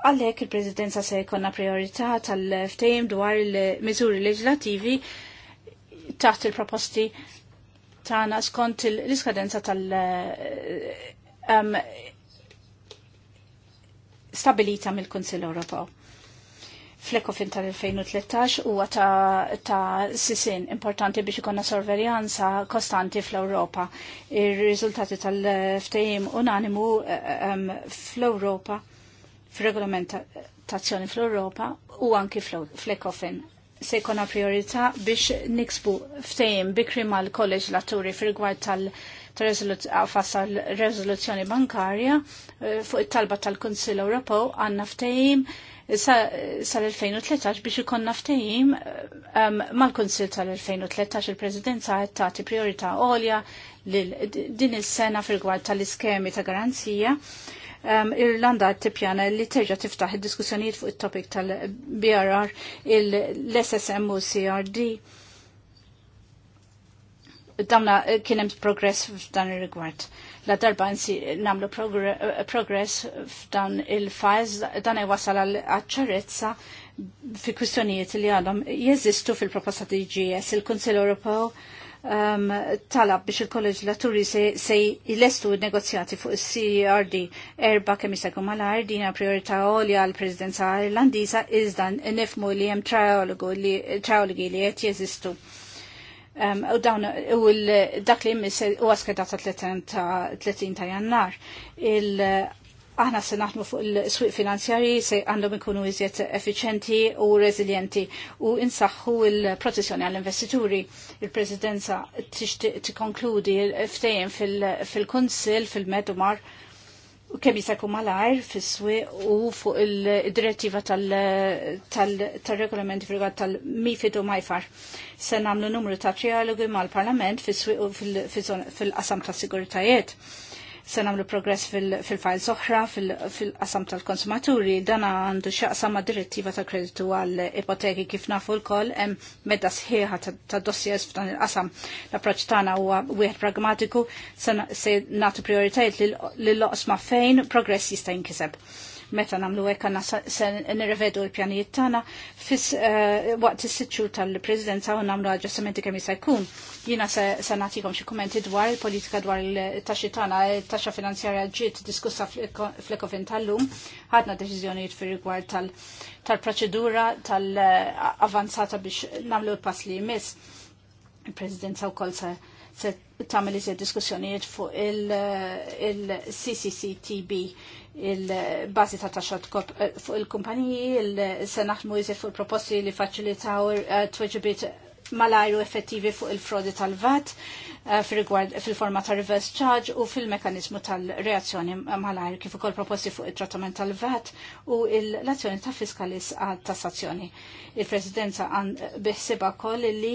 Għalhekk il-Presidenza se jkollna priorità tal-ftehim dwar il-miżuri leġlativi taħt il-proposti tagħna skont l-iskadenza tal- um, stabilita mill-Kunsill Ewropew. fin tal-2013 huwa ta', ta sisin importanti biex ikonna sorveljanza kostanti fl-Ewropa. Ir-riżultati tal ftejim unanimu um, fl-Ewropa Fir-regolamentazzjoni fl-Europa u anki fl-Ekofen se jkun priorità biex niksbu ftejim bikri mal-kolleġ laturi fil-gwar tal- rezoluzzjoni bankarja eh, fuq it-talba tal-Konsil Ewropew għanna ftejim sal-2013 biex ikonna ftehim eh, mal kunsill tal-2013 il-Presidenza qed tagħti priorità għolja lil din is-sena fil-gwad tal-iskemi ta' garanzija um, Irlanda tippjana li terġa' tiftaħ id-diskussjonijiet fuq it-topic tal-BRR l-SSM u CRD. Damna eh, kien hemm progress f'dan ir-rigward. La darba nsi nagħmlu eh, progress f'dan il-fajz dan wasal għal ċarezza fi kwistjonijiet li għadhom jeżistu fil-proposta di GS, il-Kunsill Ewropew um, talab biex il-kolleġlaturi se, se jilestu negozjati fuq il-CRD erba kemm jista' jkun dina priorità għolja għal presidenza irlandiża iżda nifmu li hemm traologi li trialogi jesistu. qed jeżistu. Um, u dawn u dak li jmiss u għaskedata 30 ta' jannar. Il- aħna se naħdmu fuq il-swiq finanzjari se għandhom ikunu iżjed effiċenti u reżiljenti u insaħħu il-protezzjoni għall-investituri. Il-Presidenza tikkonkludi ftejjem fil-Kunsil fil-Medumar u kemm jisakku malajr fis-swiq u fuq il-direttiva tal-regolamenti fil tal-MIFID u Majfar. Se nagħmlu numru ta' trialogi mal-Parlament fis-swiq u fil-qasam ta' sigurtajiet se nagħmlu progress fil-fajl soħra, fil qasam tal konsumaturi dan għandu x'aqsam ma' direttiva ta' kreditu għal ipoteki kif nafu l kol hemm medda sħiħa ta', dossiers f'dan il-qasam. L-approċċ tagħna huwa wieħed pragmatiku se nagħtu prioritajiet lil loqsma fejn progress jista' jinkiseb meta nagħmlu hekk għandna se nirrevedu l-pjanijiet tagħna fis eh, waqt is sitxu tal-Presidenza u nagħmlu għadġessamenti kemm jista' jkun. Jiena se natikom xi kommenti dwar il-politika dwar il-taxxi tagħna, il-taxxa finanzjarja ġiet diskussa fl-ekofin tal-lum, ħadna deċiżjonijiet fir-rigward tal-proċedura tal-avanzata biex nagħmlu l-pass li jmiss il-Presidenza wkoll se se tagħmel iżjed diskussjonijiet fuq il-CCCTB il-bazi ta' taxxat eh, fuq il-kumpaniji, il senaħmu naħdmu jizif fuq il-proposti li faċilitaw eh, tweġibit malajru effettivi fuq il-frodi tal-VAT eh, fil-forma ta' reverse charge u fil-mekanizmu tal-reazzjoni malajru kif ukoll proposti fuq il-trattament tal-VAT u l-azzjoni ta' fiskalis għal tassazzjoni. Il-Presidenza għan biħsiba koll li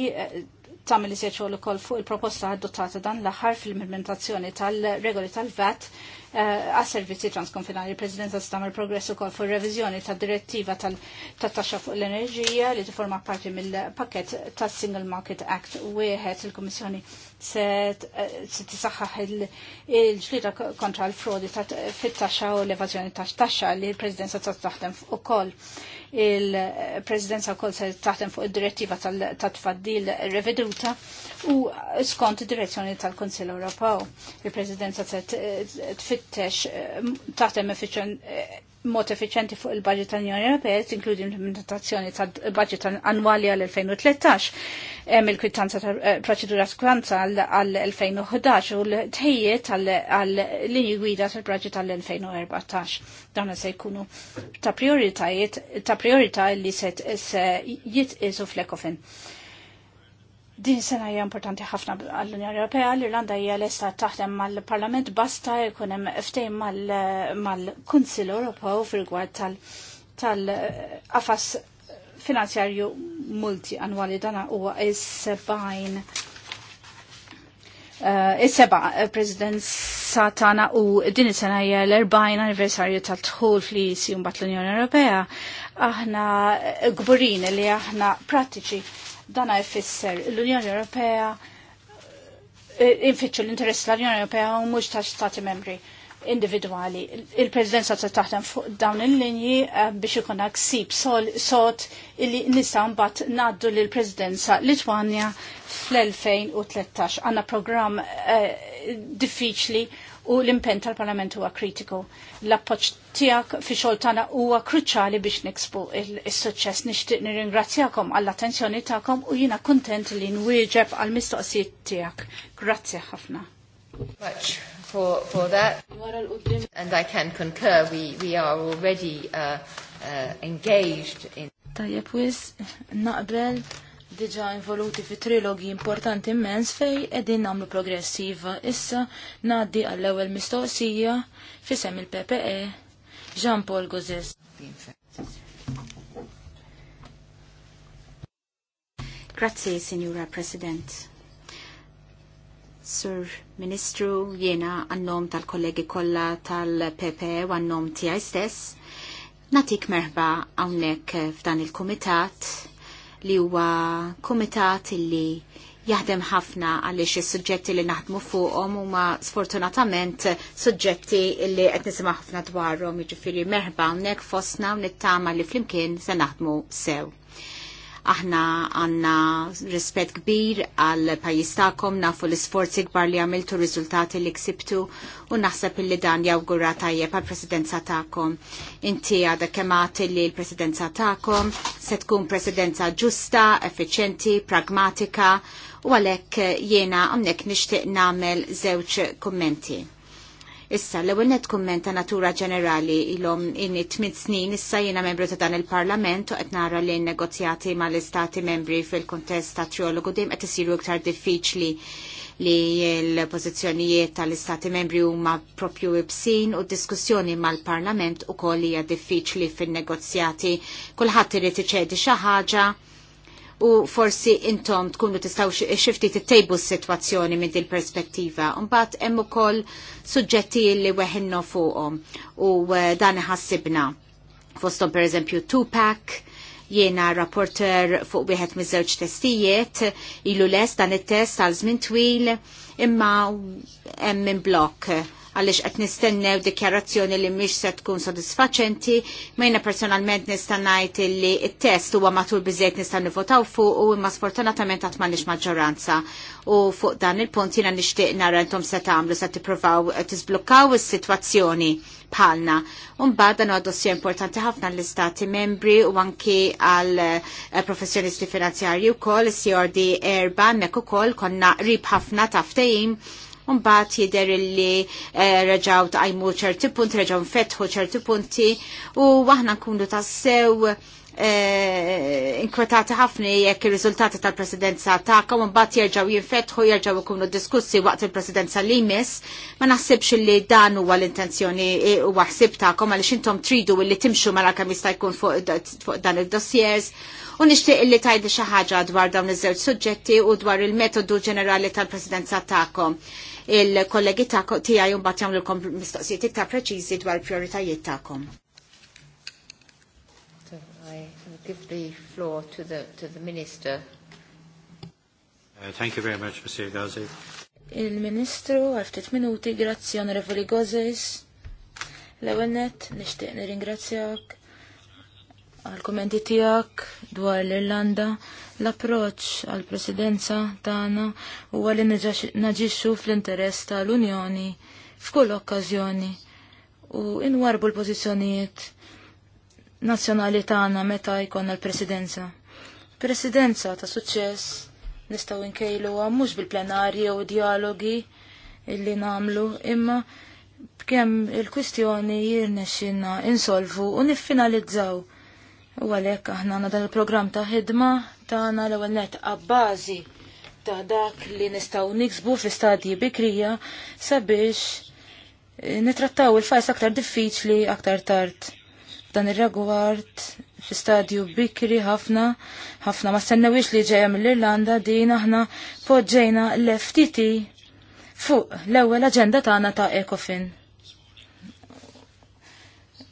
tamil li seċu l fuq il-proposta adottata dan l-aħħar fil-implementazzjoni tal-regoli tal-VAT Eh, għas-servizzi transkonfinali. Il-Presidenza il progress ukoll fu revizjoni ta' direttiva tat-taxxa fuq l-enerġija li tiforma parti mill-pakket tas Single Market Act wieħed il-Kummissjoni se eh, tisaħħaħ il-ġlida kontra l-frodi fit-taxxa u l-evażjoni tax-taxxa li l-Presidenza taħdem kol il-Presidenza kol se taħtem fuq id-direttiva tat-tfaddil reveduta u skont id-direzzjoni tal-Kunsill Ewropew. Il-Presidenza se tfittex eh, taħdem mod effiċenti fuq il-budget tal-Unjoni Ewropea tinkludi l-implementazzjoni tal-budget annwali għal-2013, hemm il-kwittanza tal-proċedura eh, skwanza għal-2011 u l-tħejjiet għal-linji gwida tal-budget għal-2014. Dawna se jkunu ta' prioritajiet ta' priorità li se jitqisu fl-ECOFIN. Din sena hija importanti ħafna għall-Unjoni Ewropea, l-Irlanda hija lesta taħdem mal-Parlament basta jkun hemm ftehim mal-Kunsill Ewropew fil-rigward tal-qafas finanzjarju multi annwali dana huwa is-sebgħin eh, is-seba' President Satana u din is-sena hija l-40 anniversarju tal-dħul fl-ISI mbagħad l-Unjoni Ewropea. Aħna gburin li aħna prattiċi Dana jfisser l-Unjoni Ewropea eh, infittxu l-interess tal-Unjoni Ewropea u mhux ta' stati membri individuali. Il-Presidenza ta' taħdem fuq dawn il-linji eh, biex ikun ksib sot illi nistgħu mbagħad ngħaddu lill presidenza Litwanja fl-2013. Għandna programm eh, diffiċli u l-impen tal-Parlament huwa kritiku. l appoċ tijak fi xogħol tagħna huwa kruċjali biex niksbu is-suċċess. Nixtieq nirringrazzjakom għall-attenzjoni tagħkom u jina kontent li nwieġeb għal mistoqsijiet tijak. Grazzi ħafna. for, for that. And I can concur, we, we are already uh, uh, engaged in diġa involuti fi trilogi importanti immens fej edin namlu progressiva. Issa naddi għall ewwel mistoqsija fi sem il-PPE Jean Paul Gozes. Grazie, Signora President. Sur Ministru, jiena għannom tal-kollegi kollha tal-PPE u għannom tiegħi stess. Natik merħba hawnhekk f'dan il-Kumitat li huwa kumitat li jaħdem ħafna għaliex is-suġġetti li naħdmu fuqhom huma sfortunatament suġġetti li qed nisimgħu ħafna dwarhom, jiġifieri merħba hawnhekk fostna u nittama li flimkien se naħdmu sew. Aħna għanna rispet kbir għal pajistakom nafu l-sforzi kbar li għamiltu riżultati li ksibtu u naħseb li dan jawgura tajjeb għal presidenza ta'kom. Inti għada kemat li l-presidenza ta'kom se tkun presidenza ġusta, effiċenti, pragmatika u għalek jena għamnek nishtiq namel zewċ kommenti. Issa, l ewwel net kummenta ta' natura ġenerali ilhom inni tmien snin issa jiena membru ta' dan il-Parlament u qed nara li negozjati mal-istati membri fil kontest ta' triologu dejjem qed isiru iktar diffiċli li l-pozizjonijiet tal-istati membri huma propju ibsin u diskussjoni mal-parlament u koll hija diffiċli fin-negozjati. Kulħadd irid iċedi xi ħaġa u forsi intom tkunu tistaw xifti tittejbu s-situazzjoni minn din perspettiva. Umbat hemm ukoll suġġetti li weħinno fuqhom u eh, dan ħassibna. Fostom per eżempju Tupac, jiena rapporter fuq wieħed miż-żewġ testijiet, ilu les dan it-test għal żmien twil imma hemm blok. blokk għaliex qed nistennew dikjarazzjoni li mhix se tkun sodisfaċenti, mejna personalment nista' ngħid li t-test huwa matul biżejt nista' nivotaw fuq u imma sfortunatament għat manix maġġoranza. U fuq dan il-punt jiena nixtieq nara intom se tagħmlu se tippruvaw tiżblukkaw is-sitwazzjoni bħalna. Umbad dan għad dossier importanti ħafna l-istati membri u anki għal eh, professjonisti finanzjarji u kol, CRD erba, mek kol, konna rib ħafna taftajim Unbat jider li ta' eh, taqajmu ċerti punti, raġaw nfetħu ċerti punti u waħna nkunu tassew eh, inkwetati ħafna jekk ir-riżultati tal-presidenza ta' u mbagħad jerġgħu jinfetħu jerġgħu jkunu diskussi waqt il-presidenza li jmiss, ma naħsibx li dan huwa l-intenzjoni waħsib eh, ħsieb tagħkom għaliex intom tridu li timxu mara mela kemm jista' jkun fuq dan id-dossiers u nixtieq li tajdi xi ħaġa dwar dawn iż-żewġ suġġetti u dwar il-metodu ġenerali tal-presidenza tagħkom il-kollegi tiegħi mbagħad jagħmlulkom mistoqsijiet iktar preċiżi dwar il-prijoritajiet tagħkom. Give the floor to the, to the Minister. Uh, thank you very much, Mr. Gazi. Il-Ministru, għal minuti, grazzi onorevoli Gozes. Lewenet, ewwel nett għal-kommenti tijak dwar l-Irlanda, l-approċ għal-presidenza tagħna huwa li naġixxu fl-interess tal-Unjoni f'kull okkażjoni u inwarbu l-pożizzjonijiet nazzjonali tagħna meta jkun l-presidenza. Presidenza ta' suċċess nistgħu nkejluha mhux bil-plenarji u dialogi illi namlu imma b'kemm il-kwistjoni jirnexinna insolvu u niffinalizzaw U għalhekk aħna għanna dan il-programm ta' ħidma tagħna l-ewwel net ta' dak li nistgħu niksbu fi stadji bikrija sabiex eh, nitrattaw il-fajs aktar diffiċli aktar tard. Dan ir-ragward fi stadju bikri ħafna, ħafna ma stennewix li ġeja mill-Irlanda din aħna poġġejna l-FTT fuq l-ewwel aġenda tagħna ta' Ecofin.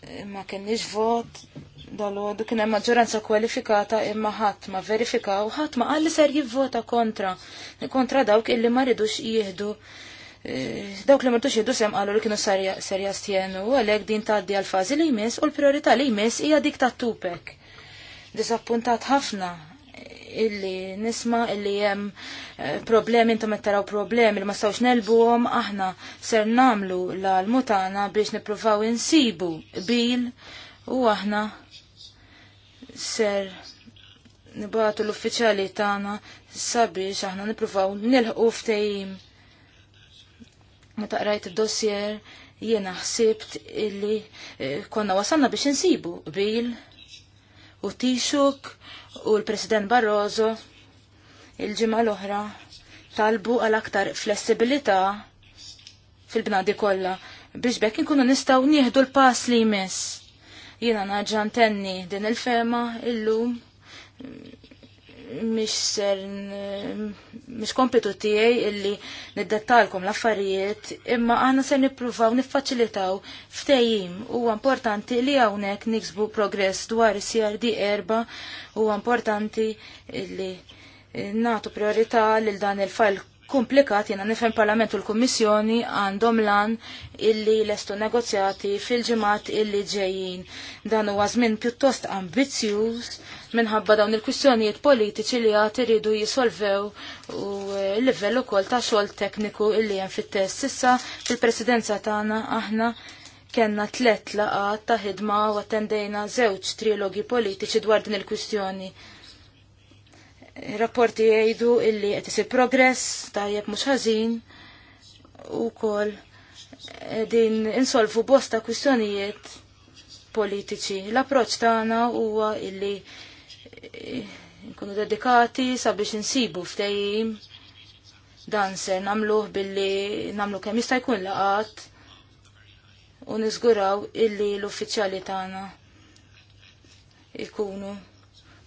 Eh, ma kenniex vot dalu għodu kien hemm maġġoranza kwalifikata imma ħadd ma verifika u ħadd ma qalli ser jivvota kontra kontra dawk illi ma ridux jieħdu e, dawk li martux jiddu sem għallu li kienu ser jastjenu u għalek din taddi għal-fazi li jmiss u l priorita li jmiss hija dik ta' tupek. Disappuntat ħafna illi nisma illi jem e, problemi intom taraw problemi li ma stawx nelbuhom aħna ser namlu l-mutana biex nipruvaw insibu bil u aħna ser nibatu l-uffiċjali tagħna sabiex aħna nippruvaw nilħqu ftehim. Meta qrajt id-dossier jiena ħsibt illi eh, konna wasalna biex insibu qbil u Tixuk u l-President Barroso il-ġimgħa l-oħra talbu għal aktar flessibilità fil-bnadi kollha biex bekk inkunu nistgħu nieħdu l-pass li jmiss Jiena naġa ntenni din il-fema illum mish ser kompitu tiegħi illi niddettalkom l-affarijiet imma għana ser nippruvaw niffaċilitaw ftejjim huwa importanti li hawnhekk niksbu progress dwar is-CRD erba huwa importanti illi natu priorità lil dan il-fajl komplikat jena nifem parlament u l-Kummissjoni għandhom lan illi lestu negozjati fil-ġimat illi ġejjin. Dan huwa żmien pjuttost ambizzjuż minħabba dawn il-kwistjonijiet politiċi li għat iridu jisolvew u eh, l-livell ukoll ta' xogħol tekniku illi hemm fit-test issa fil-presidenza tagħna aħna kenna tlet laqat ta' ħidma u attendejna żewġ trilogi politiċi dwar din il-kwistjoni rapporti jgħidu illi qed isir progress tajjeb mhux ħażin ukoll din insolvu bosta kwistjonijiet politiċi. L-approċċ tagħna huwa illi eh, nkunu dedikati sabiex insibu ftehim dan se nagħmluh billi nagħmlu kemm jista' jkun laqat u niżguraw illi l-uffiċjali tagħna ikunu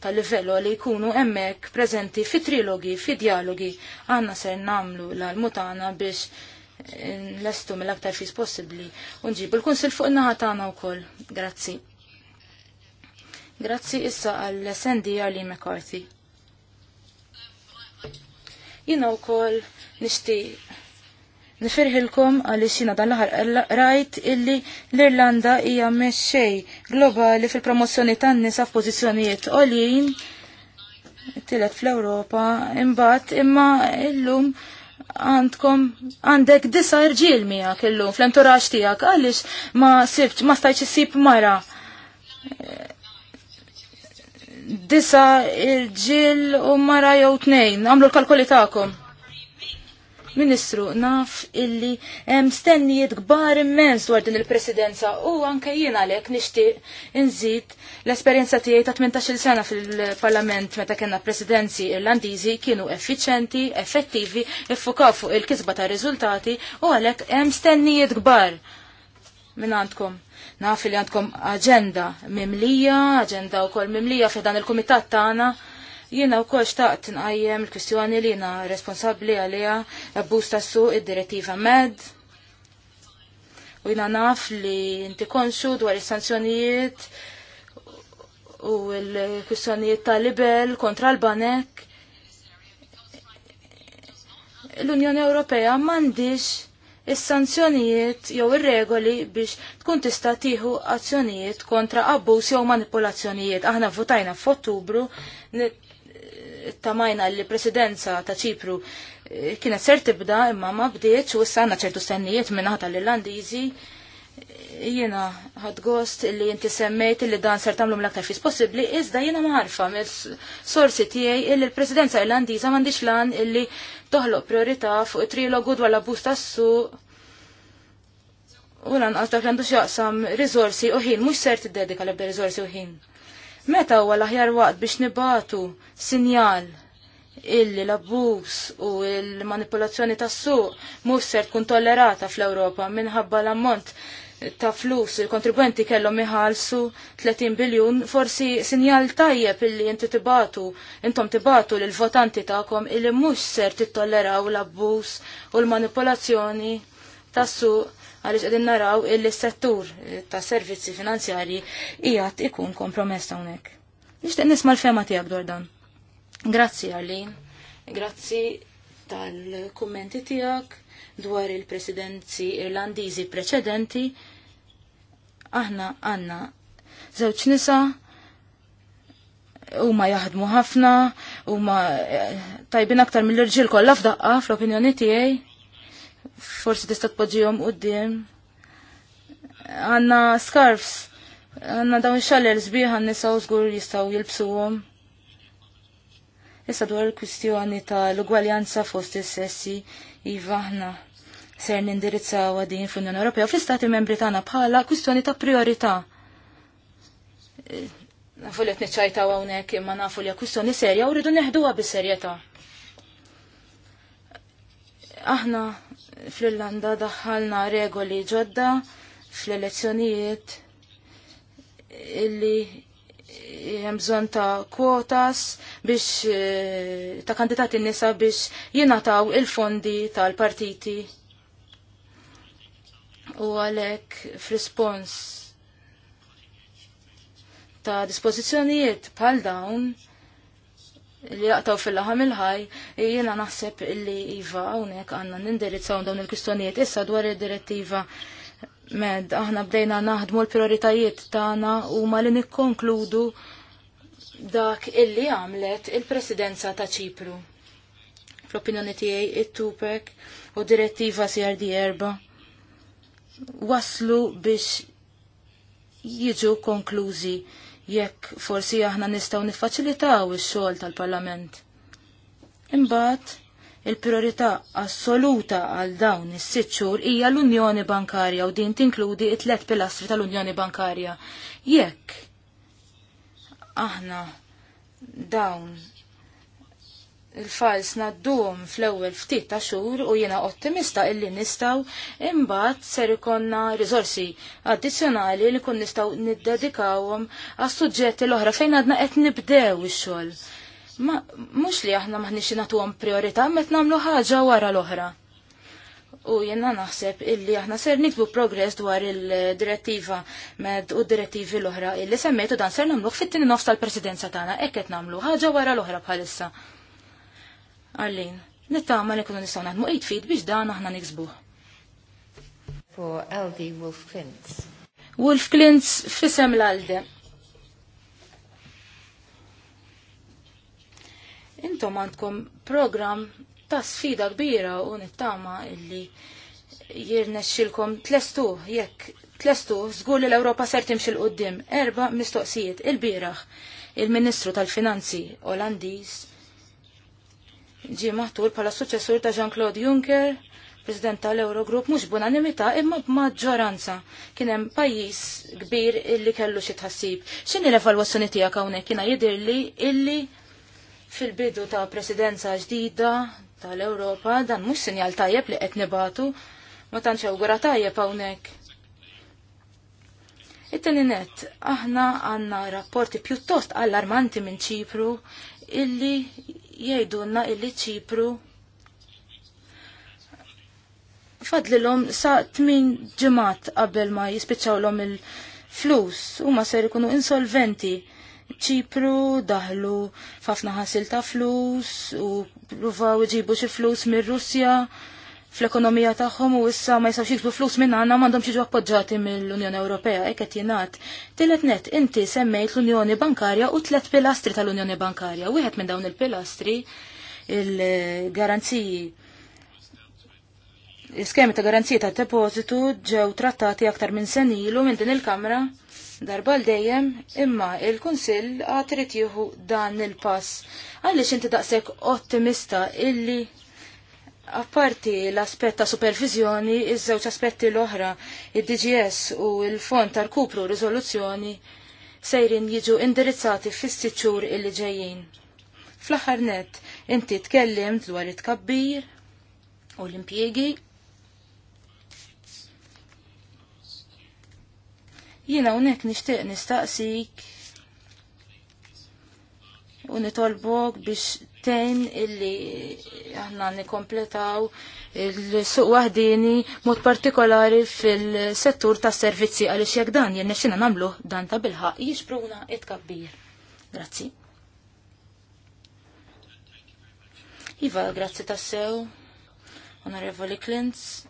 tal-livello li jkunu emmek prezenti fi trilogi, fi dialogi, għanna ser namlu l-mutana biex eh, l-estu mill-aktar fis possibli unġibu l-kunsil fuq għana tagħna wkoll. Grazzi. Grazzi issa għall-SND Arlene McCarthy. Jina wkoll nixtieq Nifirħilkom għaliex jiena dan l-aħħar rajt illi l-Irlanda hija mexxej globali fil-promozzjoni tan-nisa f'pożizzjonijiet għoljin tilet fl-Ewropa imbagħad imma illum għandkom għandek disa irġiel miegħek illum fl enturax tiegħek għaliex ma sibt ma stajtx issib mara disa irġiel u mara jew tnejn għamlu l-kalkoli tagħkom. Ministru, naf illi hemm stennijiet kbar immens dwar din il-presidenza u anke jien għalhekk nixtieq inżid l-esperjenza tiegħi ta' 18-il sena fil-Parlament meta kellna presidenzi Irlandiżi kienu effiċenti, effettivi, iffukaw fuq il-kisba ta' riżultati u għalhekk hemm stennijiet kbar minn għandkom. Naf li għandkom aġenda mimlija, aġenda wkoll mimlija fi dan il-kumitat tagħna. Ta Jiena u kol xtaqt nqajjem il-kwistjoni li jiena responsabli għalija l-abbuż tassu id-direttiva med. U jiena naf li inti konxu dwar is-sanzjonijiet u l-kwistjonijiet tal-libel kontra l-banek. L-Unjoni Ewropea m'għandix is-sanzjonijiet jew ir-regoli biex tkun tista' tieħu azzjonijiet kontra abbuż jew manipolazzjonijiet. Aħna votajna f'Ottubru tamajna li presidenza ta' ċipru eh, kienet ser tibda imma ma bdiet u issa għandna ċertu stennijiet minnaħa tal-Irlandiżi eh, jiena ħad gost li inti semmejt li dan ser tamlu mill fis possibbli iżda jiena maħarfa mill-sorsi tiegħi illi l-Presidenza Irlandiża m'għandix lan illi toħloq priorità fuq trilogu dwar l-abbuż tas-suq u lanqas dak li għandu x'jaqsam riżorsi u ħin mhux ser tiddedika l-ebda riżorsi u ħin Meta huwa l-aħjar waqt biex nibatu sinjal illi l abbus u l-manipolazzjoni tas-suq mhux ser tkun tollerata fl-Ewropa minħabba l-ammont ta' flus il-kontribwenti kellhom iħallsu 30 biljun, forsi sinjal tajjeb illi inti tibatu, intom tibatu lil votanti tagħkom illi mhux ser tittolleraw l abbus u l-manipolazzjoni tas-suq għalix għedin naraw il settur eh, ta' servizzi finanzjarji ijat ikun kompromess hawnhekk. Nixtieq nisma' l-fema tiegħek dwar dan. Grazzi Arlin, grazzi tal-kummenti tiegħek dwar il-presidenzi irlandiżi preċedenti. Aħna għandna żewġ nisa huma jaħdmu ħafna, huma eh, tajbin aktar mill-irġiel kollha f'daqqa fl-opinjoni tiegħi forsi tista' tpoġġihom quddiem. Għandna scarfs, għandna dawn xaller sbieħ għan-nisa zgur żgur jistgħu għom. Issa dwar il-kwistjoni tal-ugwaljanza fost il sessi iva aħna ser nindirizzaw din fl-Unjoni Ewropea u fl-Istati Membri tagħna bħala kwistjoni ta' priorità. Nafu li t-nċajta għawnek imma nafu li kwistjoni serja u rridu neħduha bis-serjetà aħna fl-Irlanda daħħalna regoli ġodda fl-elezzjonijiet illi hemm bżonn ta' kwotas biex eh, ta' kandidati nisa biex jingħataw il-fondi tal-partiti. U għalhekk fl-rispons ta' dispożizzjonijiet bħal dawn li jaqtaw fil-laħam il-ħaj, jiena naħseb illi Iva hawnhekk għandna nindirizzaw dawn il-kwistjonijiet issa dwar id-direttiva med aħna bdejna naħdmu l-prioritajiet tagħna huma li nikkonkludu dak illi għamlet il-presidenza ta' Ċipru. Fl-opinjoni tiegħi it-Tupek u direttiva CRD erba waslu biex jiġu konklużi jekk forsi aħna nistgħu niffaċilitaw ix-xogħol tal-Parlament. Imbagħad il-priorità assoluta għal dawn is-sitt xhur hija l-Unjoni Bankarja u din tinkludi t tlet pilastri tal-Unjoni Bankarja. Jekk aħna dawn il fals naddum fl-ewwel ftit ta' xhur u jiena ottimista illi nistgħu imbagħad ser ikonna riżorsi addizzjonali li kun nistgħu niddedikawhom għas suġġetti l-oħra fejn għadna qed nibdew ix-xogħol. Ma mhux li aħna maħniex nagħtuhom priorità met nagħmlu ħaġa wara l-oħra. U jenna naħseb illi aħna ser nitbu progress dwar il-direttiva med u direttivi l-oħra illi semmejtu dan ser nagħmluh fit tini nofs tal-presidenza tagħna hekk qed nagħmlu ħaġa wara l-oħra bħalissa. Arlin, nittama li kunu nistaw naħdmu 8 biex dan aħna niksbuh. For LD Wolf Klintz. Wolf Klintz fisem l-alde. Intom għandkom program ta' sfida kbira u nittama illi jirnexxilkom tlestu jekk tlestu żgur li l-Ewropa ser timxil qudiem erba' mistoqsijiet il biraħ il-Ministru tal-Finanzi Olandiż ġie maħtur bħala suċessur ta' Jean-Claude Juncker, President tal-Eurogroup, mhux b'unanimità imma b'maġġoranza. Kien hemm pajjiż kbir illi kellu xi tħassib. X'inhi l-evalwazzjoni tiegħek hawnhekk jiena jidhirli illi fil-bidu ta' presidenza ġdida tal-Ewropa dan mhux sinjal tajjeb li qed nibatu ma tantx awgura tajjeb hawnhekk. It-tieni aħna għandna rapporti pjuttost allarmanti minn Ċipru illi jgħidulna illi ċipru fadlilhom sa tmin ġemat qabel ma jispiċċawlhom il-flus huma ser ikunu insolventi ċipru daħlu fafna ħasil ta' flus u pruvaw iġibu xi flus mir-Russja fl-ekonomija tagħhom u issa ma jistgħux jiksbu flus minn għandna m'għandhomx jiġu appoġġjati mill-Unjoni Ewropea hekk qed jingħad. Tielet net inti semmejt l-Unjoni Bankarja u tliet pilastri tal-Unjoni Bankarja. Wieħed minn dawn il-pilastri il-garanziji iskemi ta' garanzija ta' depożitu ġew trattati aktar minn senilu minn din il-Kamra darba l-dejjem imma il-Kunsill għatrit jieħu dan il-pass. Għaliex inti daqshekk ottimista illi Apparti l-aspett ta' supervizjoni, iż-żewġ aspetti l-oħra, id-DGS u l-Fond tal-Kupru Riżoluzzjoni sejrin jiġu indirizzati fis-sitxur illi ġejjin. Fl-aħħar net, inti tkellimt dwar it-kabbir u l-impjiegi. Jina hawnhekk nixtieq nistaqsik u nitolbok biex tejn illi aħna nikompletaw il-suq wahdini mod partikolari fil-settur ta' servizzi għaliex jekk dan jenna xina namlu dan ta' bilħaq jixpruna it-kabbir. Grazzi. Iva, grazzi ta' sew. Onorevoli Klintz.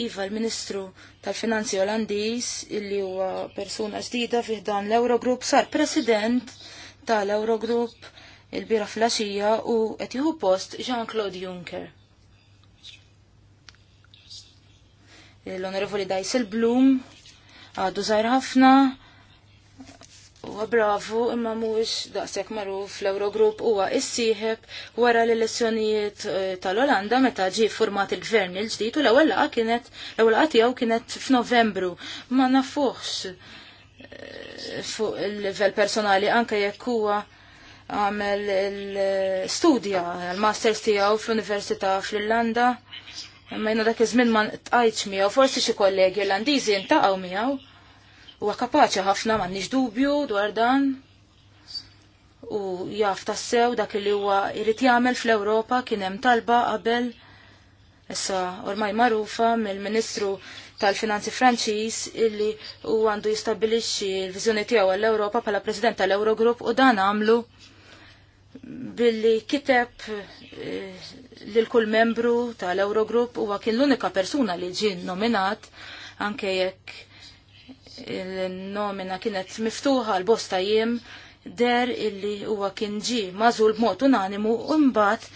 Iva, l-Ministru tal-Finanzi Olandiż, illi huwa persuna ġdida fih dan l-Eurogroup, sar President tal-Eurogroup il-bira flasija u qed jieħu post Jean-Claude Juncker. L-Onorevoli Dysel Blum għadu żgħir ħafna Huwa bravu imma mhuwiex daqshekk magħruf l-Eurogroup huwa issieħeb wara l-elezzjonijiet eh, tal-Olanda meta ġie format il-gvern il-ġdid u l-ewwel laqgħa kienet l-ewwel laqgħa tiegħu kienet f'Novembru. Ma nafuħx fuq il-level personali anke jekk huwa għamel il-studja il masters tiegħu fl-Università fl-Irlanda. Imma jina dak iż-żmien ma tqajtx miegħu, forsi xi kollegi Irlandiżi ntaqgħu miegħu. Huwa kapaċi ħafna m'għandniex dubju dwar dan. U jaf tassew dak li huwa jrid jagħmel fl-Ewropa kien hemm talba qabel issa ormai marufa mill-Ministru tal-Finanzi Franċiż illi u għandu jistabilixxi l-viżjoni tiegħu għall-Ewropa bħala President tal-Eurogroup u dan għamlu billi kiteb li eh, lil kull membru tal-Eurogroup huwa kien l-unika persuna li ġin nominat anke jekk il-nomina kienet miftuħa l-bosta jiem der illi huwa kien ġi mażul b'mod unanimu u mbagħad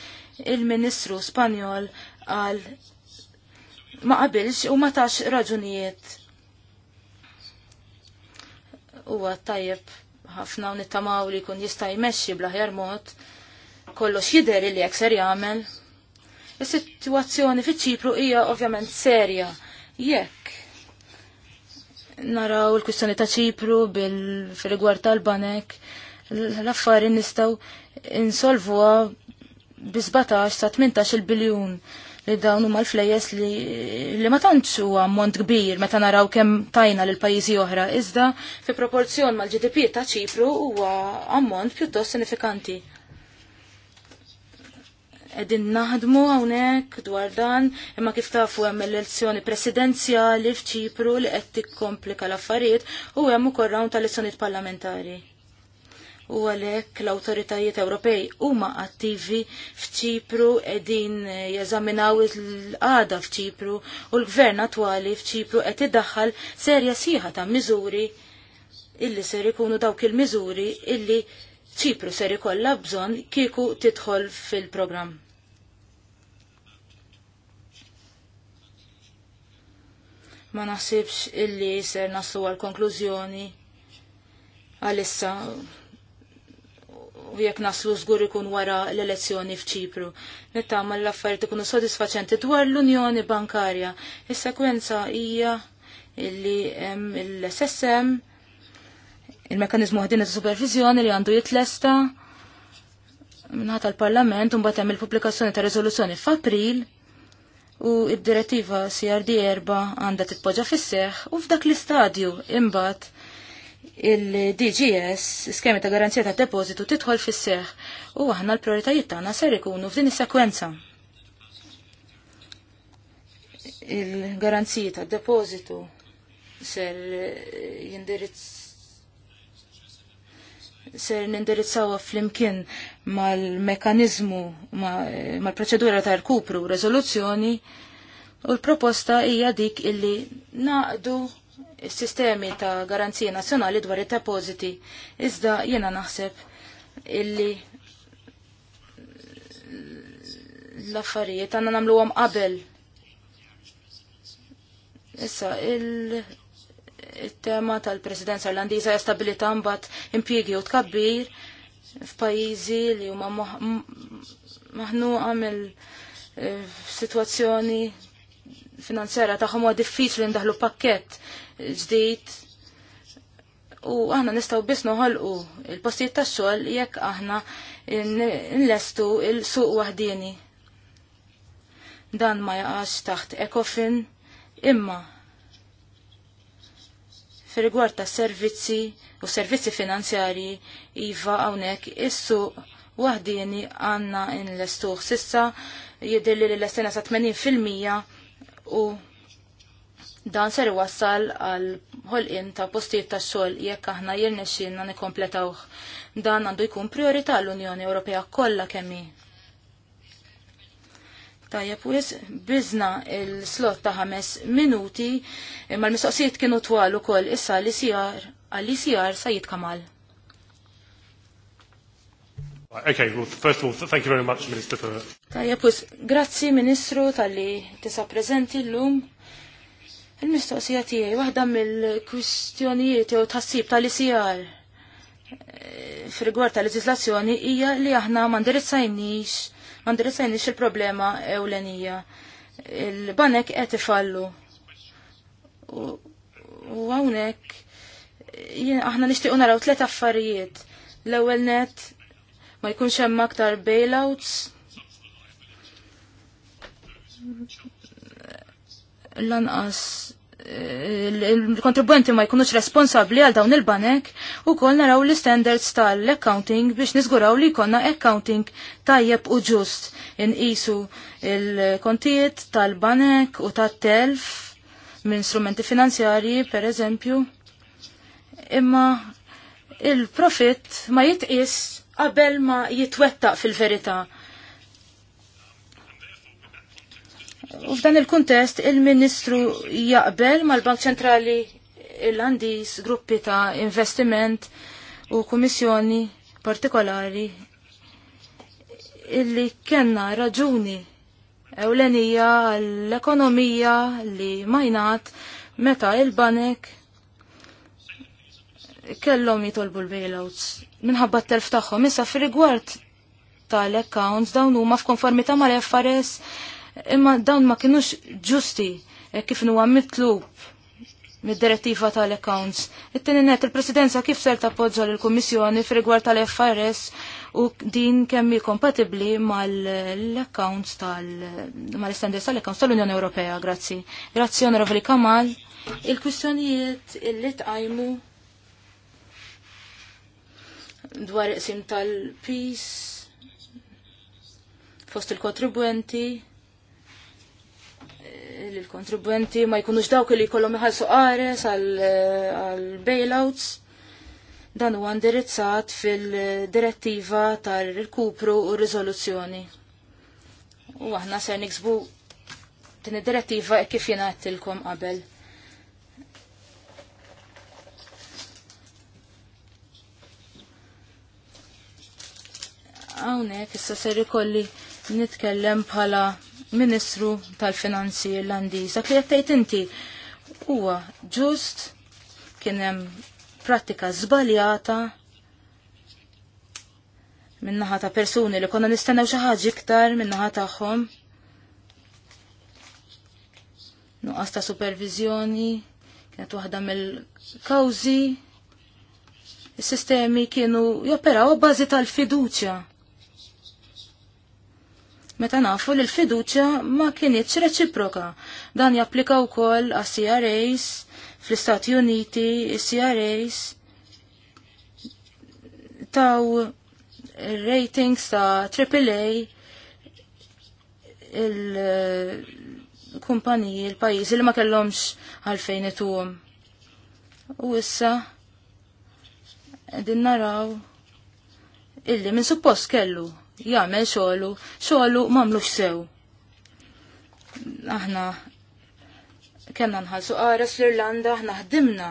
il-Ministru Spanjol għal ma qabilx u ma tax raġunijiet. Huwa tajjeb ħafna u nittamaw li kun jista' jmexxi bl-aħjar mod kollox jidher li jekk ser jagħmel. Is-sitwazzjoni fiċ-Ċipru hija ovvjament serja jekk naraw il-kwistjoni ta' Ċipru bil-rigward tal-banek l-affari nistgħu insolvuha bi 17 sa 18 biljun li dawn huma l-flejjes li, li ma tantx huwa ammont kbir meta naraw kemm tajna lil pajjiżi oħra, iżda fi proporzjon mal-GDP ta' Ċipru huwa ammont pjuttost sinifikanti. Edin naħdmu hawnhekk dwar dan, imma kif tafu hemm l-elezzjoni presidenzjali f'Ċipru li qed tikkomplika l-affarijiet u hemm ukoll rawn tal-elezzjonijiet parlamentari u għalhekk l-awtoritajiet Ewropej huma attivi f'Ċipru qegħdin jeżaminaw il qada f'Ċipru u l-gvern attwali f'Ċipru qed iddaħħal serja sieħa ta' miżuri illi ser ikunu dawk il-miżuri illi ċipru ser ikollha bżonn kieku tidħol fil-programm. Ma naħsibx illi ser naslu għal konklużjoni għalissa u jekk naslu żgur ikun wara l-elezzjoni f'Ċipru. Nittama l-affarijiet ikunu sodisfaċenti dwar l-Unjoni Bankarja. Is-sekwenza hija illi hemm l-SSM il-mekanizmu ta' supervizjoni li għandu jitlesta minħata l-Parlament un hemm il-pubblikazzjoni ta' riżoluzzjoni f'April u id-direttiva CRD4 għandha titpoġġa fis-seħħ u f'dak l-istadju imbagħad il-DGS, skemi ta' garanzija ta' depozitu, titħol fis seħ u aħna l-prioritajiet tagħna ser ikunu f'din is-sekwenza. Il-garanzija ta' depozitu ser jindirizz ser nindirizzawa fl-imkien mal-mekanizmu, mal-proċedura ta' rkupru, rezoluzzjoni, u l-proposta hija dik illi naqdu sistemi ta' garanzija nazzjonali dwar il depositi Iżda jiena naħseb illi l-affarijiet għanna namluhom qabel. Issa, il-tema tal-presidenza irlandiża hija stabilità mbagħad impjiegi u tkabbir f'pajjiżi li huma maħnuqa għamil eh, situazzjoni finanzjera tagħhom huwa diffiċli ndaħlu pakkett ġdid u aħna nistaw biss noħolqu il-postijiet tax-xogħol jekk aħna nlestu il-suq waħdieni. Dan ma jaqax taħt ekofin imma fir-rigward ta' servizzi u servizzi finanzjarji iva hawnhekk is-suq waħdieni għandna nlestuh sissa jidhirli li l-lestena sa' 80% u Dan ser wassal għal ħolqien ta' postijiet ta' xogħol jekk aħna jirnexxinna nikkompletawh. Dan għandu jkun priorità l-Unjoni Ewropea kollha kemm hi. Tajjeb wis biżna il-slot ta' ħames minuti imma l-mistoqsijiet kienu twal ukoll issa l sijar għall-ICR sa jitkamal. Okay, well, first of all, thank you very much, Minister, for... Tajja, pus, grazzi, Ministru, tal-li tisa prezenti l-lum. Il-mistoqsija tiegħi waħda mill-kwistjonijiet jew tassib tal-ICR eh, f'rigward tal-leġislazzjoni hija li aħna ma ndirizzajniex ma ndirizzajniex il-problema ewlenija. Il-banek qed ifallu. U hawnhekk aħna nixtiequ naraw tliet affarijiet. L-ewwel net ma jkunx hemm aktar bailouts. Lanqas il kontribuenti ma jkunux responsabli għal dawn il-banek u kol naraw li standards tal-accounting biex nizguraw li konna accounting tajjeb u ġust isu il-kontijiet tal-banek u tat-telf minn strumenti finanzjarji per eżempju imma il-profit ma jitqis qabel ma jitwettaq fil-verità U f'dan il-kuntest il-Ministru jaqbel mal-Bank Ċentrali Irlandiż gruppi ta' investiment u kummissjoni partikolari illi kenna raġuni ewlenija l-ekonomija li majnat meta il-banek kellhom jitolbu l-bailouts minħabba t-telf tagħhom issa fir-rigward tal-accounts dawn huma f'konformita mal-FRS imma dawn ma kienux ġusti eh, kif nu mitlub mid-direttiva tal-accounts. It-tini net, il-presidenza kif ser tappoġġa l-Kummissjoni f'rigward tal-FRS u din kemm kompatibbli mal-accounts tal-standards tal-accounts tal-Unjoni Ewropea, grazzi. Grazzi, onorevoli Kamal. Il-kwistjonijiet illi tqajmu dwar iqsim tal-peace fost il kontribuenti l kontribuenti ma jkunux dawk li jkollhom iħallsu għares għal bailouts. Dan huwa indirizzat fil-direttiva tar-rikupru u riżoluzzjoni. U aħna ser niksbu din id-direttiva e kif jiena għattilkom qabel. Hawnhekk issa ser ikolli nitkellem bħala Ministru tal-Finanzi Irlandiża Dak li qed inti huwa ġust kien hemm prattika żbaljata minnaħa ta' persuni li konna nistennew xi ħaġa iktar minnaħa tagħhom. Nuqqas ta' supervizjoni kienet waħda mill-kawżi is-sistemi kienu joperaw bażi tal-fiduċja Meta nafu li l-fiduċja ma kienieċ reċiproka. Dan japplika wkoll għas CRAs fl-Istati Uniti, CRAs taw ratings ta' AAA il-kumpaniji, il-pajizi li ma kellomx għalfejn ituhom. U issa din naraw illi minn suppost kellu jagħmel xogħlu, xogħlu m'għamlux sew. Aħna kellna nħallsu qara l-Irlanda, aħna ħdimna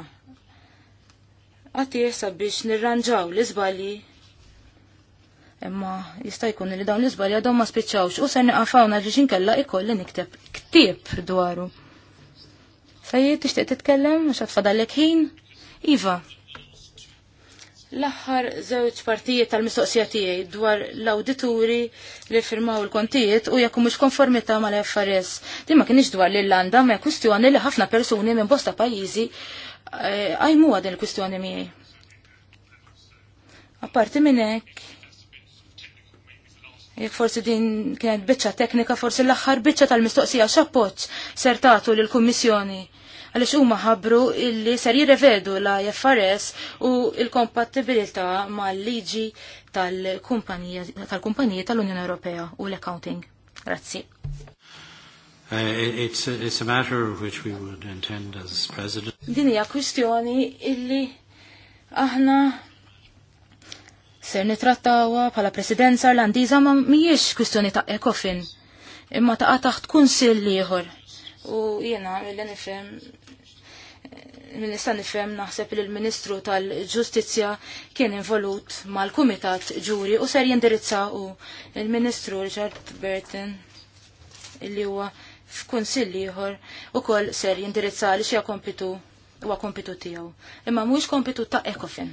għatih sabiex nirranġaw l-iżbalji imma jista' jkun li dawn l-iżbalji għadhom ma spiċċawx u ser niqafawna li inkella ikolli nikteb ktieb dwaru. Fejjiet tixtieq titkellem għax għatfadallek ħin? Iva, L-aħħar żewġ partijiet tal-mistoqsija tiegħi dwar l-awdituri li firmaw il-kontijiet u jekk mhux konformità mal-FRS. Din ma kienx dwar l-Irlanda ma kwistjoni li ħafna persuni minn bosta pajjiżi eh, għajmuha din il-kwistjoni miegħi. Apparti minn hekk, jekk forsi din kienet biċċa teknika, forsi l-aħħar biċċa tal-mistoqsija x'appoġġ ser tagħtu lill-Kummissjoni għaliex huma ħabbru illi ser jirrevedu la IFRS u l-kompatibilità mal-liġi tal-kumpanija tal-Unjoni tal Ewropea u l-accounting. Grazzi. Uh, it's, a, which we would intend as president. Din hija kwistjoni illi aħna ser nitrattawa bħala presidenza irlandiża ma mhijiex kwistjoni ta' ekofin imma ta' taħt kunsill ieħor. U jiena mill nifhem nista' nifhem naħseb li l-Ministru tal-Ġustizzja kien involut mal-Kumitat Ġuri u ser jindirizza u l ministru Richard Burton illi huwa f'kunsill ieħor ukoll ser jindirizza li xi kompitu huwa kompitu tiegħu. Imma mhux kompitu ta' ECOFIN.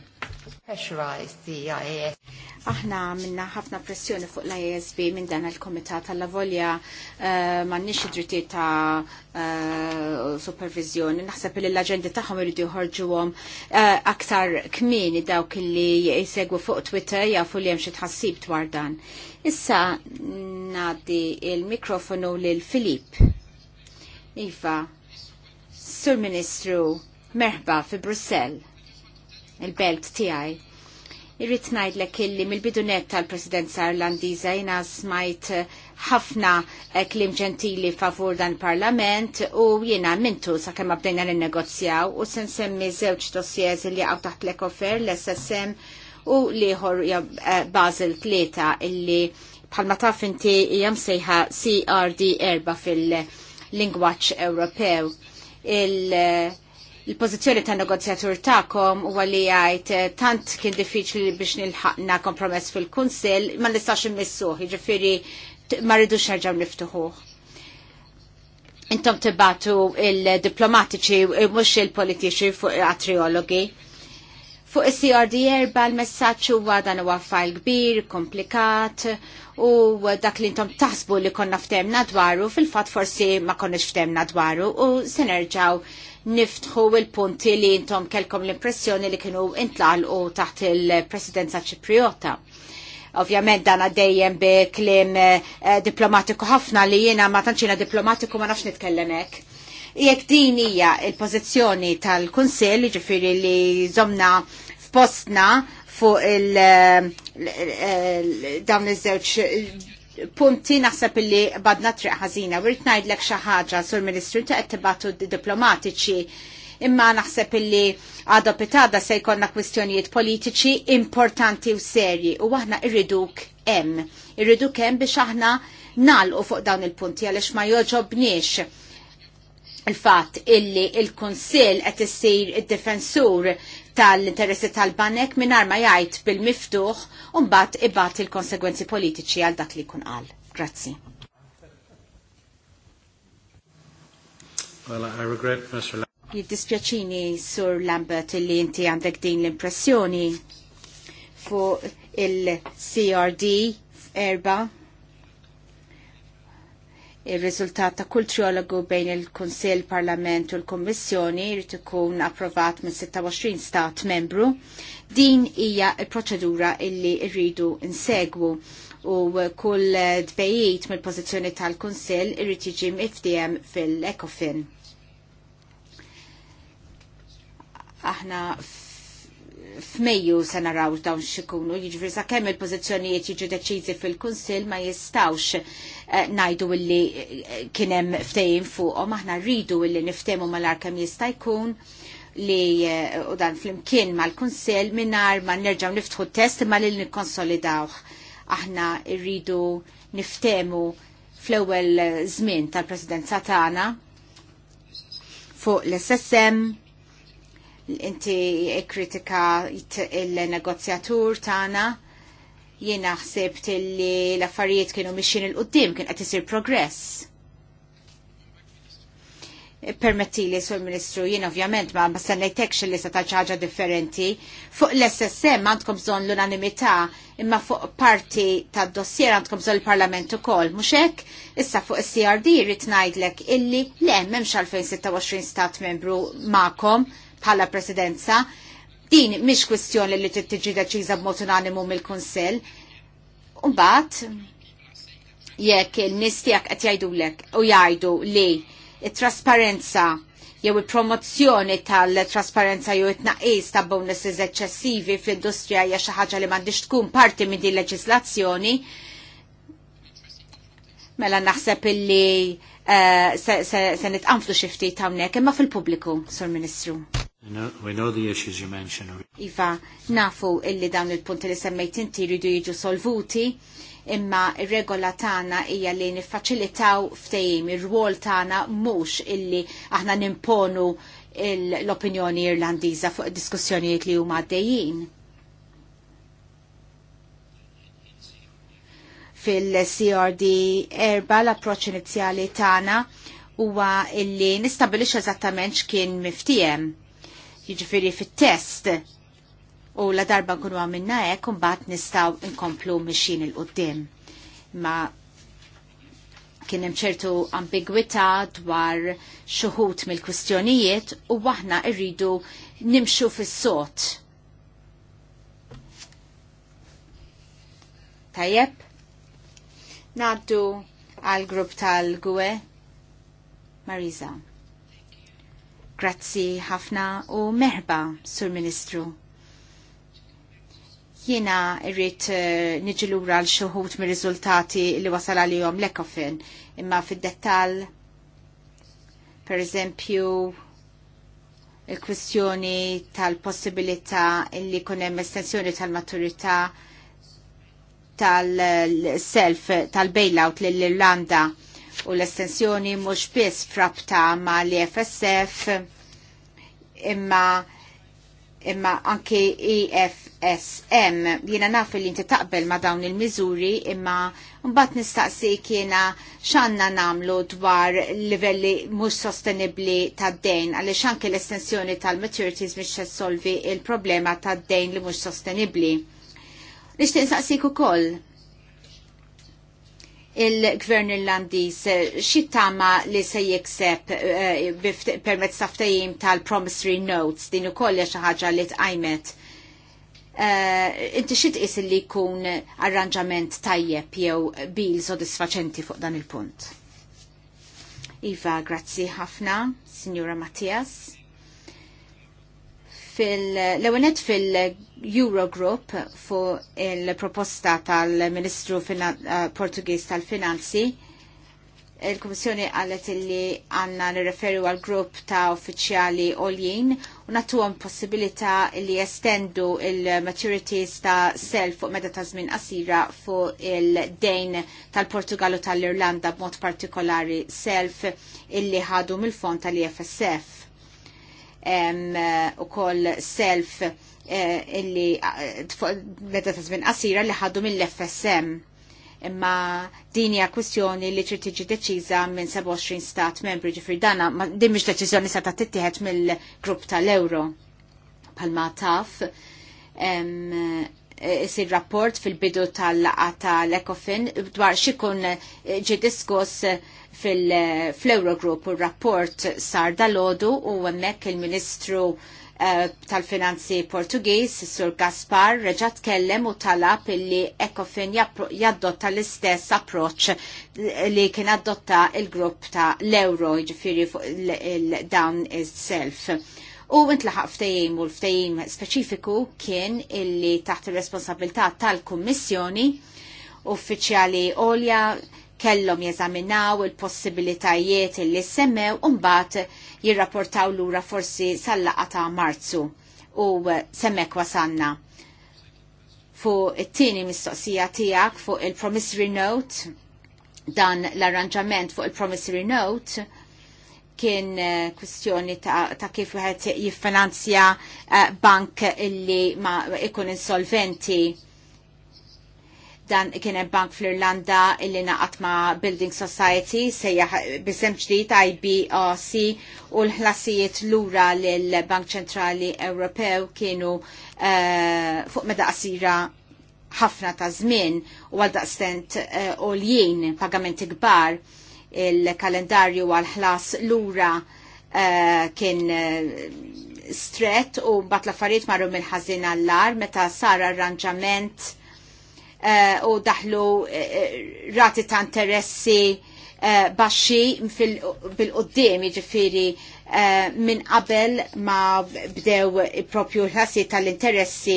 Aħna minna ħafna pressjoni fuq l isb minn dan il-komitat tal-lavolja eh, m'għandniex id-dritti ta' eh, supervizjoni. Naħseb li l-aġendi tagħhom iridu jħorġuhom eh, aktar kmini dawk li jsegwu fuq Twitter jafu li hemm xi tħassib dwar dan. Issa ngħaddi il-mikrofonu lil Filip. Iva, Sur Ministru, merħba fi Brussell, il-belt tijaj. Irrit ngħidlek illi mill-bidunet tal-Presidenza Irlandiża jina smajt ħafna eh, klim ġentili favur dan parlament u jiena mintu sakemm bdejna nin u se nsemmi żewġ dossiers li għaw taħt l-ekofer l-SSM u liħor eh, Basel tleta illi bħalma taf inti jam sejħa CRD erba' fil-lingwaċ Ewropew. il- eh, il-pozizjoni ta' negozjatur ta'kom u għalli għajt eh, tant kien diffiċli biex nilħaqna kompromess fil-kunsil, ma nistax immissuħ, ġifiri ma rridux nerġaw niftuħuħ. Intom tibatu il-diplomatiċi, eh, mux il-politiċi fuq atriologi. Fuq is-CRD erba l-messaċ huwa dan huwa fajl kbir, komplikat, u dak li intom taħsbu li konna ftemna dwaru, fil-fat forsi ma konniex ftemna dwaru, u se nerġaw niftħu il-punti li intom kelkom l-impressjoni li kienu u taħt il-presidenza ċipriota ovvjament dan dejjem bi klim eh, diplomatiku ħafna li jiena ma tantxina diplomatiku ma nafx nitkellem hekk. Jekk din hija l-pożizzjoni tal-Kunsill, ġifieri li żomna f'postna fuq il- eh, eh, dawn iż-żewġ punti naħseb illi badna triq ħażina. Wirt ngħidlek xi ħaġa sur Ministru ta' qed tibatu diplomatiċi imma naħseb illi għadha pitada se jkollna kwistjonijiet politiċi importanti u serji u aħna irriduk hemm. Irriduk hemm biex aħna nagħlqu fuq dawn il-punti għaliex ma joġobniex il-fatt illi il-Kunsill qed issir id-difensur tal-interessi tal-banek minar ma jgħid bil-miftuħ u mbagħad ibat il-konsegwenzi politiċi għal dak li jkun qal. Grazzi. Well, I regret, Mr. Jiddispjaċini, Sur Lambert, li inti għandek din l-impressjoni fuq il-CRD erba' il-rizultat ta' kull triologu bejn il-Kunsill, Parlament u l-Kommissjoni jrid ikun approvat minn 26 stat membru. Din hija il-proċedura illi rridu insegwu u kull dbejjiet mill-pożizzjoni tal-Kunsill irrid jiġi mifdiem fil-ECOFIN. Aħna f'Mejju se naraw dawn xikunu, jiġifieri sa kemm il-pożizzjonijiet jiġu deċiżi fil-Kunsill ma jistawx eh, ngħidu illi eh, kien hemm fuq fuqhom aħna rridu illi niftehmu mal-ar kemm jista' jkun li eh, u dan fl-imkien mal-Kunsill minnar ma nerġgħu niftħu test ma li nikkonsolidawh. Aħna rridu niftemu fl-ewwel żmien tal-Presidenza tagħna fuq l-SSM inti kritika il-negozjatur tagħna jiena ħsibt li l-affarijiet kienu mixin il-qoddim kien qed isir progress. Permetti li sur ministru jien ovvjament ma ma stennejtekx li se taġ ħaġa differenti. Fuq l-SSM għandkom bżonn l-unanimità imma fuq parti tad dossier għandkom bżonn il-Parlament ukoll. Mhux hekk issa fuq is-CRD rrid ngħidlek illi le m'hemmx għalfejn 26 stat membru ma'kom bħala presidenza, din mhix kwestjoni li tittiġi deċiża b'mod unanimu mill-Kunsill. Mbagħad jekk il-nies tiegħek qed jgħidulek u jgħidu li it-trasparenza jew il-promozzjoni tal-trasparenza jew it-naqis ta' bonuses eċċessivi fl-industrija hija xi ħaġa li m'għandix tkun parti minn din leġislazzjoni, mela naħseb illi uh, se, se, se nitqanflu xi ftit hawnhekk imma fil-pubbliku, Sur Ministru. We know the issues you mentioned. Iva, nafu illi dawn il-punti li semmejt inti rridu jiġu solvuti, imma regola tagħna hija li niffaċilitaw ftehim ir-rwol tagħna mhux illi aħna nimponu l-opinjoni irlandiża fuq id diskussjonijiet li huma għaddejjin. Fil-CRD erba l-approċċ inizjali tagħna huwa illi nistabilix eżattament x'kien miftijem jiġifieri fit-test u la darba nkunu għamilna hekk imbagħad nistgħu nkomplu mixin il qudiem Ma kien hemm ċertu ambigwità dwar xuħut mill-kwistjonijiet u aħna rridu nimxu fis-sot. Tajjeb? Naddu għal grupp tal-Gwe Marisa. Grazzi ħafna u meħba, Sur Ministru. Jiena irrit eh, niġilura l-xuħut mir riżultati li wasal għalihom l-ekofin, imma fid dettall per eżempju, il-kwistjoni tal-possibilità li hemm estensjoni tal-maturità tal-self, tal-bailout lill-Irlanda u l-estensjoni mhux biss frabta ma l-EFSF imma imma anke EFSM. Jiena naf li inti taqbel ma dawn il-miżuri imma mbagħad nistaqsi kiena x'għandna nagħmlu dwar livelli mhux sostenibbli tad-dejn għaliex anke l-estensjoni tal-maturities mhix solvi il-problema tad-dejn li mhux sostenibbli. Nixtieq nsaqsik ukoll il-gvern irlandiż eh, xittama li se jikseb eh, permezz taftajim tal-promissory notes din ukoll xi ħaġa li tqajmet. Eh, inti xi tqis li jkun arranġament tajjeb jew bil sodisfaċenti fuq dan il-punt. Iva, grazzi ħafna, Signora Mattias fil-lewenet fil-Eurogroup fu il-proposta tal-Ministru eh, Portugiż tal-Finanzi il-Komissjoni għallet illi għanna nirreferu għal grupp ta' uffiċjali oljien u natu għan possibilita li jestendu il-maturities ta' self fuq meta ta' żmien qasira fuq il-dejn tal-Portugal u tal-Irlanda b'mod partikolari self illi ħadu mill-fond tal-IFSF. Eh, u koll self eh, illi eh, meta ta' żmien qasira li ħaddu mill-FSM. Imma din hija kwistjoni li trid tiġi deċiża minn 27 stat membri ġifri dana, ma din mhix deċiżjoni sa ta' tittieħed mill-grupp tal-Euro. Palma taf, isir rapport fil-bidu tal-laqa tal dwar xikun ġi diskuss fil-Eurogroup u rapport sar dal-ħodu u għemmek il-Ministru uh, tal-Finanzi Portugiż, Sur Gaspar, reġat kellem u talab illi Ekofin jaddotta l-istess approċ li kien adotta il-grupp ta' l-Euro, ġifiri il-down itself. U intlaħaq ftejim u l-ftejim speċifiku kien illi taħt il-responsabilità tal-Kommissjoni uffiċjali olja kellhom jeżaminaw il-possibilitajiet li semmew u mbagħad jirrapportaw lura forsi sal-laqa ta' Marzu u eh, semmek wasanna. Fu it-tieni mistoqsija tiegħek fuq il-promissory note dan l-arranġament fuq il-promissory note kien eh, kwestjoni ta', ta kif wieħed jiffinanzja eh, bank illi ma ikun insolventi dan kien hemm bank fl-Irlanda illi naqat ma' Building Society sejjaħ bisem ġdid IBRC u l-ħlasijiet lura lill-Bank Ċentrali Ewropew kienu uh, fuq meda qasira ħafna ta' żmien u għal daqstent uh, eh, l-jien pagamenti kbar il-kalendarju għal ħlas lura uh, kien stret u bat l-affarijiet marru mill-ħazin għall ar meta sar arranġament Eh, u daħlu eh, rati ta' interessi eh, baxxi bil-qoddim ġifiri minn qabel ma bdew propju l-ħassi tal-interessi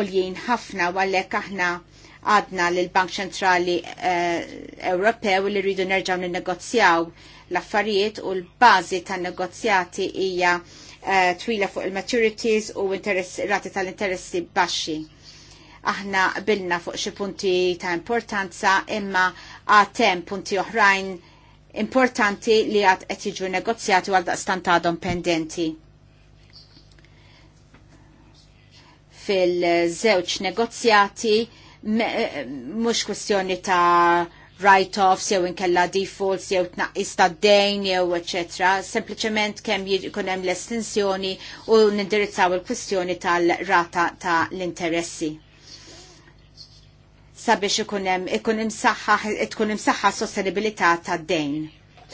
oljien ħafna għallek aħna għadna l-Bank Ċentrali Ewropew li rridu nerġaw n-negozjaw l-affarijiet u l-bazi tan negozjati hija twila fuq il-maturities u rati tal-interessi baxxi. Aħna bilna fuq xi punti ta' importanza imma għatem punti oħrajn importanti li għad qed jiġu negozjati għal daqstant għadhom pendenti. Fil-żewġ negozjati mhux kwestjoni ta' write-offs jew inkella defaults jew tnaqqis ta' dejn jew etc. Sempliċement kemm jkun hemm l-estensjoni u nindirizzaw il-kwistjoni tal-rata ta' l-interessi sabiex ikun hemm ikun tkun imsaħħa sostenibilità tad-dejn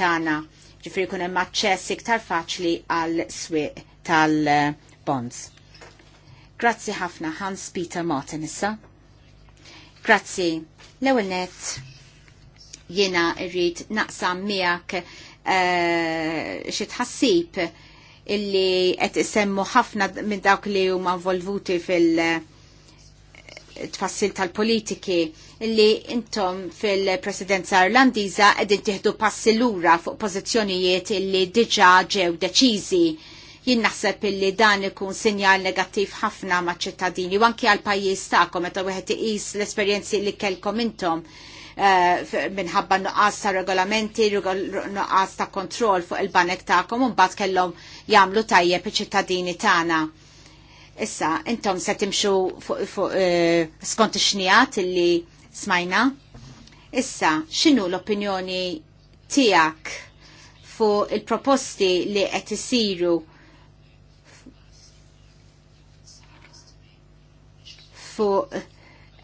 tagħna. ġifri jkun hemm aċċess iktar faċli għal swieq tal-bonds. Grazzi ħafna Hans Peter Martin issa. Grazzi. L-ewwel nett jiena rrid naqsam miegħek eh, xi tħassib illi qed isemmu ħafna minn dawk li huma involvuti fil- tfassil tal-politiki li intom fil-presidenza irlandiza edin tiħdu passi lura fuq pozizjonijiet illi diġa ġew deċizi jien naħseb illi dan ikun sinjal negattiv ħafna ma' ċittadini u anki għal pajjiż tagħkom meta wieħed iqis l-esperjenzi li kellkom intom eh, minħabba nuqqas ta' regolamenti, nuqqas ta' kontroll fuq il-banek tagħkom un mbagħad kellhom jagħmlu tajjeb iċ-ċittadini tagħna. Issa, intom se timxu fuq eh, skont ix-xnijat illi smajna. Issa, x'inhu l-opinjoni tiegħek fuq il-proposti li qed isiru fuq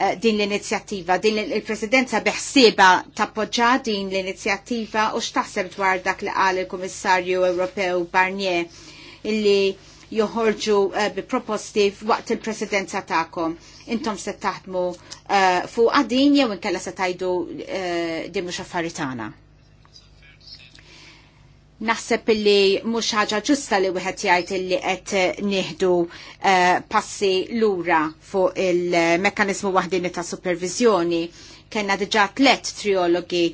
eh, din l-inizjattiva, din il-presidenza beħsieba tappoġġa din l-inizjattiva u x'taħseb dwar dak li qal il-Kummissarju Ewropew Barnier illi joħorġu eh, bi proposti waqt il-presidenza ta'kom. Intom se taħdmu eh, fuq għadin jew inkella se tajdu eh, dimmu xaffaritana. Naħseb illi mhux ħaġa ġusta li wieħed jgħid illi qed nieħdu passi lura fuq il-mekkaniżmu waħdini ta' supervizjoni kena diġa tlet triologi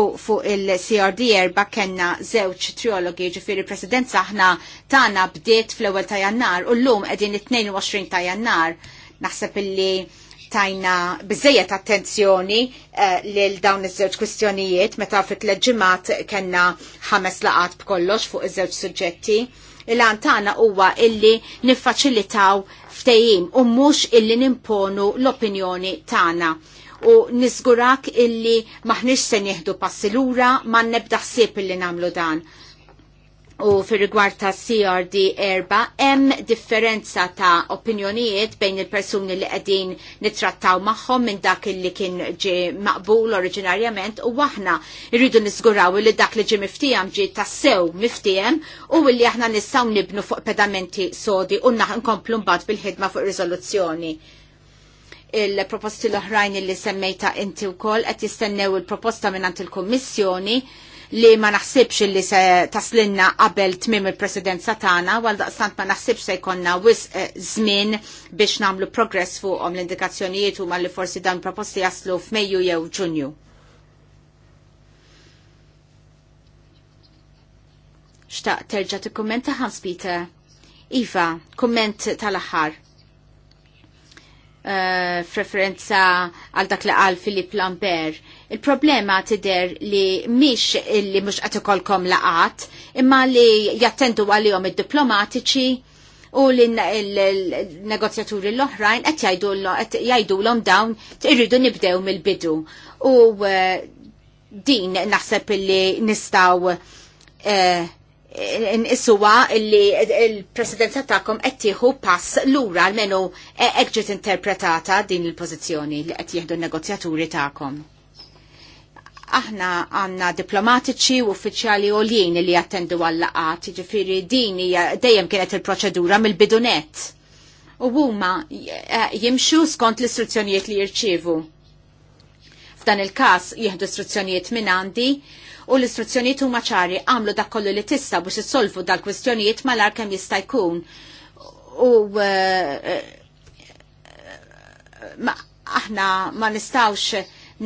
u fuq il-CRD erba kena zewċ triologi ġifiri presidenza aħna tana bdiet fl ewwel ta' jannar u l-lum edin 22 ta' jannar naħseb illi tajna bizzejet attenzjoni uh, lil dawn iż-żewġ kwistjonijiet meta fit leġimat kena ħames laqat b'kollox fuq iż-żewġ suġġetti il-għan tagħna huwa illi niffaċilitaw ftejim u mhux illi nimponu l-opinjoni tagħna u nisgurak illi maħnix se nieħdu passi lura ma nebda ħsieb illi namlu dan. U fir rigward ta' CRD erba, hemm differenza ta' opinjonijiet bejn il-persuni li qegħdin nittrattaw magħhom minn dak li kien ġi maqbul oriġinarjament u aħna rridu nisguraw li dak li ġi miftijam ġi tassew miftijem u li aħna nistgħu nibnu fuq pedamenti sodi u nkomplu mbagħad bil-ħidma fuq riżoluzzjoni il-proposti l-oħrajn li semmejta inti u kol, għet jistennew il-proposta minnant il-Kommissjoni li ma naħsibx li se taslinna qabel tmim il-presidenza tagħna, għal daqstant ma naħsibx se jkollna wis eh, żmien biex nagħmlu progress fuqhom l-indikazzjonijiet huma li forsi dan proposti jaslu f'Mejju jew Ġunju. Xtaq terġa' t-kommenta Hans Peter. Iva, kumment tal-aħħar Eh, preferenza għal dak li qal Filip Lambert. Il-problema tider li miex li mux għatikolkom laqat, imma li jattendu għalihom id-diplomatiċi u li l-negozjaturi l-oħrajn qed jgħidulhom dawn irridu nibdew mill-bidu. U eh, din naħseb li nistaw uh, n-issuwa li il-presidenza tagħkom qed tieħu pass lura l hekk ġiet interpretata din il-pożizzjoni li qed jieħdu n-negozjaturi tagħkom. Aħna għanna diplomatiċi u uffiċjali oljien li jattendu għall-laqat, ġifiri din dejjem kienet il-proċedura mill-bidunet. U huma eh, jimxu skont l-istruzzjonijiet li jirċievu. F'dan il-każ jieħdu istruzzjonijiet minn għandi u l-istruzzjonijiet huma ċari għamlu dak kollu li tista biex issolvu dal-kwistjonijiet malar kemm jista' jkun. U eh, eh, aħna ma nistawx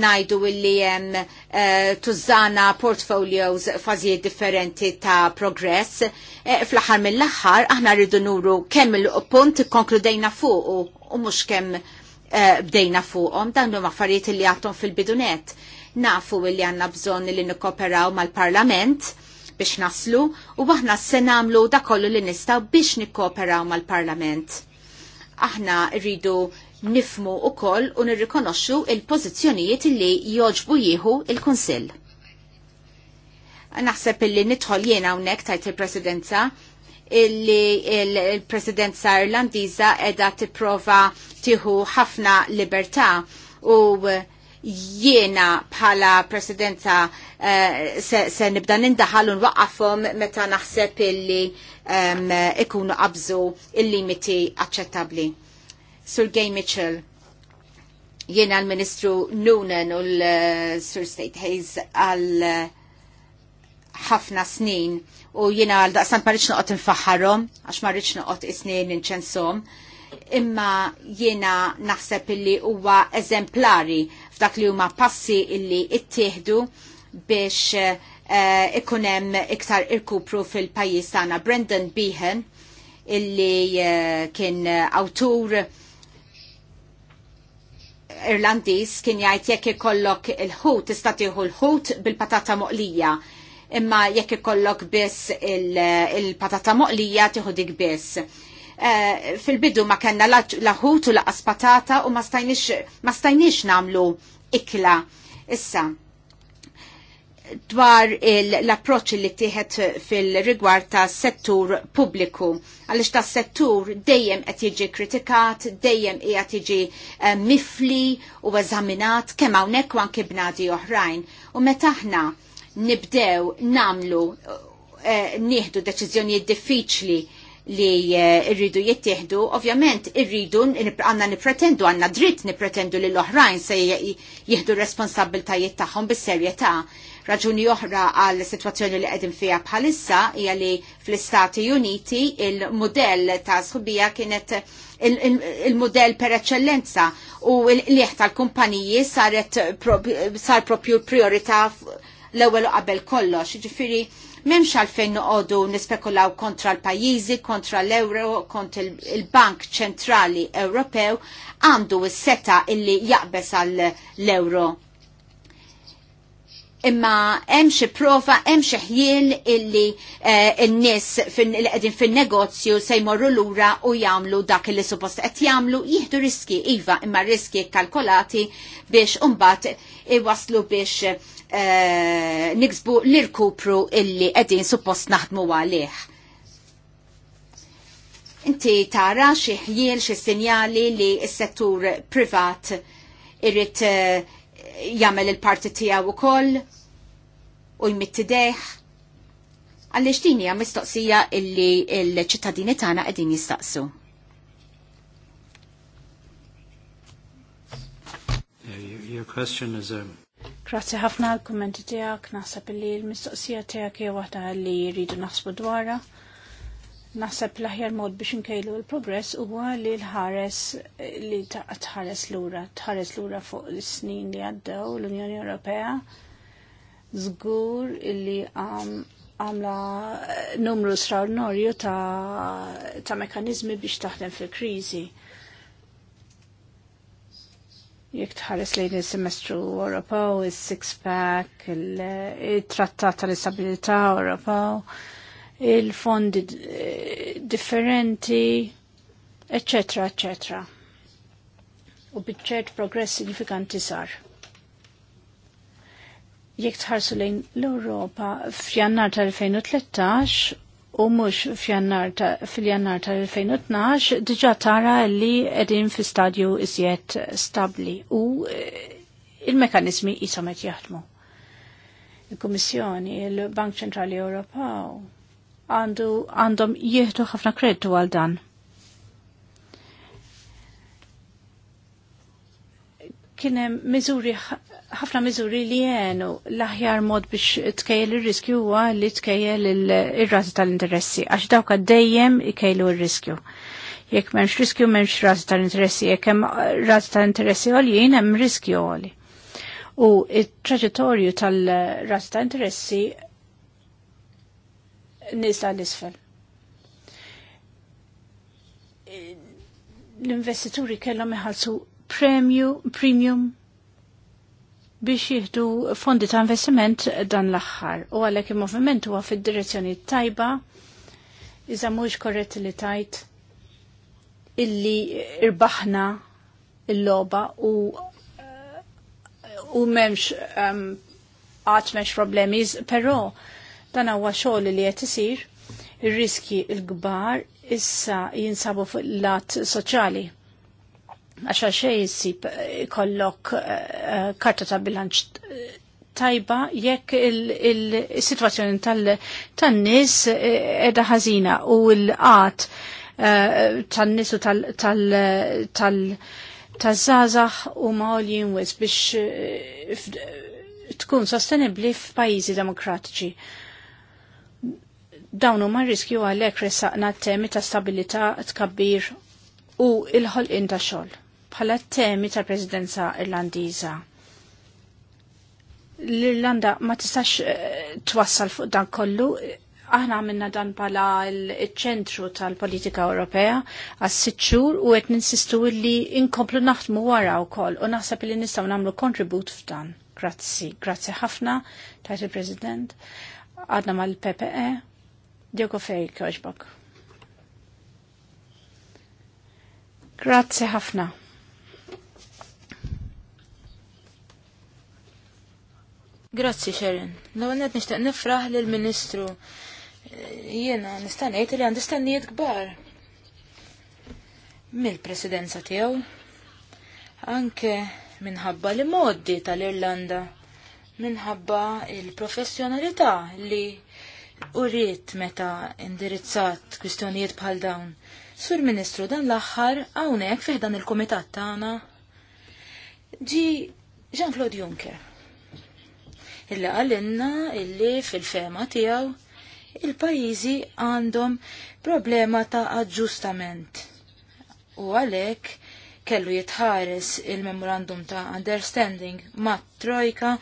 najdu illi jem eh, tużana portfolios fażijiet differenti ta' progress. Fl-axar mill ħar aħna rridu nuru kemm il-punt konkludejna fuq u mux kemm bdejna fuqom, dan l affarijiet li għatom fil-bidunet. Nafu li għanna bżon li nikoperaw mal-parlament biex naslu u aħna se namlu da kollu li nistaw biex nikkooperaw mal-parlament. Aħna rridu nifmu u koll u nirrikonoxxu il-pozizjonijiet li joġbu jieħu il-Kunsill. Naħseb illi nidħol jiena hawnhekk tajt il-Presidenza illi il-presidenza irlandiza edha tipprova tiħu ħafna libertà u jiena bħala presidenza eh, se, se nibda nindaħal nwaqqafhom meta naħseb illi um, ikunu qabżu il-limiti aċċettabbli. Sur Gay Mitchell, jiena l-Ministru Noonan u l-Sur State Hayes għal eh, ħafna snin u jiena għal daqsan marriċ noqot nfaħħarom, għax marriċ noqot isnin inċensom, imma jiena naħseb illi huwa eżemplari f'dak li huma passi illi ittieħdu biex uh, eh, ikunem iktar irkupru fil-pajis tagħna Brendan Behan illi uh, kien awtur Irlandis kien jgħid jekk ikollok il-ħut tista' tieħu l-ħut bil-patata moqlija imma jekk ikollok biss il-patata il moqlija tieħu dik biss Eh, fil-bidu ma kellna laħut u laqas patata u ma stajniex nagħmlu ikla. Issa, dwar l-approċ li tieħed fil-rigward ta' settur pubbliku. Għalix ta' settur dejjem qed jiġi kritikat, dejjem qed jiġi eh, mifli u eżaminat kemm hawnhekk u anke bnadi oħrajn. U meta aħna nibdew namlu eh, nieħdu deċiżjonijiet diffiċli li eh, irridu jittieħdu, ovvjament irridu għanna nipretendu, għanna dritt nipretendu li l-oħrajn se jihdu responsabiltajiet tagħhom bis-serjetà. Raġuni oħra għal situazzjoni li qegħdin fiha bħalissa hija li fl-Istati Uniti il-modell ta' sħubija kienet il-modell per eċċellenza u l-lieħ tal-kumpaniji saret sar propju priorità l-ewwel qabel kollox. Ġifieri Memx għalfejn noqogħdu nispekulaw kontra l-pajjiżi, kontra l-euro, kontra il-Bank Ċentrali Ewropew għandu s-seta illi jaqbes għall-euro. Imma hemm xi prova, hemm xi ħjien illi eh, n-nies li qegħdin fin-negozju se jmorru lura u jagħmlu dak li suppost qed jagħmlu jieħdu riski iva imma riski kalkolati biex imbagħad iwaslu biex Eh, niksbu l rkupru illi edin suppost naħdmu għalih. Inti tara xi ħjiel xi sinjali li s-settur privat irrit eh, jagħmel il-parti tiegħu koll u jmittideħ. Għaliex din hija mistoqsija illi il ċittadini tagħna qegħdin jistaqsu. Your question is a um, Grazzi ħafna għal kummenti tiegħek, naħseb li l-mistoqsija tiegħek hija waħda li jridu naħsbu dwarha. Naħseb l-aħjar mod biex nkejlu l-progress huwa li l-ħares li tħares lura, tħares lura fuq is-snin li għaddew l-Unjoni Ewropea. Zgur illi għamla eh, numru straordinarju ta', ta mekanizmi biex taħdem fil-kriżi jek tħares lejn il-semestru Ewropew, il-six-pack, il-trattat tal-istabilità Ewropew, il-fondi differenti, eccetera, eccetera. U bieċċert progress signifikanti sar. Jek tħarsu lejn l-Europa f'jannar tal-2013 u mux fil-jannar tal-2012 diġa tara li edin fi stadju iżjed stabli u eh, il-mekanizmi jisomet jaħdmu. Il-Kommissjoni, il-Bank Ċentrali Ewropew għandu għandhom jieħdu ħafna kreditu għal dan. Kienem miżuri ħafna miżuri li jenu l-aħjar mod biex tkejjel ir-riskju huwa li tkejjel ir-rati tal-interessi għax dawk dejjem ikejlu il riskju Jekk m'hemmx riskju m'hemmx rati tal-interessi, jekk hemm rati tal-interessi għoljien hemm riskju għoli. U il traġettorju tal-rati tal-interessi nisla l-isfel. L-investituri kellhom iħallsu premium, premium biex jihdu fondi ta' investiment dan l-axħar. U għalek il-movement huwa fid-direzzjoni tajba, iżda mhux korrett li tajt illi irbaħna il-loba u u memx um, għat memx problemi, pero dan huwa xogħol li qed isir ir-riski l-kbar issa jinsabu fil lat soċjali għaxa xej jisib eh, kollok eh, eh, karta ta' bilanċ tajba jekk il-situazzjoni tal-nis edha ħazina u l għat tal-nis u tal-zazax u maħoljien wis biex tkun sostenibli f'pajjiżi demokratiċi dawnu ma riskju għalek resaqna temi ta' stabilita tkabbir u il-ħolqin ta' xol bħala temi tal-Presidenza Irlandiża. L-Irlanda ma tistax eh, twassal fuq dan kollu, aħna għamilna dan pala il-ċentru tal-politika Ewropea għas sitxur u għet ninsistu li inkomplu naħdmu wara u koll u naħseb li nistaw namlu kontribut f'dan. Grazzi, grazzi ħafna, tajt il-President, għadna mal-PPE, Djoko Ferri Kjoġbok. Grazzi ħafna. Grazzi, Sharon. L-għonet nishtaq nifraħ l-Ministru. Jena, nistanajt li għandi stanijiet kbar. Mill-presidenza tiegħu. Anke minħabba li moddi tal-Irlanda. Minħabba il-professjonalità li uriet meta indirizzat kwistjonijiet bħal dawn. Sur Ministru dan l-aħħar hawnhekk fih dan il-kumitat tagħna ġi Jean-Claude Juncker illi għallinna illi fil-fema tijaw il-pajizi għandhom problema ta' aġġustament. U għalek kellu jitħares il-memorandum ta' understanding ma' trojka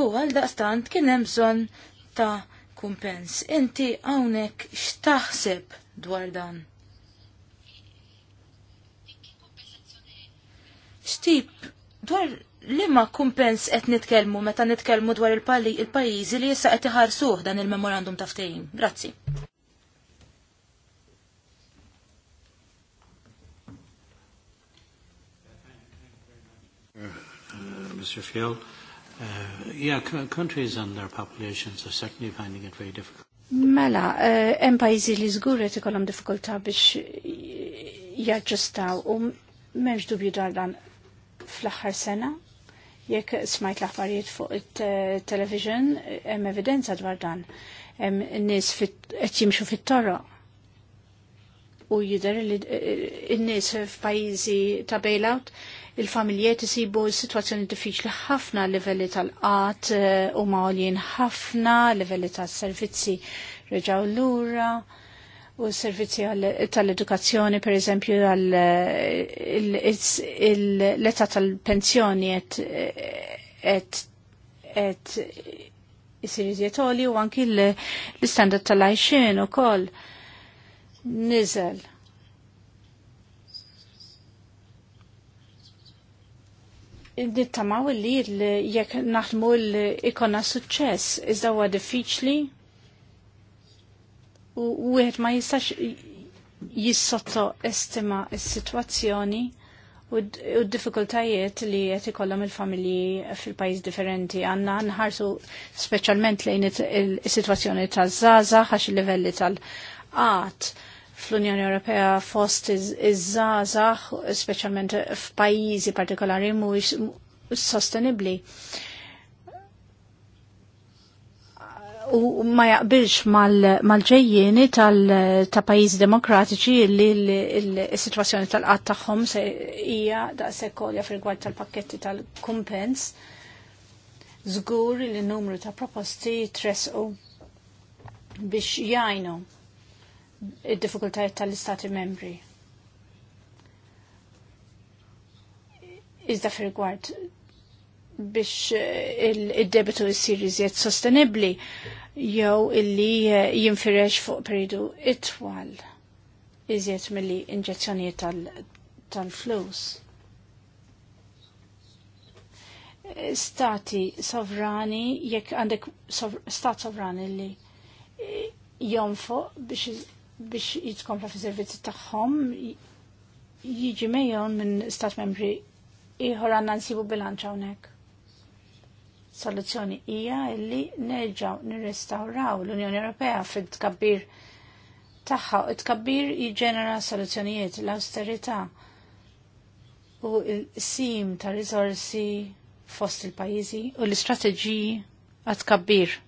u għal daqstant kien hemm bżonn ta' kumpens. Inti hawnhekk x'taħseb dwar dan? X'tip, dwar ma kumpens qed nitkellmu meta nitkellmu dwar il-pajjiżi li issa qed iħarsuh dan il-memorandum ta' ftehim. Grazzi. Uh, Mr. Field, Uh, yeah, countries and their populations are certainly finding it very difficult. Mela, uh, hemm pajjiżi li żgur qed ikollhom diffikultà biex jaġġustaw u m'hemmx dubju dwar dan fl-aħħar sena Jekk smajt l-affarijiet fuq it-television, hemm evidenza dwar dan. Hemm nies qed jimxu fit-toroq u jider li eh, eh, n-nis f'pajjiżi ta' bailout il-familjiet isibu situazzjoni diffiċli ħafna livelli tal-qat eh, u mawlin ħafna livelli tal-servizzi reġaw l-ura u s-servizzi tal-edukazzjoni, per eżempju, l-età tal-pensjoni et et għoli u anki l-standard tal-għajxin u kol nizel. Nittamaw li jekk naħdmu l-ikona suċċess, iżda huwa diffiċli u wieħed ma jistax jissotto estima s-sitwazzjoni u d-diffikultajiet li qed ikollhom il-familji fil-pajjiż differenti għandna nħarsu speċjalment lejn is-sitwazzjoni taż-żgħażagħ għax il-livelli tal qat fl-Unjoni Ewropea fost iż-żgħażagħ speċjalment f'pajjiżi partikolari mhuwiex sostenibbli. u ma jaqbilx mal mal ta' pajjiżi demokratiċi li l-situazzjoni tal-qatt tagħhom se hija daqshekk kolja fil tal-pakketti tal-kumpens. Żgur li n numru ta' proposti tresqu biex jgħinu id-diffikultajiet tal-Istati membri. Iżda fil biex il-debitu jissir iżjed sostenibli jew illi eh, jinfirex fuq periodu itwal iżjed milli inġezzjonijiet tal-flus. stati sovrani, jekk għandek stat sovrani li eh, jonfu biex, biex jitkompla fi servizzi tagħhom jiġi mejjon minn stat membri ieħor għandna nsibu bilanċ hawnhekk soluzzjoni hija li nerġaw nirrestawraw l-Unjoni Ewropea fil-tkabbir tagħha u tkabbir jiġġenera soluzzjonijiet l-austerità u l-sim ta' riżorsi fost il-pajjiżi u l-istrateġiji għat tkabbir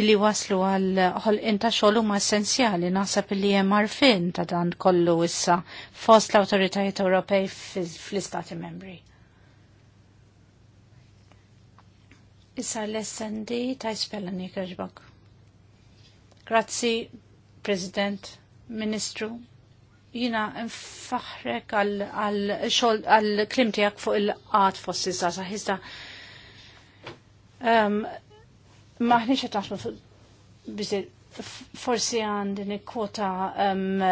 illi waslu għal ħol inta xogħol huma essenzjali naħseb illi hemm għarfien ta' dan kollu issa fost l-awtoritajiet Ewropej fl-istati membri. Issa l-SND ta' jispellani kħarġbak. Grazzi, President, Ministru, jina nfaħrek għal klimtijak fuq il-qat fossi zaza, saħizda. Um, maħni Maħniċa taħtmu fuq forsi għandini kwota um,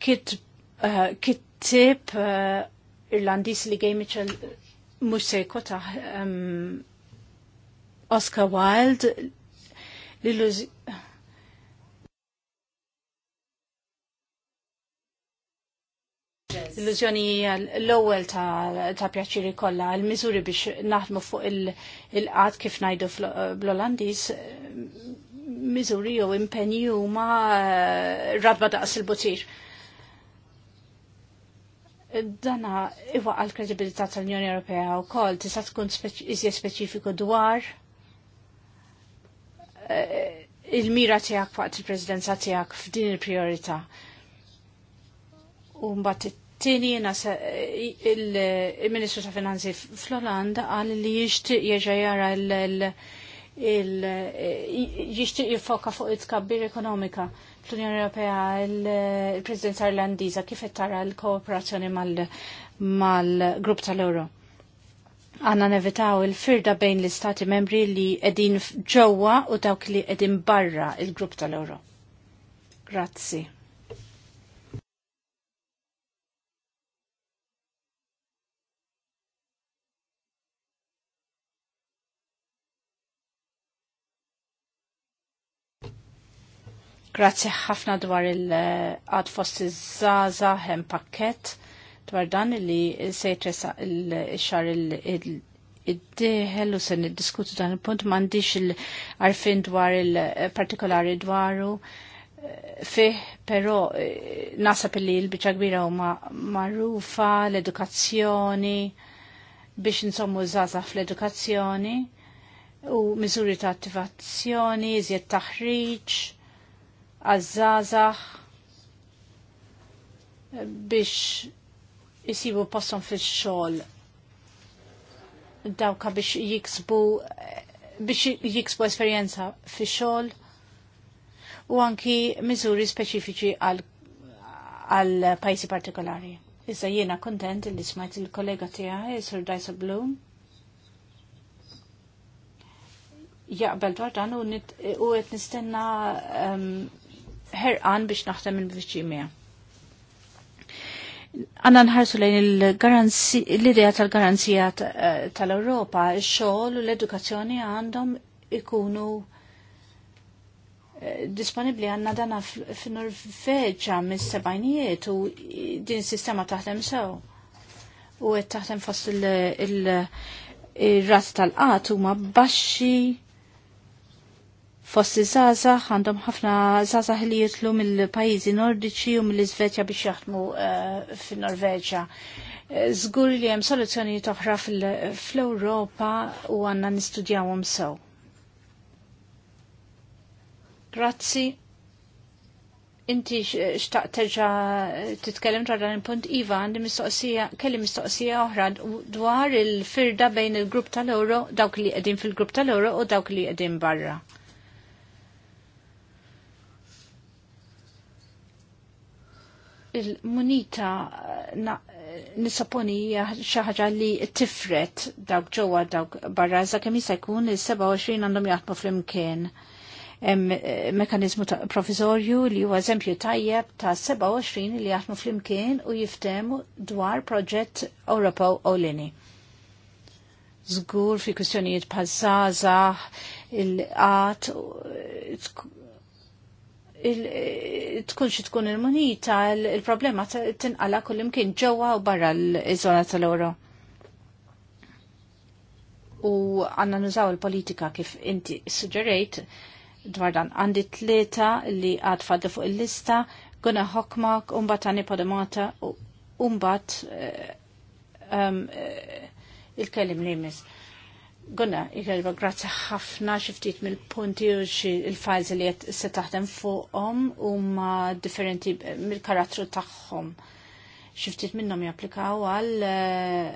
kittib uh, uh, Irlandis li għej miċel mux sejko taħ um, Oscar Wilde l-illużjoni l l-ewwel ta' pjaċiri kollha, l-miżuri biex naħdmu fuq il-qatt kif ngħidu fl-Olandis, miżuri jew impenji huma eh, radba daqs il-butir. Dana iwa għall kredibilità tal-Unjoni Ewropea wkoll tista' tkun iżjed speċifiku dwar Eh, il-mira tiegħek waqt eh, il prezidenza eh, tiegħek f'din il priorita U mbagħad Tini jena il-Ministru ta' Finanzi fl-Olanda għal li jishtiq jieġa jara jishtiq jifoka fuq it-kabbir ekonomika fl-Unjoni Ewropea il-Presidenza Irlandiża kif tara l-kooperazzjoni mal-grupp tal-Euro għanna nevitaw il-firda bejn l-istati membri li edin ġewwa u dawk li edin barra il-grupp tal-Euro. Grazzi. Grazzi ħafna dwar il-għad eh, fost iż-żaza, hemm pakket dwar dan li se il-xar id-diħel u se niddiskutu dan il-punt mandiċ il-arfin dwar il-partikolari dwaru eh, fih, pero eh, nasab li l-bicċa kbira u marrufa, l-edukazzjoni, biex insommu zaza fl-edukazzjoni u miżuri ta' attivazzjoni, iżjed taħriġ, għazzazax, eh, biex jisibu postom fil xogħol dawka biex jiksbu biex jiksbu esperjenza fi xogħol u anki miżuri speċifiċi għal għal pajsi partikolari. Issa jiena kontent li smajt il-kollega tiegħi Sir Dysa Bloom. Jaqbel dwar dan u qed nistenna ehm, ħerqan biex naħdem il-viċi miegħu għanna nħarsu lejn l-idea tal-garanzija eh, tal-Europa, il-xol u l-edukazzjoni għandhom ikunu eh, disponibli għanna dana f-Norveġa mis-sebajnijiet u din sistema taħdem sew. U għed taħdem fost il rat tal-qat ma baxxi Fossi zaza, għandhom ħafna zaza li jitlu mill-pajizi nordiċi u mill izvetja biex jaħdmu fil eh, fin-Norveġa. Eh, zgur li hemm soluzzjoni toħra fl-Ewropa u għanna nistudjawhom sew. Grazzi inti xtaq terġa titkellem dwar dan il-punt Iva għandi mistoqsija, kelli mistoqsija oħra dwar il-firda bejn il-grupp tal-Euro, dawk li qegħdin fil-grupp tal-Euro u dawk li qegħdin barra. il-munita eh, eh, nisaponi xaħġa li tifret dawk ġowa dawk barra, za kemm jista' jkun il-27 għandhom jaħdmu flimkien. Hemm eh, mekanizmu provizorju li huwa eżempju tajjeb ta' 27 li jaħdmu flimkien u jiftemu dwar proġett Ewropew Ewleni. Żgur fi kwistjonijiet bħal żgħażagħ, il-qat, Eh, tkun xi tkun il-munita, il-problema tinqala kullimkien ġewwa u barra l-żona tal oro U għanna nużaw il-politika kif inti suġġerejt dwar dan għandi tlieta li għad fadda fuq il-lista, għuna ħokmak, umbat għani podemata, umbat um, eh, eh, il-kelim li jmiss. Gunna, jgħalba iva, grazzi ħafna xiftit mill-punti u il-files li jett se taħdem fuqom u ma differenti mill-karattru taħħom. Xiftit minnom japplikaw għal eh,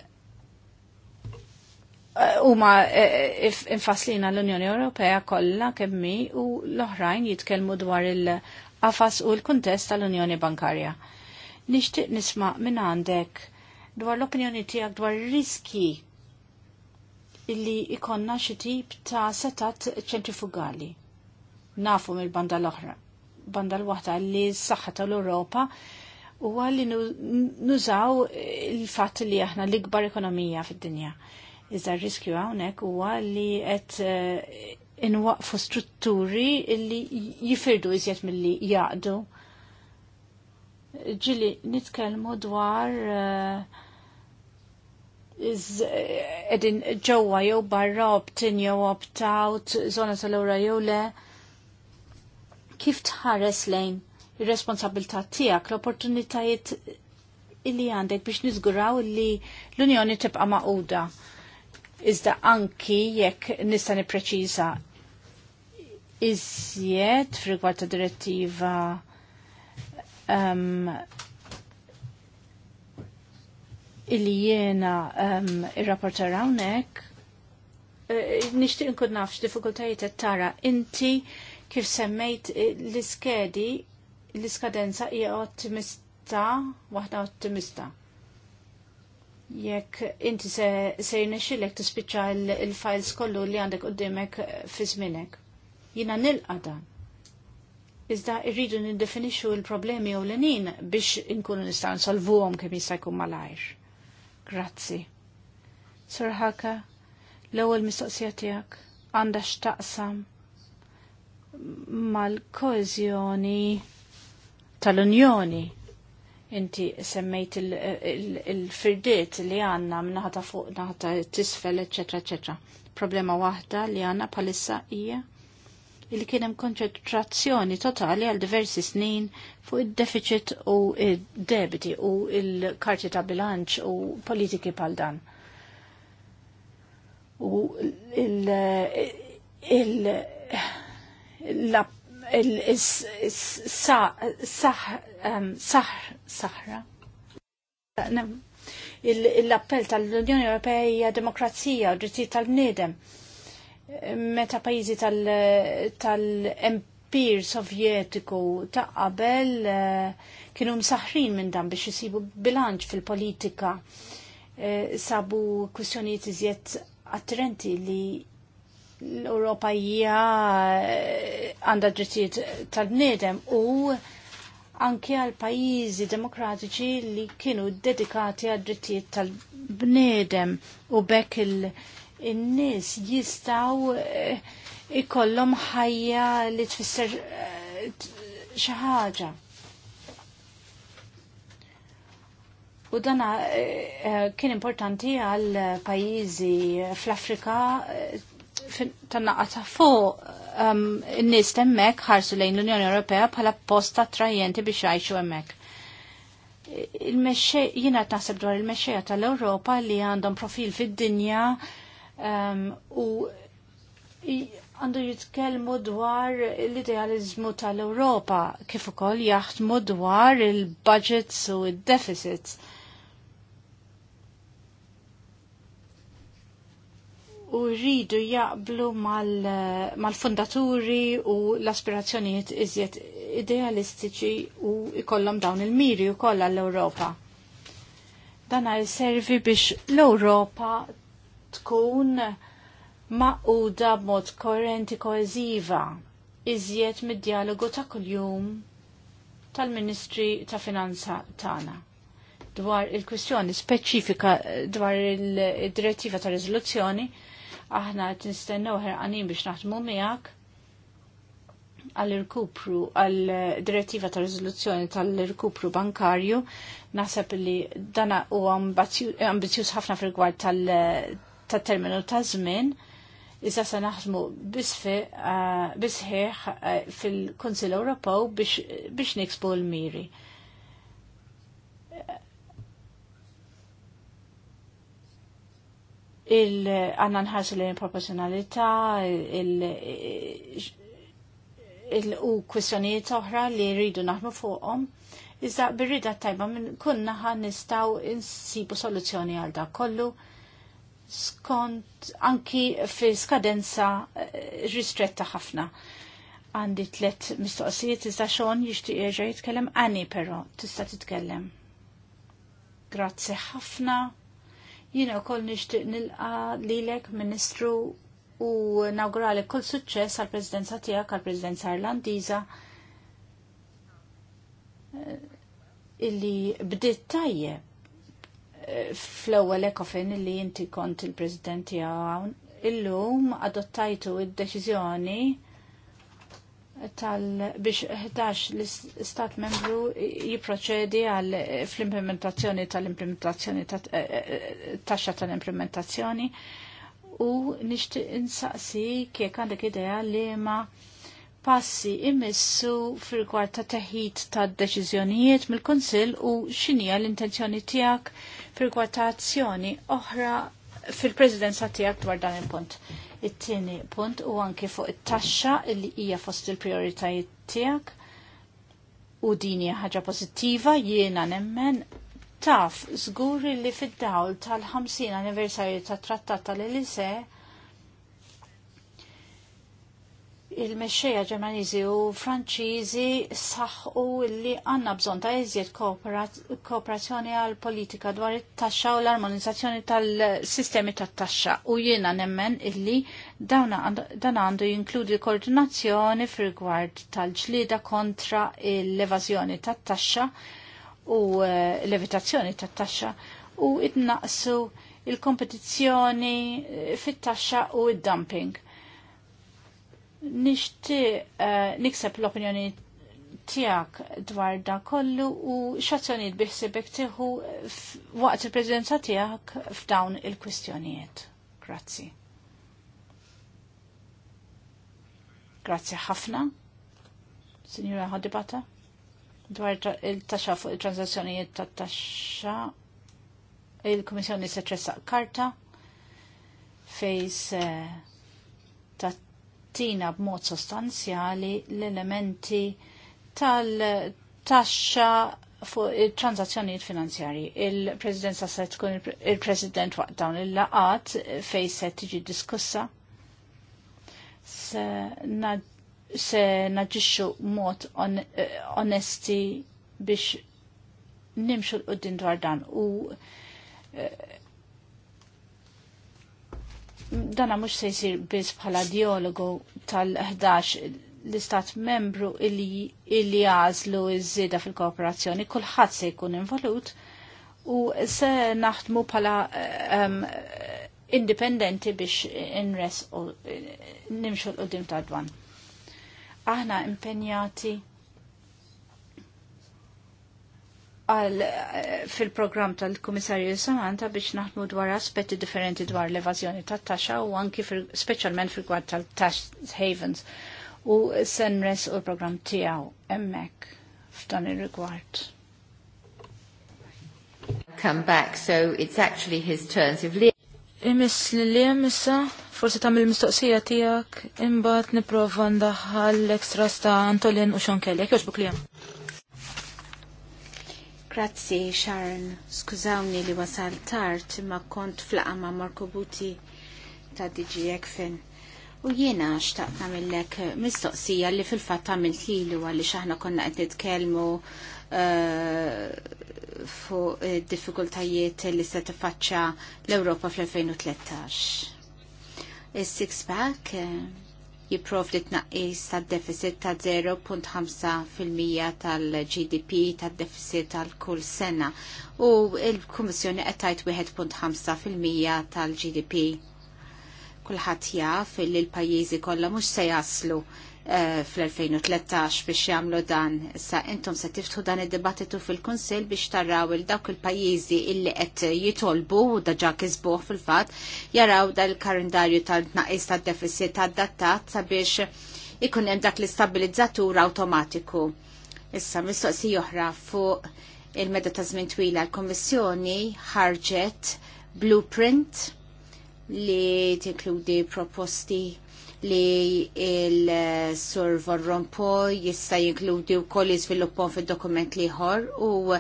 eh, u ma eh, infaslina l-Unjoni Ewropea kollha kemmi u l-oħrajn jitkellmu dwar il-qafas u l-kuntest tal-Unjoni Bankarja. Nixtieq nisma' minn għandek dwar l-opinjoni tiegħek dwar riski illi ikonna xi tip ta' setat ċentrifugali. Nafu mill-banda l-oħra, banda l-waħda li s-saħħa tal europa huwa li nużaw il fat li aħna l-ikbar ekonomija fid-dinja. Iżda r-riskju hawnhekk huwa li qed eh, inwaqfu strutturi illi jifirdu iżjed milli jaqdu. Ġili, nitkellmu dwar uh, edin ġewwa jew barra optin jew opt-out, zona tal-ewra jew le. Kif tħares lejn ir-responsabilità tiegħek l-opportunitajiet illi għandek biex niżguraw li l-Unjoni tibqa' maquda. Iżda anki jekk nista' nippreċiża iżjed f'rigward ta' direttiva um, illi jiena um, ehm, ir-rapporter hawnhekk eh, nishtiq nkun nafx diffikultajiet tara inti kif semmejt eh, l-iskedi l-iskadenza hija ottimista waħda ottimista. Jekk inti se se jnexxilek tispiċċa l-files kollu li għandek qudiemek eh, fi żminek. Jiena nilqa' dan. Iżda rridu niddefinixxu l-problemi ewlenin biex inkunu nistgħu nsolvuhom kemm jista' jkun malajr. Grazzi. Sir Haka, l-ewwel mistoqsija tiegħek għandha x'taqsam mal-koeżjoni tal-Unjoni. Inti semmejt il-firdiet li għanna minnaħta fuq naħta tisfel, eccetera, eccetera. Problema waħda li għanna palissa hija illi kienem konċentrazzjoni totali għal diversi snin fuq id-deficit u il debiti u il-karti ta' bilanċ u politiki pal dan. U il-saħra il- appell tal-Unjoni Ewropea hija demokrazija u drittijiet tal-bniedem meta pajizi tal-empir tal sovjetiku ta' qabel eh, kienu msaħrin minn dan biex jisibu bilanċ fil-politika eh, sabu kwistjonijiet iżjed attrenti li l-Europa hija eh, għandha uh, drittijiet tal-bniedem u anke għal pajjiżi demokratiċi li kienu dedikati għad drittijiet tal-bniedem u bekk il- in-nies jistaw eh, ikollhom ħajja li tfisser eh, xi ħaġa. U dana eh, kien importanti għal pajjiżi fl-Afrika tan-naqa ta' fuq ehm, n-nies hemmhekk ħarsu lejn l-Unjoni Ewropea bħala posta trajenti biex jgħixu hemmhekk il-mexxej, jina taħseb dwar il-mexxejja tal-Ewropa li għandhom profil fid-dinja Ehm, u għandu jitkellmu dwar l-idealizmu tal-Ewropa kif ukoll jaħdmu dwar il-budgets u id-deficits. U rridu jaqblu mal-fundaturi mal u l-aspirazzjonijiet iżjed idealistiċi u ikollom dawn il-miri u kollha l-Ewropa. Dan jservi biex l-Ewropa tkun maquda b'mod korrenti koeziva iżjed mid-dialogu ta' kuljum tal-Ministri ta' Finanza tagħna dwar il-kwistjoni speċifika dwar il-direttiva ta' riżoluzzjoni aħna qed nistennew ħerqanin biex naħdmu miegħek għall-irkupru għall-direttiva ta' riżoluzzjoni tal-irkupru bankarju naħseb li dana huwa ambizjuż ħafna fil rigward tal- ta' terminu ta' żmien iżda se naħdmu eh, bisħiħ eh, fil-Kunsill Ewropew biex niksbu l-miri. il għanna nħarsu lejn proporzjonalità, il u kwistjonijiet oħra li rridu naħmu fuqhom. Iżda birrida tajba minn kunna ħan nistaw insibu soluzzjoni għal dak kollu skont anki fi skadenza eh, ristretta ħafna. Għandi tlet mistoqsijiet iżda xon jixtieq jerġa' jitkellem ani però tista' titkellem. Grazzi ħafna. Jiena wkoll nixtieq nilqa lilek Ministru u nawgurali kull suċċess għall presidenza tiegħek għall presidenza Irlandiża eh, illi bdiet tajjeb fl-ewwel ekofin li inti kont il-President tiegħu illum adottajtu id-deċiżjoni tal biex 11 l-Istat membru jiproċedi għal fl-implementazzjoni tal-implementazzjoni eh, eh, taxxa tal-implementazzjoni u nixtieq insaqsi kiek għandek idea li ma passi immissu fil-gwar ta' teħid ta' deċiżjonijiet mill-Kunsill u x'inhi l-intenzjoni tiegħek fil-kwartazzjoni oħra fil-prezidenza tijak dwar dan il-punt. It-tieni punt u anki fuq it-taxxa li hija fost il-prioritajiet tijak u din hija ħaġa pożittiva jiena nemmen taf żgur li fid-dawl tal-50 anniversarju tat-trattat tal-Elise il-mexxejja Ġermaniżi u Franċiżi saħħu li għandna bżonn ta' iżjed kooperazzjoni għal politika dwar it-taxxa u l-armonizzazzjoni tal-sistemi tat-taxxa u jiena nemmen illi dan għandu jinkludi koordinazzjoni fir-rigward tal-ġlieda kontra l-evażjoni tat-taxxa u eh, l-evitazzjoni tat-taxxa u id-naqsu il-kompetizzjoni eh, fit-taxxa u id-dumping Nixtieq eh, nikseb l-opinjoni tijak dwar da kollu u xazzjoniet biħsibek tiħu waqt il-prezidenza tijak f'dawn il-kwistjonijiet. Grazzi. Grazzi ħafna, Signora ħadibata, dwar il-taxxa fuq il-transazzjonijiet ta' taxxa il-Komissjoni se tressaq karta fejs tina b'mod sostanzjali l-elementi tal-taxxa fuq il-transazzjonijiet finanzjarji. Il-Presidenza se tkun il-President waqt dawn il-laqat fej se tiġi diskussa. Se naġixxu mod on, onesti biex nimxu l qoddin dwar dan u eh, dana mux se jisir bis bħala dialogu tal-11 l-istat membru illi, illi għazlu iż-żieda fil-kooperazzjoni, kullħat se jkun involut u se naħdmu bħala um, indipendenti biex inres u nimxu l-qoddim ta' dwan. Aħna impenjati għal eh, fil-program tal-Komissarju Samanta biex naħdmu dwar aspetti differenti dwar l-evazjoni tat-taxxa u anki specialment fil-gwad tal-tax havens u senres u l-program tijaw emmek f'dan il rigward Come back, so it's actually his turn. So if Imis li li jemissa, forse tam il-mistoqsija tijak, imbat niprofa ndaħħal l ekstra sta Antolin u Sean Kelly. Kjoċbuk li jem? Grazzi, Sharon. Skużawni li wasal tard ma kont flaqa ma' Marko Buti ta' Digi Ekfin. U jiena xtaqt namillek mistoqsija li fil-fatt għamilt lilu għalli xaħna konna qed nitkellmu uh, fuq diffikultajiet li se faċċa l-Ewropa fl-2013. Is-six pack uh, eh, li tnaqqis tad deficit ta' 0.5% tal-GDP tad deficit tal kull sena u il-Kummissjoni qed tajt 1.5% tal-GDP. Kulħadd jaf li l-pajjiżi kollha mhux se jaslu Eh, fl-2013 biex jagħmlu dan. Issa intom se tiftħu dan id-dibattitu fil-Kunsill biex tarraw il dawk il-pajjiżi illi qed jitolbu u daġa kisbuh fil-fatt jaraw dal kalendarju tal-tnaqis tad-deficit adattat sabiex ikun hemm dak l-istabilizzatur awtomatiku. Issa mistoqsi oħra fuq il-meda ta' żmien twila l-Kommissjoni ħarġet blueprint li tinkludi proposti li il-Sur Van jista' jinkludi wkoll jiżviluppon fid-dokument liħor u e,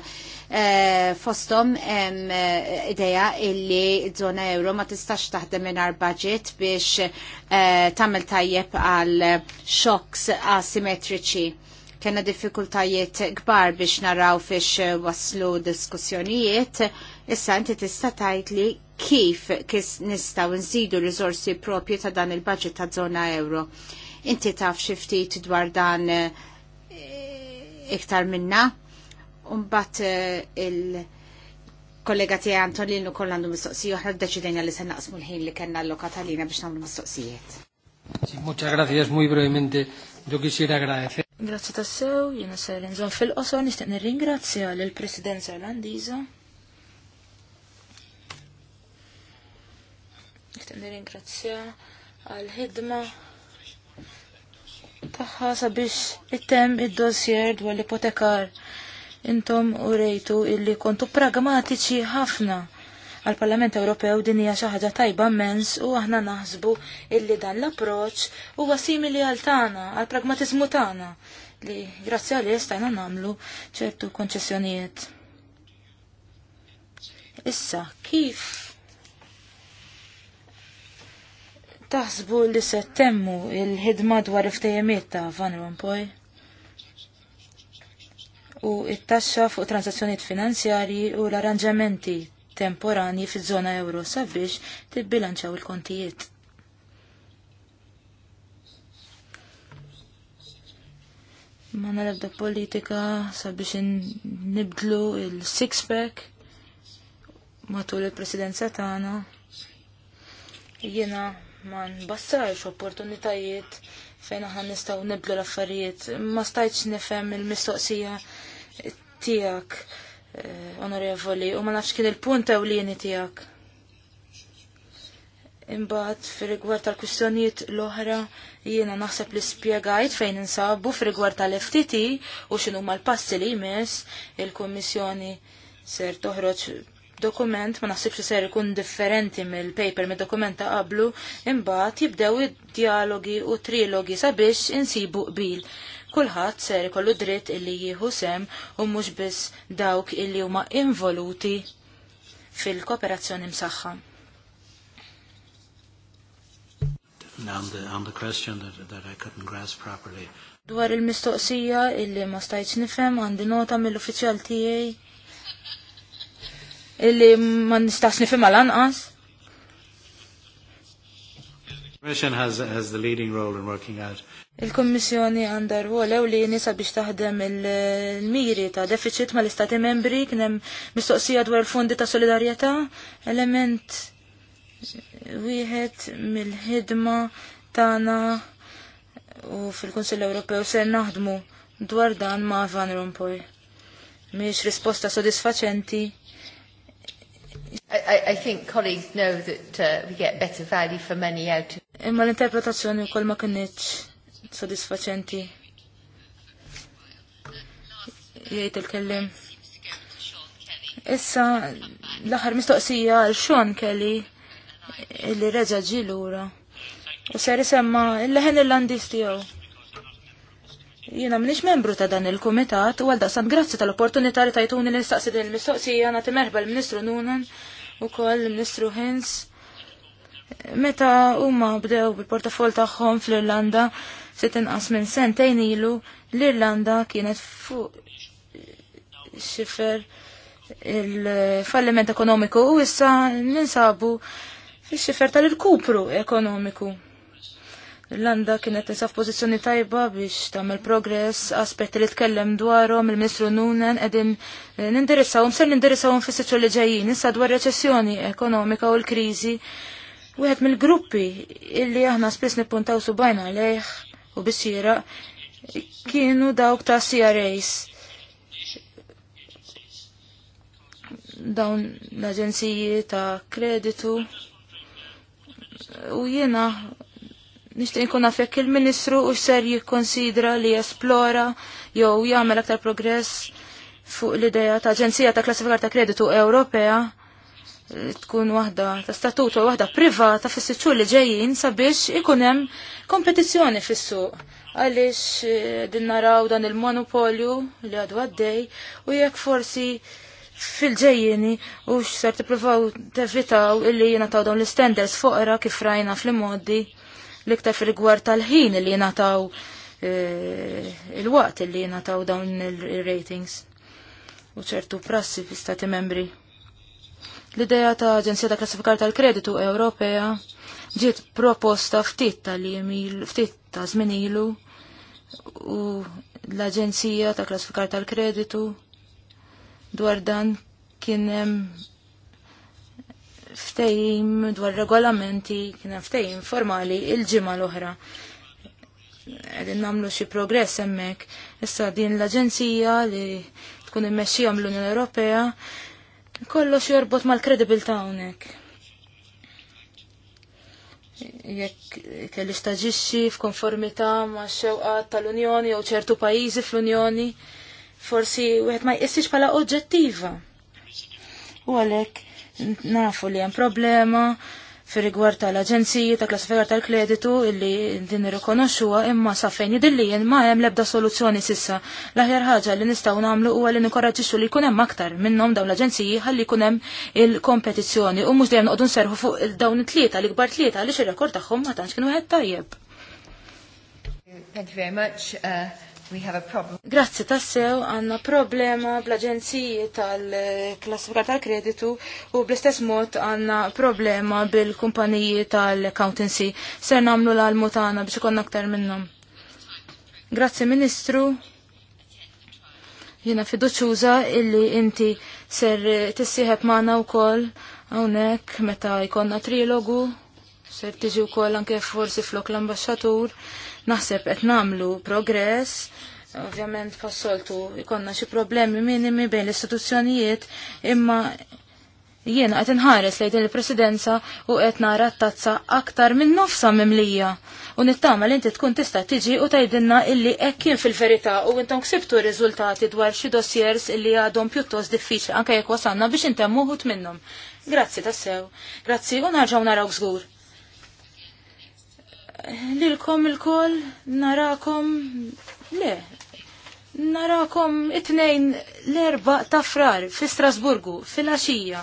eh, fostom hemm eh, idea illi żona euro ma tistax taħdem mingħajr budget biex e, tagħmel tajjeb għal shocks asimetriċi. Kena diffikultajiet kbar biex naraw fiex waslu diskussjonijiet, issa inti tista' tajt li kif kis nistaw nżidu risorsi propju ta' dan il-budget ta' zona euro. Inti taf xiftit dwar dan eh, iktar minna, unbat eh, il-kollega Antonin u kollandu mistoqsiju, ħna deċidenja li se naqsmu l-ħin li kena l-lokata li biex namlu mistoqsijiet. Sí, grazie gracias, brevemente. Yo quisiera agradecer. Grazie tassew, jena ser nżon fil-qosor, nistaq nirringrazzja l-Presidenza Irlandiza nirringrazzja għal ħidma tagħha sabiex ittemm id-dossier dwar l-ipotekar. Intom u rejtu illi kontu pragmatiċi ħafna għal-Parlament Ewropew din hija xi ħaġa tajba mens u aħna naħsbu illi dan l-approċċ huwa simili għal tagħna, għal pragmatiżmu tagħna li grazzi għal stajna nagħmlu ċertu konċessjonijiet. Issa, kif Taħsbu li se temmu il-ħidma dwar iftejemiet ta' Van Rompuy u it-taxxa fuq transazzjonijiet finanzjarji u l-arranġamenti temporani fiż-żona euro sabiex tibbilanċaw il-kontijiet. Ma nalabda politika sabiex nibdlu il-six-pack matul il-presidenza tagħna. Jiena ma nbassarx opportunitajiet fejn aħna nistgħu nibdu l-affarijiet. Ma stajtx nifhem il-mistoqsija tiegħek, eh, onorevoli, u ma nafx kien il-punt ewlieni tiegħek. Imbagħad fir-rigward tal-kwistjonijiet l-oħra jiena naħseb li spjegajt fejn insabu fir-rigward tal-FTT u x'inhuma l-passi li jmiss il-Kummissjoni ser toħroġ dokument ma naħsibx li ser ikun differenti mill-paper mid-dokument ta' qablu, imbagħad jibdew id-dialogi u trilogi sabiex insibu qbil. Kulħadd ser ikollu dritt illi jieħu sem u mhux biss dawk illi huma involuti fil-kooperazzjoni msaħħa. Dwar il-mistoqsija illi ma stajtx nifhem għandi nota mill-uffiċjal tiegħi illi ma nistax nifhimha lanqas. Il-Kommissjoni għandha rwol ewlieni sabiex taħdem il-miri ta' deficit mal istati membri kien hemm mistoqsija dwar il-fondi ta' solidarjetà, element wieħed mill-ħidma tagħna u fil-Kunsill Ewropew se naħdmu dwar dan ma' Van Rompuy. Mhix risposta sodisfaċenti I, think colleagues know that uh, we get better value for money out of Imma l-interpretazzjoni wkoll ma kinitx sodisfaċenti. Jgħid il-kellim. Issa l-aħħar mistoqsija għal Sean Kelly illi reġa' ġilura. U ser isemma il-leħen irlandiż tiegħu. Jiena mniex membru ta' dan il-komitat u għaldaqsan grazzi tal-opportunità li tajtuni l nistaqsi din il-mistoqsija nagħti timerba l-Ministru Nunan u koll l-Ministru Hins. Meta huma bdew bil-portafol tagħhom fl-Irlanda se tinqas minn sentejn ilu l-Irlanda kienet fuq xifer il-falliment ekonomiku u issa ninsabu fix xifer tal-kupru ekonomiku. Irlanda kienet tinsa pożizzjoni tajba biex tagħmel progress, aspetti li tkellem dwarhom il-Ministru Nunen qegħdin eh, nindirizzawhom ser nindirizzawhom fis-sitxu li ġejjin issa dwar reċessjoni ekonomika u l-kriżi. Wieħed mill-gruppi illi aħna spiss nippuntaw subajna lejh u bisira kienu dawk ta' CRAs. dawn l-aġenziji ta' kreditu u jiena Nixtieq nkun naf jekk il-Ministru u ser jikkonsidra li jesplora jew jagħmel aktar progress fuq l-idea ta' Aġenzija ta' Klassifikar ta' Kreditu Ewropea eh, tkun waħda ta' statut u waħda privata fis siċċur li ġejjin sabiex ikun hemm kompetizzjoni fis-suq għaliex eh, din naraw dan il-monopolju li għadu għaddej u jekk forsi fil-ġejjini u x-ser t-provaw tevitaw illi jina taw dawn l-standards fuqra kif rajna fl-moddi l-iktar fil-gwar tal-ħin li nataw e, il-waqt li nataw dawn il-ratings u ċertu prassi fi stati membri. L-ideja ta' Aġenzija ta' Klassifikar tal-Kreditu Ewropea ġiet proposta ftit tal-jemil, ftit ta' zminilu u l-Aġenzija ta' Klassifikar tal-Kreditu dwar dan kien hemm ftejim dwar regolamenti, kien hemm ftejim formali il-ġimgħa l-oħra. Għedin nagħmlu xi progress hemmhekk. Issa din l-aġenzija li tkun immexxija mill-Unjoni Ewropea kollox jorbot mal-kredibilta hawnhekk. Jekk kelli staġixxi f'konformità ma' xewqat tal-Unjoni jew ċertu pajjiżi fl-Unjoni, forsi wieħed ma jqissix bħala oġġettiva. U għalhekk nafu li hemm problema fir rigward tal-aġenziji ta' klassifikar tal-kreditu illi din irrikonoxxuha imma sa fejn jidillien ma hemm l-ebda soluzzjoni sissa. L-aħjar ħaġa li nistgħu nagħmlu huwa li nikoraġġixxu li jkun hemm aktar minnhom dawn l-aġenziji ħalli jkun hemm il-kompetizzjoni u mhux dejjem noqogħdu nserħu fuq dawn it-tlieta l-ikbar tlieta għaliex ir-rekord tagħhom ma tantx kien wieħed tajjeb. Thank you very much. Uh... Grazzi tassew għanna problema bl-Aġenziji tal-Klassifika tal-Kreditu u bl-istess mod għanna problema bil-kumpaniji tal-accountancy. Ser namlu l almut għanna biex ikonna aktar minnhom. Grazzi Ministru. Jiena fiduċuża illi inti ser tissieħeb magħna wkoll hawnhekk meta jkollna trilogu ser tiġi wkoll anke forsi flok l-ambaxxatur Naħseb qed nagħmlu progress, ovvjament fassoltu jkollna xi problemi minimi bejn l-istituzzjonijiet, imma jiena qed inħares lejn il-presidenza u qed nara tazza aktar minn nofsa mimlija. U nittama li inti tkun tista' tiġi u tgħidilna illi hekk kien fil-verità u intom ksibtu riżultati dwar xi dossiers illi għadhom pjuttost diffiċli anke jekk wasanna biex intemmu minnhom. Grazzi tassew. Grazzi u narġgħu naraw żgur lilkom il kol narakom, le, narakom it-tnejn l-erba ta' frar fi Strasburgu, fil-axija.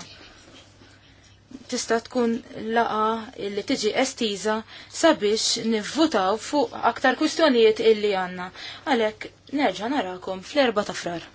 Tista' tkun laqa illi tiġi estiza sabiex nivvutaw fuq aktar kwistjonijiet illi għanna. Għalek, nerġa' narakom fl-erba ta' frar.